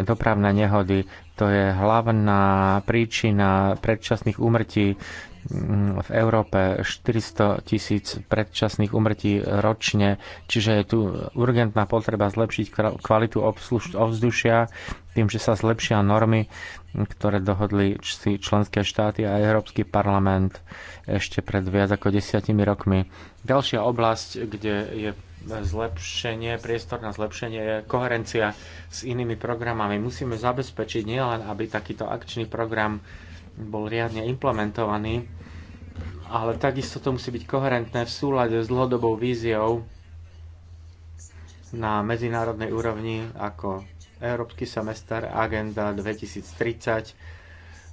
dopravné nehody. To je hlavná príčina predčasných úmrtí Mm, v Európe 400 tisíc predčasných umrtí ročne, čiže je tu urgentná potreba zlepšiť kvalitu ovzdušia tým, že sa zlepšia normy, ktoré dohodli si členské štáty a Európsky parlament ešte pred viac ako desiatimi rokmi. Ďalšia oblasť, kde je zlepšenie, priestor na zlepšenie je koherencia s inými programami. Musíme zabezpečiť nielen, aby takýto akčný program bol riadne implementovaný, ale takisto to musí byť koherentné v súlade s dlhodobou víziou na medzinárodnej úrovni ako Európsky semester Agenda 2030,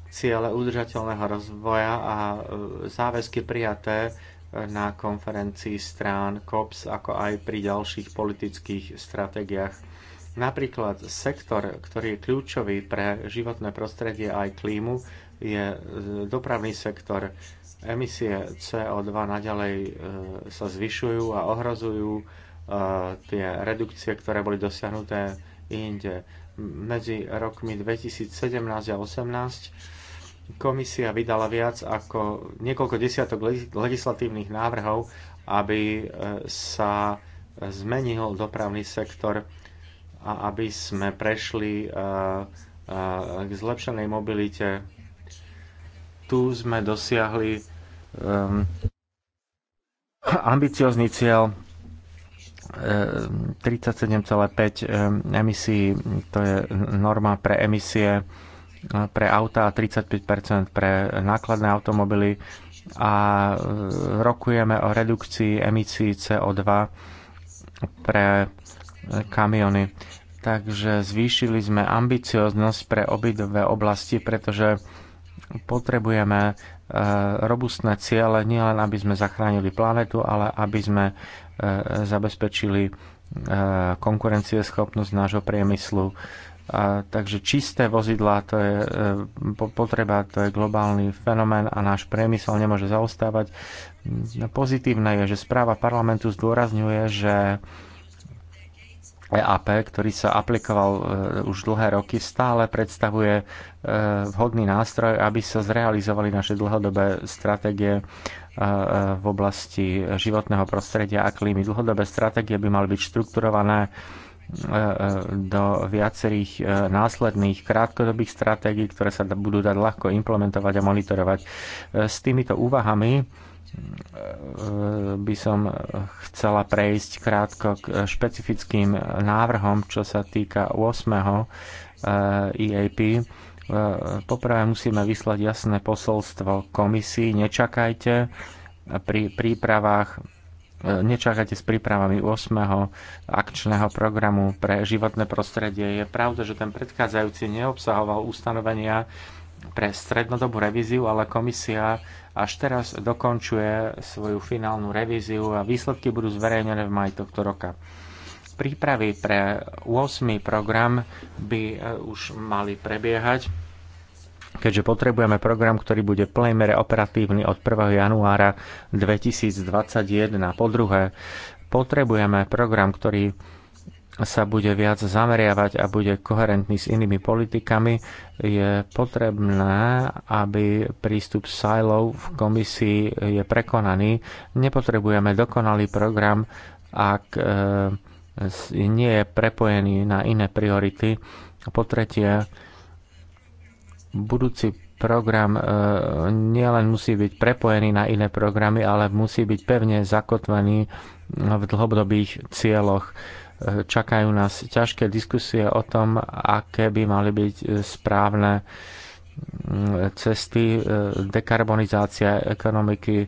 ciele udržateľného rozvoja a e, záväzky prijaté na konferencii strán COPS, ako aj pri ďalších politických stratégiách. Napríklad sektor, ktorý je kľúčový pre životné prostredie aj klímu, je e, dopravný sektor. Emisie CO2 naďalej e, sa zvyšujú a ohrozujú e, tie redukcie, ktoré boli dosiahnuté inde. Medzi rokmi 2017 a 2018 komisia vydala viac ako niekoľko desiatok legislatívnych návrhov, aby sa zmenil dopravný sektor a aby sme prešli k zlepšenej mobilite tu sme dosiahli um, ehm, ambiciozný cieľ 37,5 ehm, ehm, emisí, to je norma pre emisie eh, pre auta a 35 pre nákladné automobily a eh, rokujeme o redukcii emisí CO2 pre eh, kamiony. Takže zvýšili sme ambicioznosť pre obidve oblasti, pretože Potrebujeme eh, robustné ciele, nielen aby sme zachránili planetu, ale aby sme eh, zabezpečili eh, konkurencieschopnosť nášho priemyslu. A, takže čisté vozidlá, to je potreba, to je globálny fenomén a náš priemysel nemôže zaostávať. Pozitívne je, že správa parlamentu zdôrazňuje, že EAP, ktorý sa aplikoval e, už dlhé roky, stále predstavuje e, vhodný nástroj, aby sa zrealizovali naše dlhodobé stratégie e, v oblasti životného prostredia a klímy. Dlhodobé stratégie by mali byť štrukturované do viacerých následných krátkodobých stratégií, ktoré sa budú dať ľahko implementovať a monitorovať. S týmito úvahami Ehm, by som chcela prejsť krátko k špecifickým návrhom, čo sa týka 8. EAP. Eh, e eh, poprvé musíme vyslať jasné posolstvo komisii. Nečakajte pri prípravách eh, nečakajte s prípravami 8. akčného programu pre životné prostredie. Je pravda, že ten predchádzajúci neobsahoval ustanovenia pre strednodobú revíziu, ale komisia až teraz dokončuje svoju finálnu revíziu a výsledky budú zverejnené v maji tohto roka. Prípravy pre 8. program by e, už mali prebiehať, keďže potrebujeme program, ktorý bude v plnej mere operatívny od 1. januára 2021. Po druhé, potrebujeme program, ktorý sa bude viac zameriavať a bude koherentný s inými politikami, je potrebné, aby prístup silov v komisii je prekonaný. Nepotrebujeme dokonalý program, ak e, nie je prepojený na iné priority. Po tretie, budúci program e, nielen musí byť prepojený na iné programy, ale musí byť pevne zakotvený v dlhodobých cieľoch Čakajú nás ťažké diskusie o tom, aké by mali byť správne mm, cesty, e, dekarbonizácia ekonomiky, e,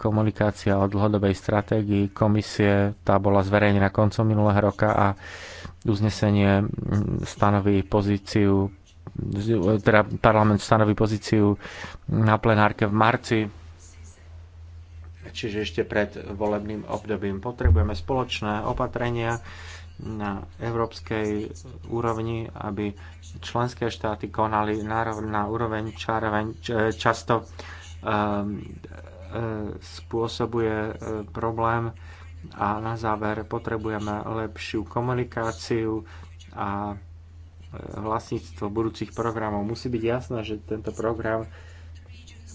komunikácia o dlhodobej stratégii komisie, tá bola zverejnená koncom minulého roka a uznesenie mm, stanoví pozíciu, e, teda parlament stanoví pozíciu na plenárke v marci čiže ešte pred volebným obdobím. Potrebujeme spoločné opatrenia na európskej úrovni, aby členské štáty konali na, na úroveň čaroveň, často um, spôsobuje e, problém a na záver potrebujeme lepšiu komunikáciu a vlastníctvo e, budúcich programov. Musí byť jasné, že tento program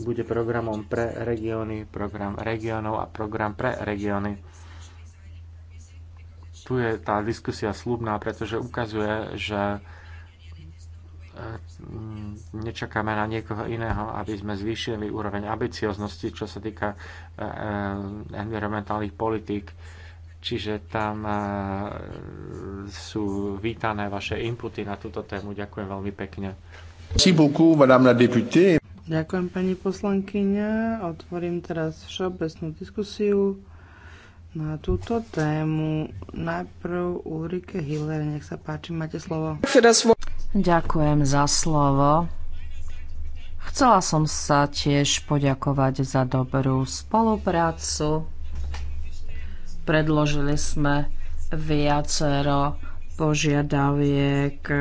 bude programom pre regióny, program regiónov a program pre regióny. Tu je tá diskusia slubná, pretože ukazuje, že eh, nečakáme na niekoho iného, aby sme zvýšili úroveň ambicioznosti, čo sa týka eh, environmentálnych politík. Čiže tam eh, sú vítané vaše inputy na túto tému. Ďakujem veľmi pekne. Merci beaucoup, madame la députée. Ďakujem pani poslankyňa. Otvorím teraz všeobecnú diskusiu na túto tému. Najprv Ulrike Hiller, nech sa páči, máte slovo. Ďakujem za slovo. Chcela som sa tiež poďakovať za dobrú spoluprácu. Predložili sme viacero požiadaviek, e,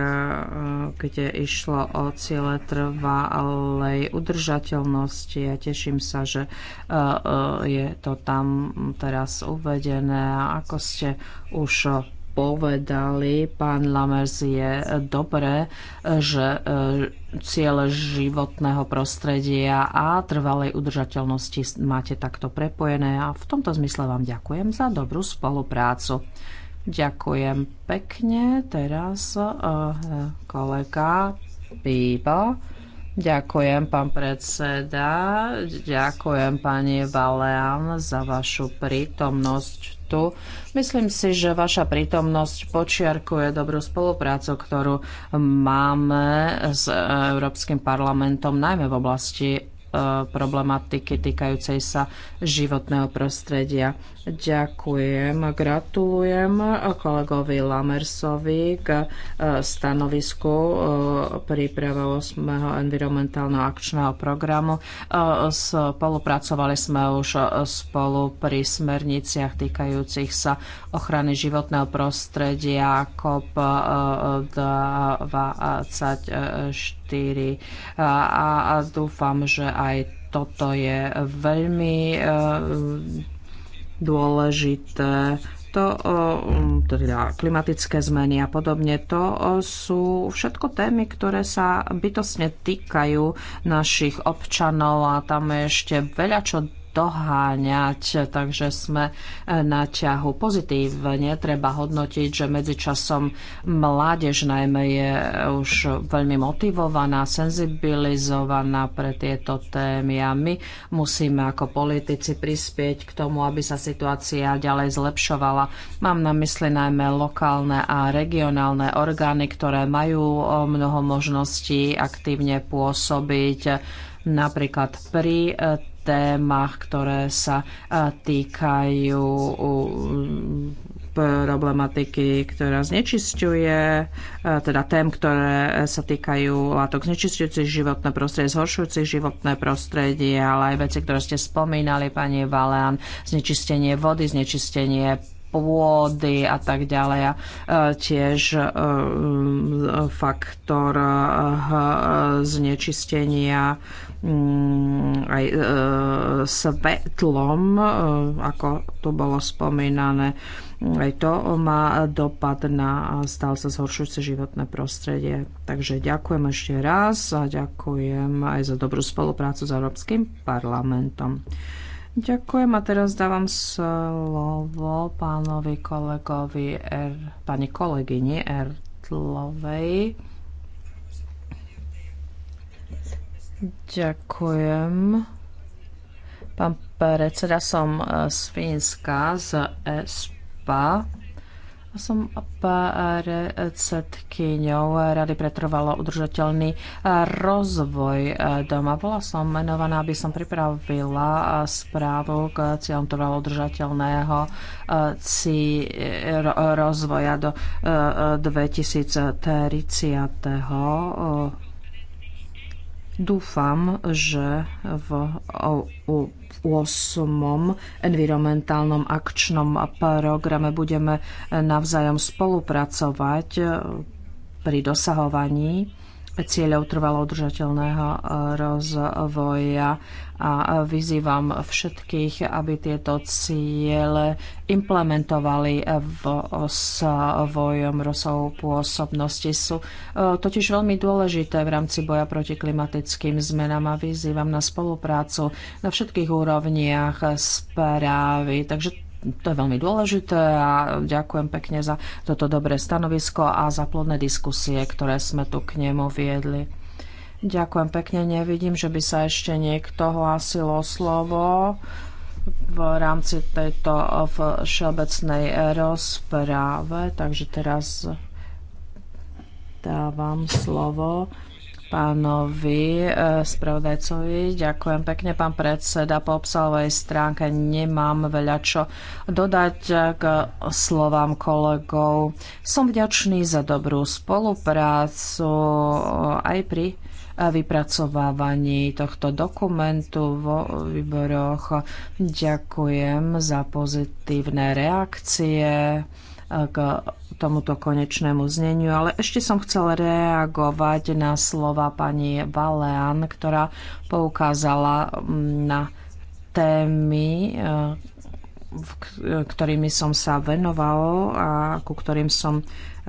kde išlo o ciele trvalej udržateľnosti. Ja teším sa, že e, e, je to tam teraz uvedené. A ako ste už povedali, pán Lamers, je dobré, že ciele životného prostredia a trvalej udržateľnosti máte takto prepojené a v tomto zmysle vám ďakujem za dobrú spoluprácu. Ďakujem pekne. Teraz eh, kolega Bíba. Ďakujem, pán predseda. Ďakujem, pani Valean za vašu prítomnosť tu. Myslím si, že vaša prítomnosť počiarkuje dobrú spoluprácu, ktorú máme s eh, Európskym parlamentom, najmä v oblasti E, problematiky týkajúcej sa životného prostredia. Ďakujem, gratulujem kolegovi Lamersovi k e, stanovisku e, príprave 8. environmentálneho akčného programu. Spolupracovali sme už spolu pri smerniciach týkajúcich sa ochrany životného prostredia COP24 a, a dúfam, že aj toto je veľmi e, dôležité to, teda klimatické zmeny a podobne, to sú všetko témy, ktoré sa bytosne týkajú našich občanov a tam je ešte veľa čo doháňať, takže sme eh, na ťahu pozitívne. Treba hodnotiť, že medzičasom mládež najmä je už veľmi motivovaná, senzibilizovaná pre tieto témy a my musíme ako politici prispieť k tomu, aby sa situácia ďalej zlepšovala. Mám na mysli najmä lokálne a regionálne orgány, ktoré majú eh, mnoho možností aktívne pôsobiť eh, napríklad pri témach, ktoré sa e, týkajú problematiky, ktorá znečisťuje, e, teda tém, ktoré sa týkajú látok znečisťujúcich životné prostredie, zhoršujúcich životné prostredie, ale aj veci, ktoré ste spomínali, pani Valean, znečistenie vody, znečistenie pôdy a tak ďalej. A e, tiež faktor znečistenia Mm, aj e, svetlom, e, ako tu bolo spomínané. Aj to má dopad na stále sa zhoršujúce životné prostredie. Takže ďakujem ešte raz a ďakujem aj za dobrú spoluprácu s Európskym parlamentom. Ďakujem a teraz dávam slovo pánovi kolegovi, er, pani kolegyni Ertlovej. Ďakujem. Pán predseda, som e, z Fínska, z ESPA. Som predsedkyňou Rady pre trvalo udržateľný e, rozvoj e, doma. Bola som menovaná, aby som pripravila správu k cieľom trvalo udržateľného rozvoja do 2030 Dúfam, že v 8. environmentálnom akčnom programe budeme navzájom spolupracovať pri dosahovaní cieľov trvalo udržateľného eh, rozvoja a eh, vyzývam všetkých, aby tieto ciele implementovali eh, v svojom rozsahu pôsobnosti. Sú totiž veľmi dôležité v rámci boja proti klimatickým zmenám a vyzývam na spoluprácu na všetkých úrovniach správy. Takže to je veľmi dôležité a ďakujem pekne za toto dobré stanovisko a za plodné diskusie, ktoré sme tu k nemu viedli. Ďakujem pekne, nevidím, že by sa ešte niekto hlásil o slovo v rámci tejto všeobecnej rozpráve, takže teraz dávam slovo pánovi e, spravodajcovi. Ďakujem pekne, pán predseda. Po obsahovej stránke nemám veľa čo dodať k slovám kolegov. Som vďačný za dobrú spoluprácu aj pri vypracovávaní tohto dokumentu vo výboroch. Ďakujem za pozitívne reakcie k tomuto konečnému zneniu, ale ešte som chcel reagovať na slova pani Valean, ktorá poukázala mm, na témy, eh, ktorými som sa venoval a ku ktorým som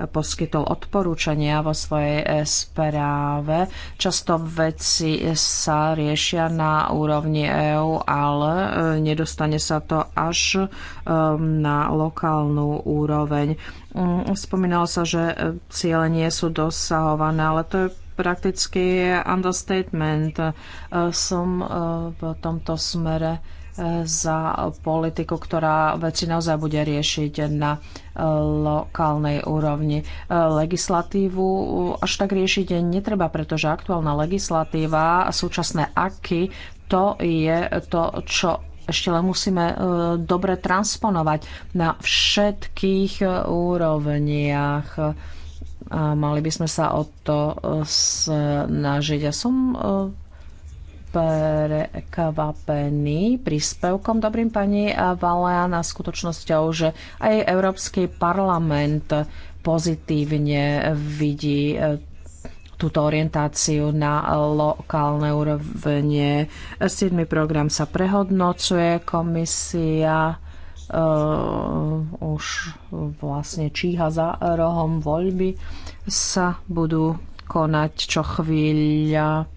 poskytol odporúčania vo svojej e, správe. Často veci sa riešia na úrovni EÚ, ale e, nedostane sa to až e, na lokálnu úroveň. Mm, spomínalo sa, že ciele nie sú dosahované, ale to je prakticky understatement. Som v tomto smere za politiku, ktorá veci naozaj bude riešiť na e, lokálnej úrovni. E, legislatívu až tak riešiť netreba, pretože aktuálna legislatíva a súčasné aky to je to, čo ešte len musíme e, dobre transponovať na všetkých úrovniach. A mali by sme sa o to snažiť. Ja som prekvapení príspevkom dobrým pani Valean a skutočnosťou, že aj Európsky parlament pozitívne vidí eh, túto orientáciu na lokálne úrovne. 7. program sa prehodnocuje, komisia uh, už vlastne číha za rohom voľby, sa budú konať čo chvíľa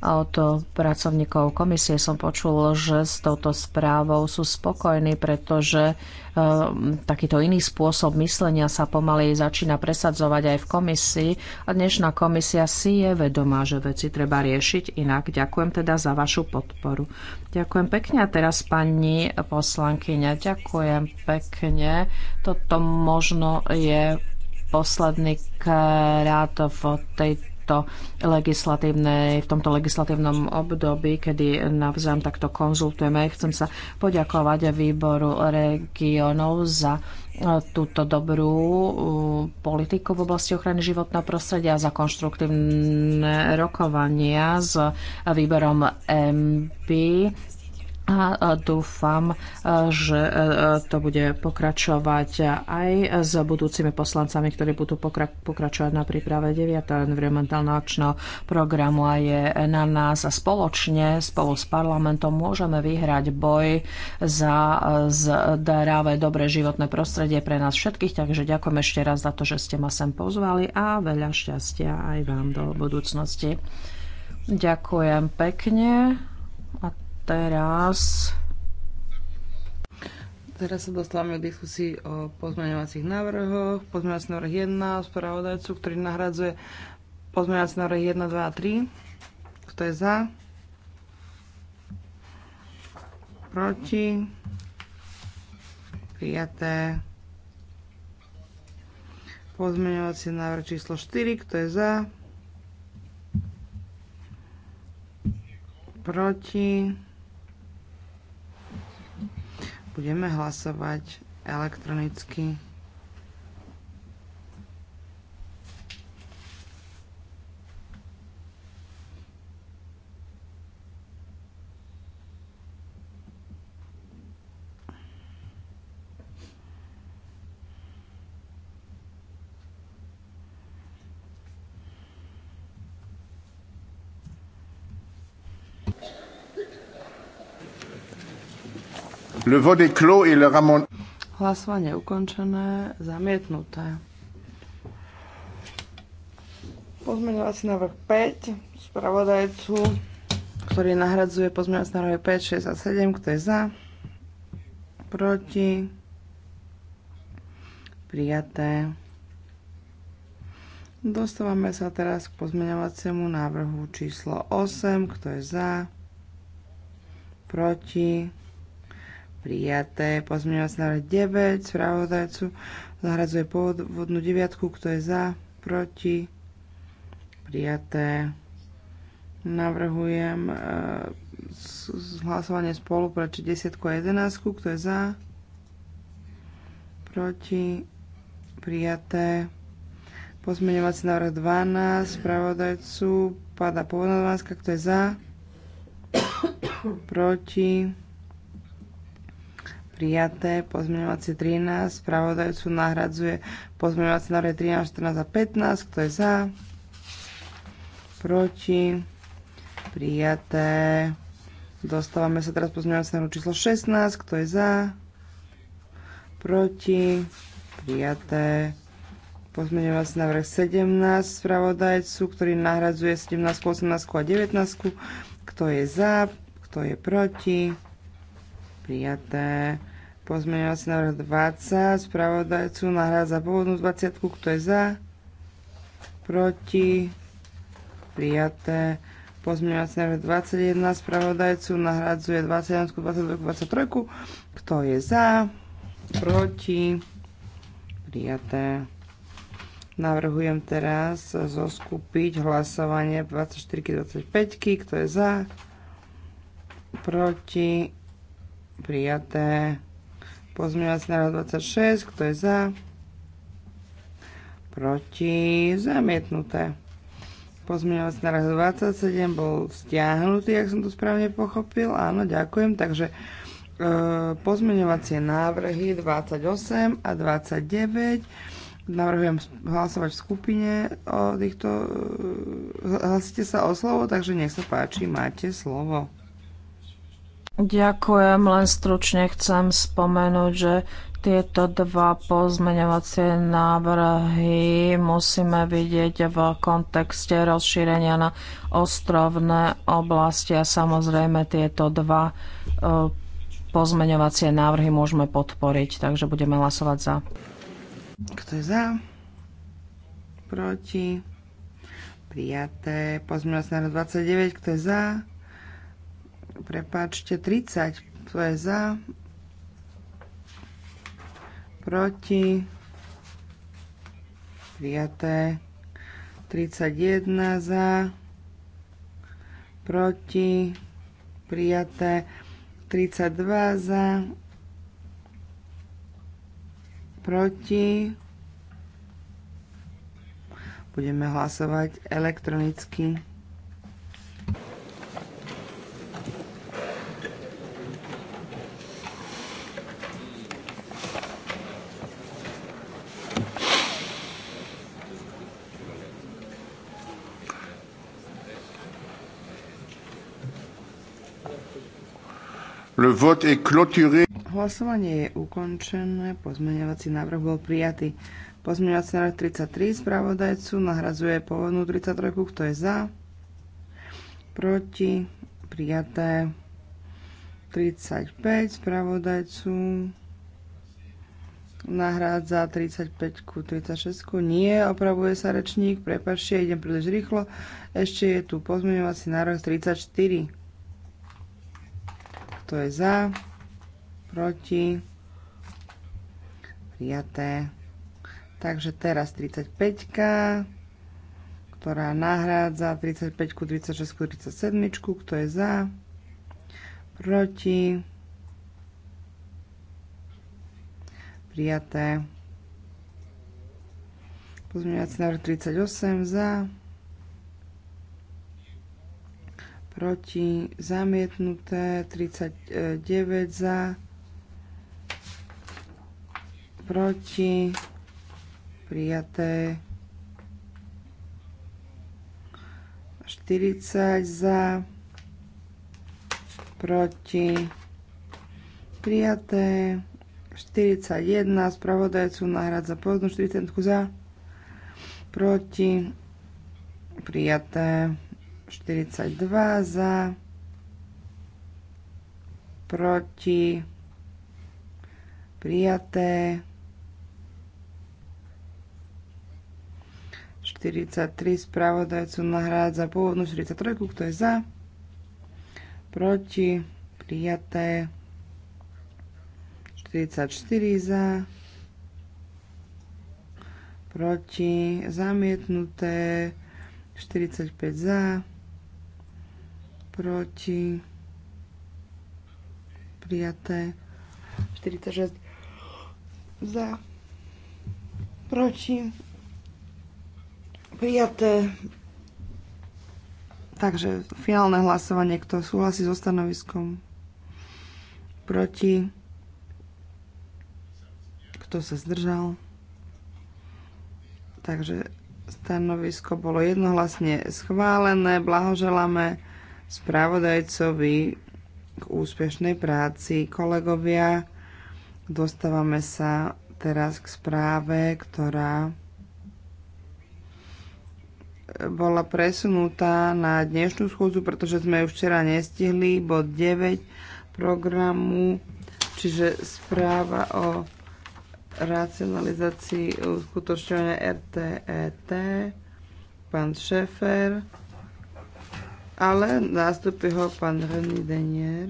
od pracovníkov komisie som počul, že s touto správou sú spokojní, pretože ehm, takýto iný spôsob myslenia sa pomaly začína presadzovať aj v komisii a dnešná komisia si je vedomá, že veci treba riešiť inak. Ďakujem teda za vašu podporu. Ďakujem pekne a teraz pani poslankyňa, ďakujem pekne. Toto možno je posledný krát v tejto tejto legislatívnej, v tomto legislatívnom období, kedy navzájom takto konzultujeme. Chcem sa poďakovať výboru regionov za e, túto dobrú e, politiku v oblasti ochrany životného prostredia za konštruktívne rokovania s výberom MP a dúfam, že to bude pokračovať aj s budúcimi poslancami, ktorí budú pokračovať na príprave 9. environmentálneho akčného programu a je na nás a spoločne, spolu s parlamentom môžeme vyhrať boj za zdravé, dobré životné prostredie pre nás všetkých, takže ďakujem ešte raz za to, že ste ma sem pozvali a veľa šťastia aj vám do budúcnosti. Ďakujem pekne teraz... Teraz sa dostávame k diskusii o pozmeňovacích návrhoch. Pozmeňovací návrh 1 spravodajcu, ktorý nahradzuje pozmeňovací návrh 1, 2 a 3. Kto je za? Proti? Prijaté. Pozmeňovací návrh číslo 4. Kto je za? Proti? Budeme hlasovať elektronicky. Le vote est clos et Hlasovanie ukončené, zamietnuté. Pozmeňovací návrh 5 spravodajcu, ktorý nahradzuje pozmeňovací návrh 5, 6 a 7. Kto je za? Proti? Prijaté. Dostávame sa teraz k pozmeňovaciemu návrhu číslo 8. Kto je za? Proti? prijaté. Pozmeňovací návrh 9 spravodajcu zahradzuje pôvodnú deviatku, kto je za, proti, prijaté. Navrhujem e, hlasovanie spolu pre 10 a 11, kto je za, proti, prijaté. Pozmeňovací návrh 12 spravodajcu pada pôvodná 12, kto je za, [COUGHS] proti, prijaté. Pozmeňovacie 13, Spravodajúcu nahradzuje pozmeňovacie návrhy 13, 14 a 15. Kto je za? Proti? Prijaté. Dostávame sa teraz pozmeňovacie návrhy číslo 16. Kto je za? Proti? Prijaté. Pozmeňovací návrh 17 spravodajcu, ktorý nahradzuje 17, 18 a 19. Kto je za? Kto je proti? prijaté. Pozmeňovací návrh 20. Spravodajcu nahrádza pôvodnú 20. Kto je za? Proti? Prijaté. Pozmeňovací návrh 21. Spravodajcu nahradzuje 21, 22, 23. Kto je za? Proti? Prijaté. Navrhujem teraz zoskupiť hlasovanie 24 25 kto je za, proti, prijaté. Pozmeňovací návrh 26, kto je za? Proti, zamietnuté. Pozmeňovací návrh 27 bol stiahnutý, ak som to správne pochopil. Áno, ďakujem. Takže e, pozmeňovacie návrhy 28 a 29 navrhujem hlasovať v skupine o týchto... E, hlasíte sa o slovo, takže nech sa páči, máte slovo. Ďakujem, len stručne chcem spomenúť, že tieto dva pozmeňovacie návrhy musíme vidieť v kontexte rozšírenia na ostrovné oblasti a samozrejme tieto dva e, pozmeňovacie návrhy môžeme podporiť, takže budeme hlasovať za. Kto je za? Proti? Prijaté. Pozmeňovací návrh 29. Kto je za? prepáčte, 30, to je za, proti, prijaté, 31 za, proti, prijaté, 32 za, proti, budeme hlasovať elektronicky. Le vote est clôturé. Hlasovanie je ukončené. Pozmeňovací návrh bol prijatý. Pozmeňovací návrh 33 spravodajcu nahrazuje pôvodnú 33. Kto je za? Proti? Prijaté. 35 spravodajcu nahrádza 35 ku 36 -ku. nie, opravuje sa rečník, prepačte, idem príliš rýchlo, ešte je tu pozmeňovací návrh 34 kto je za? Proti? Prijaté. Takže teraz 35, ktorá nahrádza 35, 36, 37, kto je za, proti, prijaté. Pozmeňovací návrh 38 za, proti, zamietnuté, 39 za, proti, prijaté, 40 za, proti, prijaté, 41, spravodajcu za pozdnú 40 za, proti, prijaté, 42 za, proti, prijaté, 43 spravodajcu nahrádza pôvodnú 43, kto je za, proti, prijaté, 44 za, proti, zamietnuté, 45 za, proti, prijaté, 46 za, proti, prijaté. Takže finálne hlasovanie, kto súhlasí so stanoviskom, proti, kto sa zdržal. Takže stanovisko bolo jednohlasne schválené, blahoželáme spravodajcovi k úspešnej práci. Kolegovia, dostávame sa teraz k správe, ktorá bola presunutá na dnešnú schôdzu, pretože sme ju včera nestihli, bod 9 programu, čiže správa o racionalizácii uskutočňovania RTET, e pán Šefer ale nástupuje ho pán René Denier.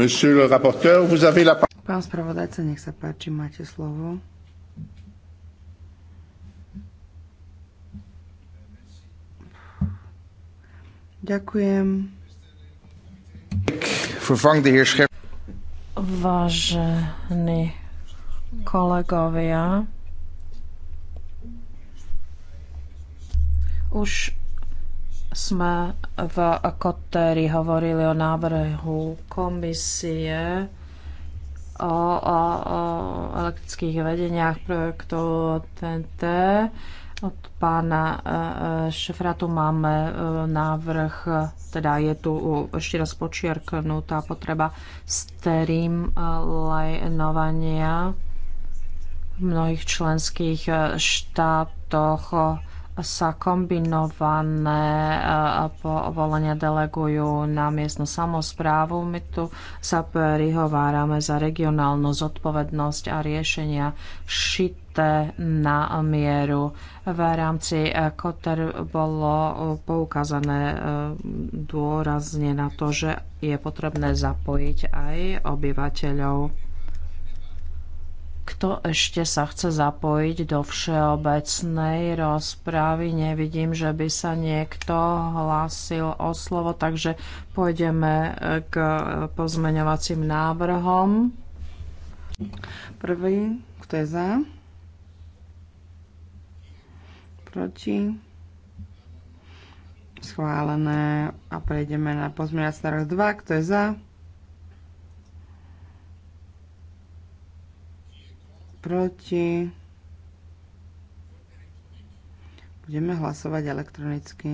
Monsieur le rapporteur, vous avez la parole. Pán spravodajca, nech sa páči, máte slovo. Ďakujem. Vážení kolegovia, už sme v Kotéri hovorili o návrhu komisie o, o, o elektrických vedeniach projektu TNT. Od pána e, e, Šefratu máme e, návrh, teda je tu ešte raz počiarknutá potreba streamlinovania v mnohých členských štátoch sa kombinované eh, povolenia delegujú na miestnu samozprávu. My tu sa prihovárame za regionálnu zodpovednosť a riešenia šité na mieru. V rámci eh, Koter bolo eh, poukázané dôrazne na to, že je potrebné zapojiť aj obyvateľov. Kto ešte sa chce zapojiť do všeobecnej rozprávy? Nevidím, že by sa niekto hlásil o slovo, takže pôjdeme eh, k pozmeňovacím návrhom. Prvý, kto je za? Proti? Schválené. A prejdeme na pozmeňovací návrh 2, kto je za? proti. Budeme hlasovať elektronicky.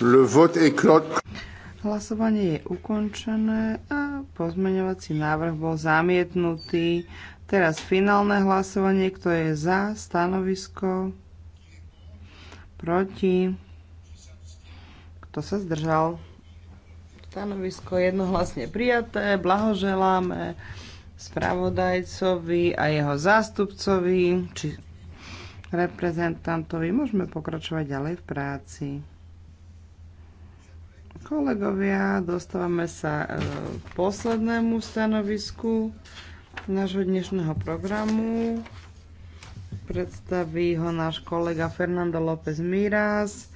Le vote est clos. Hlasovanie je ukončené a pozmeňovací návrh bol zamietnutý. Teraz finálne hlasovanie, kto je za stanovisko, proti, kto sa zdržal. Stanovisko jednohlasne prijaté, blahoželáme spravodajcovi a jeho zástupcovi či reprezentantovi. Môžeme pokračovať ďalej v práci. Kolegovia, dostávame sa e, k poslednému stanovisku nášho dnešného programu. Predstaví ho náš kolega Fernando López Miras.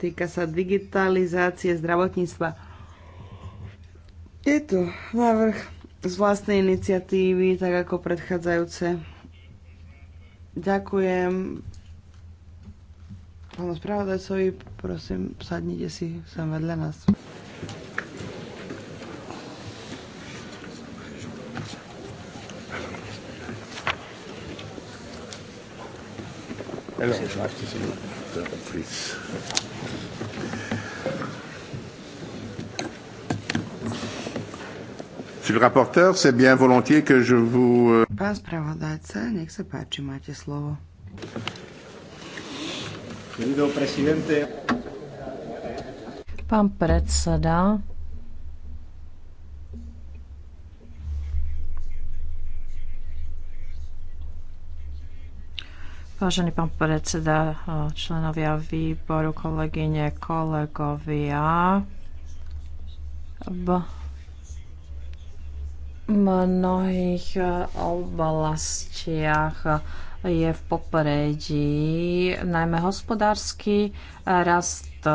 Týka sa digitalizácie zdravotníctva. Je to návrh z vlastnej iniciatívy, tak ako predchádzajúce. Ďakujem pánu spravodajcovi, prosím, sadnite si sem vedľa nás. Monsieur le rapporteur, c'est bien volontiers que je vous... Euh, Pán spravodajca, nech sa páči, máte slovo. Pán predseda, Vážený pán predseda, členovia výboru, kolegyne, kolegovia, v mnohých oblastiach je v popredí, najmä hospodársky rast e,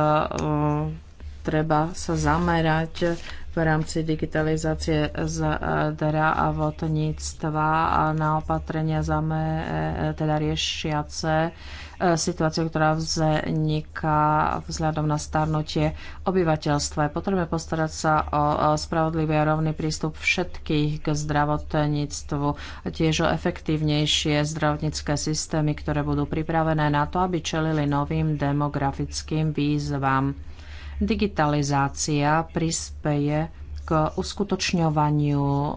treba sa zamerať v rámci digitalizácie zdravotníctva e, a na opatrenia zame, e, teda riešiace e, situáciu, ktorá vzniká vzhľadom na starnutie obyvateľstva. Je potrebné postarať sa o spravodlivý a rovný prístup všetkých k zdravotníctvu, tiež o efektívnejšie zdravotnícke systémy, ktoré budú pripravené na to, aby čelili novým demografickým výzvam. Digitalizácia prispeje k uskutočňovaniu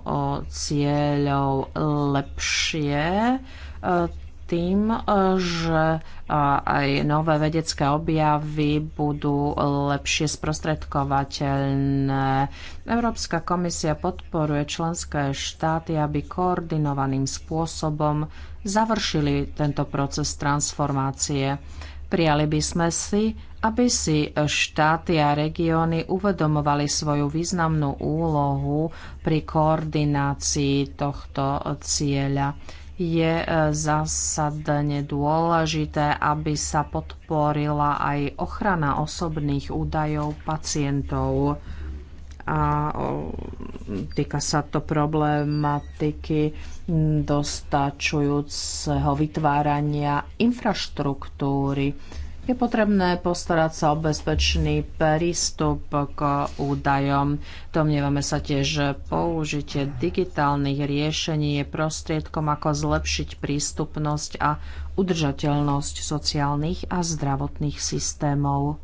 cieľov lepšie e, tým, e, že e, aj nové vedecké objavy budú lepšie sprostredkovateľné. Európska komisia podporuje členské štáty, aby koordinovaným spôsobom završili tento proces transformácie. Prijali by sme si, aby si štáty a regióny uvedomovali svoju významnú úlohu pri koordinácii tohto cieľa. Je e, zásadne dôležité, aby sa podporila aj ochrana osobných údajov pacientov. A týka sa to problematiky dostačujúceho vytvárania infraštruktúry je potrebné postarať sa o bezpečný prístup k údajom. Domnievame sa tiež, že použitie digitálnych riešení je prostriedkom, ako zlepšiť prístupnosť a udržateľnosť sociálnych a zdravotných systémov.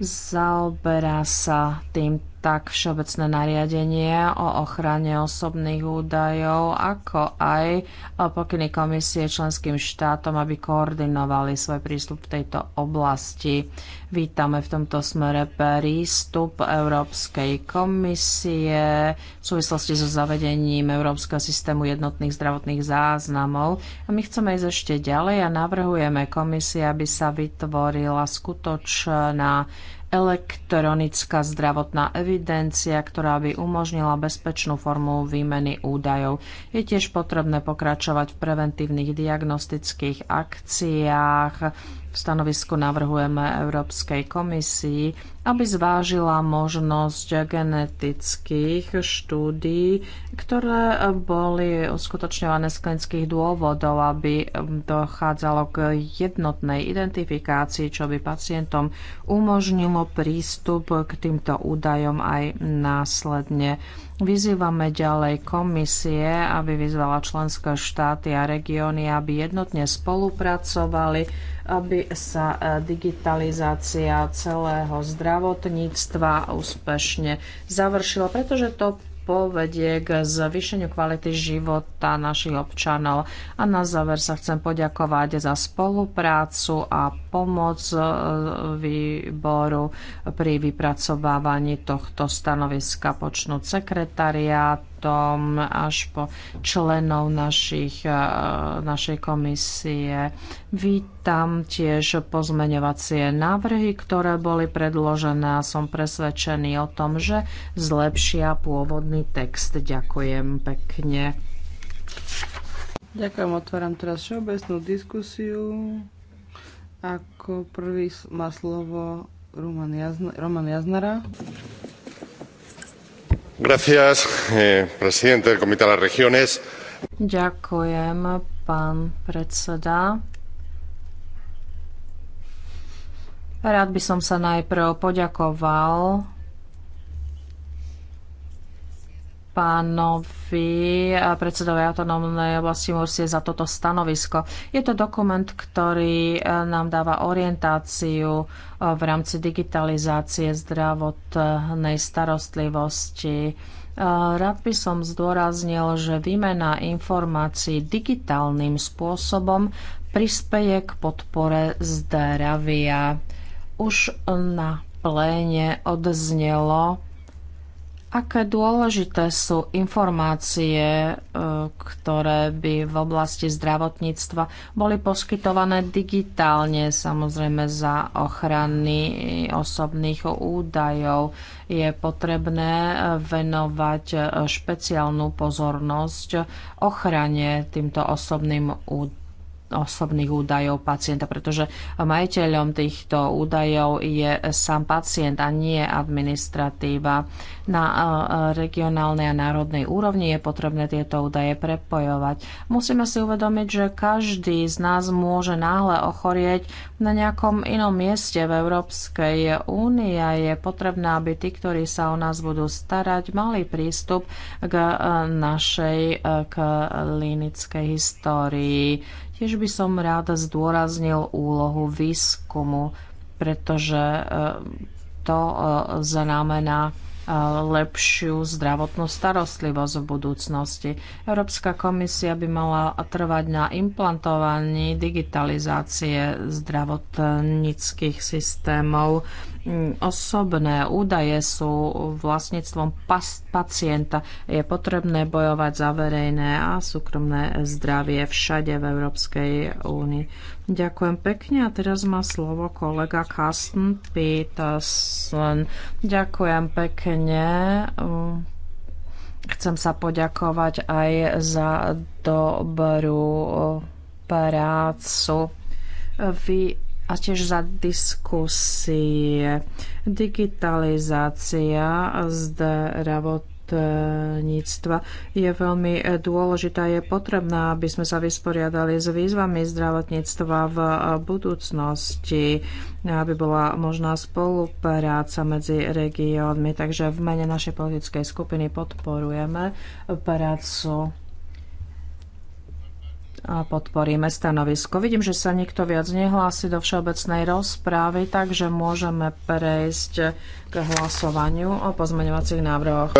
Zaoberá sa týmto tak všeobecné nariadenie o ochrane osobných údajov, ako aj pokyny komisie členským štátom, aby koordinovali svoj prístup v tejto oblasti. Vítame v tomto smere prístup Európskej komisie v súvislosti so zavedením Európskeho systému jednotných zdravotných záznamov. A my chceme ísť ešte ďalej a navrhujeme komisie, aby sa vytvorila skutočná elektronická zdravotná evidencia, ktorá by umožnila bezpečnú formu výmeny údajov. Je tiež potrebné pokračovať v preventívnych diagnostických akciách, v stanovisku navrhujeme Európskej komisii, aby zvážila možnosť genetických štúdí, ktoré boli uskutočňované z klinických dôvodov, aby dochádzalo k jednotnej identifikácii, čo by pacientom umožnilo prístup k týmto údajom aj následne. Vyzývame ďalej komisie, aby vyzvala členské štáty a regióny, aby jednotne spolupracovali aby sa e, digitalizácia celého zdravotníctva úspešne završila, pretože to povedie k zvýšeniu kvality života našich občanov. A na záver sa chcem poďakovať za spoluprácu a pomoc e, výboru pri vypracovávaní tohto stanoviska počnúť sekretariát potom až po členov našich, e, našej komisie. Vítam tiež pozmeňovacie návrhy, ktoré boli predložené a som presvedčený o tom, že zlepšia pôvodný text. Ďakujem pekne. Ďakujem, otváram teraz všeobecnú diskusiu. Ako prvý má slovo Roman Jaznara. Gracias, eh, presidente del Comité de las Regiones. Ďakujem, pán predseda. Rád by som sa najprv poďakoval pánovi predsedovi autonómnej oblasti Mursie za toto stanovisko. Je to dokument, ktorý e, nám dáva orientáciu e, v rámci digitalizácie zdravotnej starostlivosti. E, rád by som zdôraznil, že výmena informácií digitálnym spôsobom prispeje k podpore zdravia. Už na pléne odznelo, Aké dôležité sú informácie, e, ktoré by v oblasti zdravotníctva boli poskytované digitálne, samozrejme za ochrany osobných údajov? Je potrebné e, venovať e, špeciálnu pozornosť ochrane týmto osobným údajom osobných údajov pacienta, pretože majiteľom týchto údajov je sám pacient a nie administratíva. Na eh, regionálnej a národnej úrovni je potrebné tieto údaje prepojovať. Musíme si uvedomiť, že každý z nás môže náhle ochorieť na nejakom inom mieste v Európskej únii a je potrebné, aby tí, ktorí sa o nás budú starať, mali prístup k eh, našej eh, klinickej histórii. Tiež by som rád zdôraznil úlohu výskumu, pretože eh, to eh, znamená lepšiu zdravotnú starostlivosť v budúcnosti. Európska komisia by mala trvať na implantovaní digitalizácie zdravotníckých systémov. Osobné údaje sú vlastníctvom pacienta. Je potrebné bojovať za verejné a súkromné zdravie všade v Európskej únii. Ďakujem pekne a teraz má slovo kolega Carsten Petersen. Ďakujem pekne. Chcem sa poďakovať aj za dobrú prácu. Vy a tiež za diskusie. Digitalizácia zdravot zdravotníctva je veľmi dôležitá. Je potrebná, aby sme sa vysporiadali s výzvami zdravotníctva v budúcnosti, aby bola možná spolupráca medzi regiónmi. Takže v mene našej politickej skupiny podporujeme prácu a podporíme stanovisko. Vidím, že sa nikto viac nehlási do všeobecnej rozprávy, takže môžeme prejsť k hlasovaniu o pozmeňovacích návrhoch.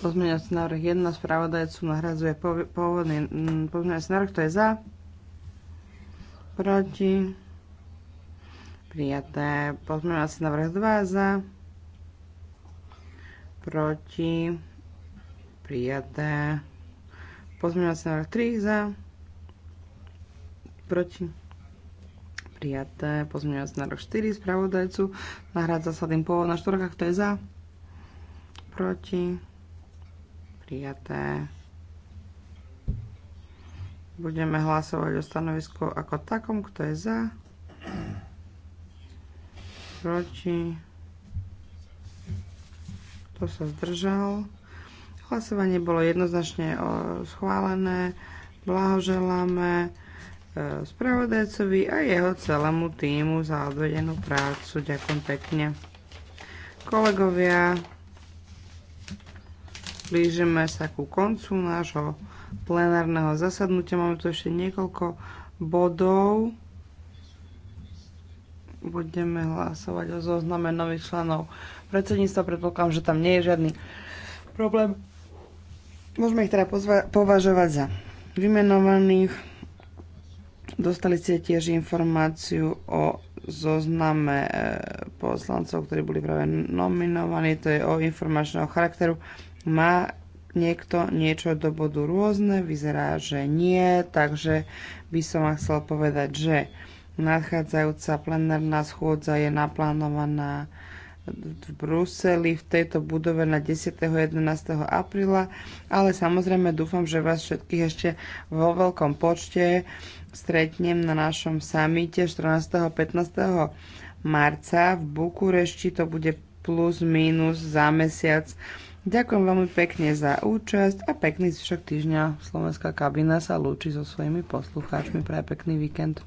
Pozmeňovací návrh 1 spravodajcu nahradzuje pôvodný mm, pozmeňovací návrh, kto je za, proti, prijaté. Pozmeňovací návrh 2 za, proti, prijaté. Pozmeňovací návrh 3 za, proti. Prijaté pozmeňovací návrh 4 spravodajcu. nahrad sa tým na štvorka, kto je za, proti. Prijaté. Budeme hlasovať o stanovisku ako takom, kto je za, proti, kto sa zdržal. Hlasovanie bolo jednoznačne eh, schválené. Blahoželáme spravodajcovi a jeho celému týmu za odvedenú prácu. Ďakujem pekne. Kolegovia, blížime sa ku koncu nášho plenárneho zasadnutia. Máme tu ešte niekoľko bodov. Budeme hlasovať o zozname nových členov predsedníctva. Predpokladám, že tam nie je žiadny problém. Môžeme ich teda pozva- považovať za vymenovaných Dostali ste tiež informáciu o zozname e, poslancov, ktorí boli práve nominovaní, to je o informačného charakteru. Má niekto niečo do bodu rôzne? Vyzerá, že nie, takže by som vám chcel povedať, že nadchádzajúca plenárna schôdza je naplánovaná v Bruseli, v tejto budove na 10. 11. apríla, ale samozrejme dúfam, že vás všetkých ešte vo veľkom počte stretnem na našom samite 14. 15. marca v Bukurešti. To bude plus minus za mesiac. Ďakujem veľmi pekne za účasť a pekný zvyšok týždňa. Slovenská kabína sa lúči so svojimi poslucháčmi. Praje pekný víkend.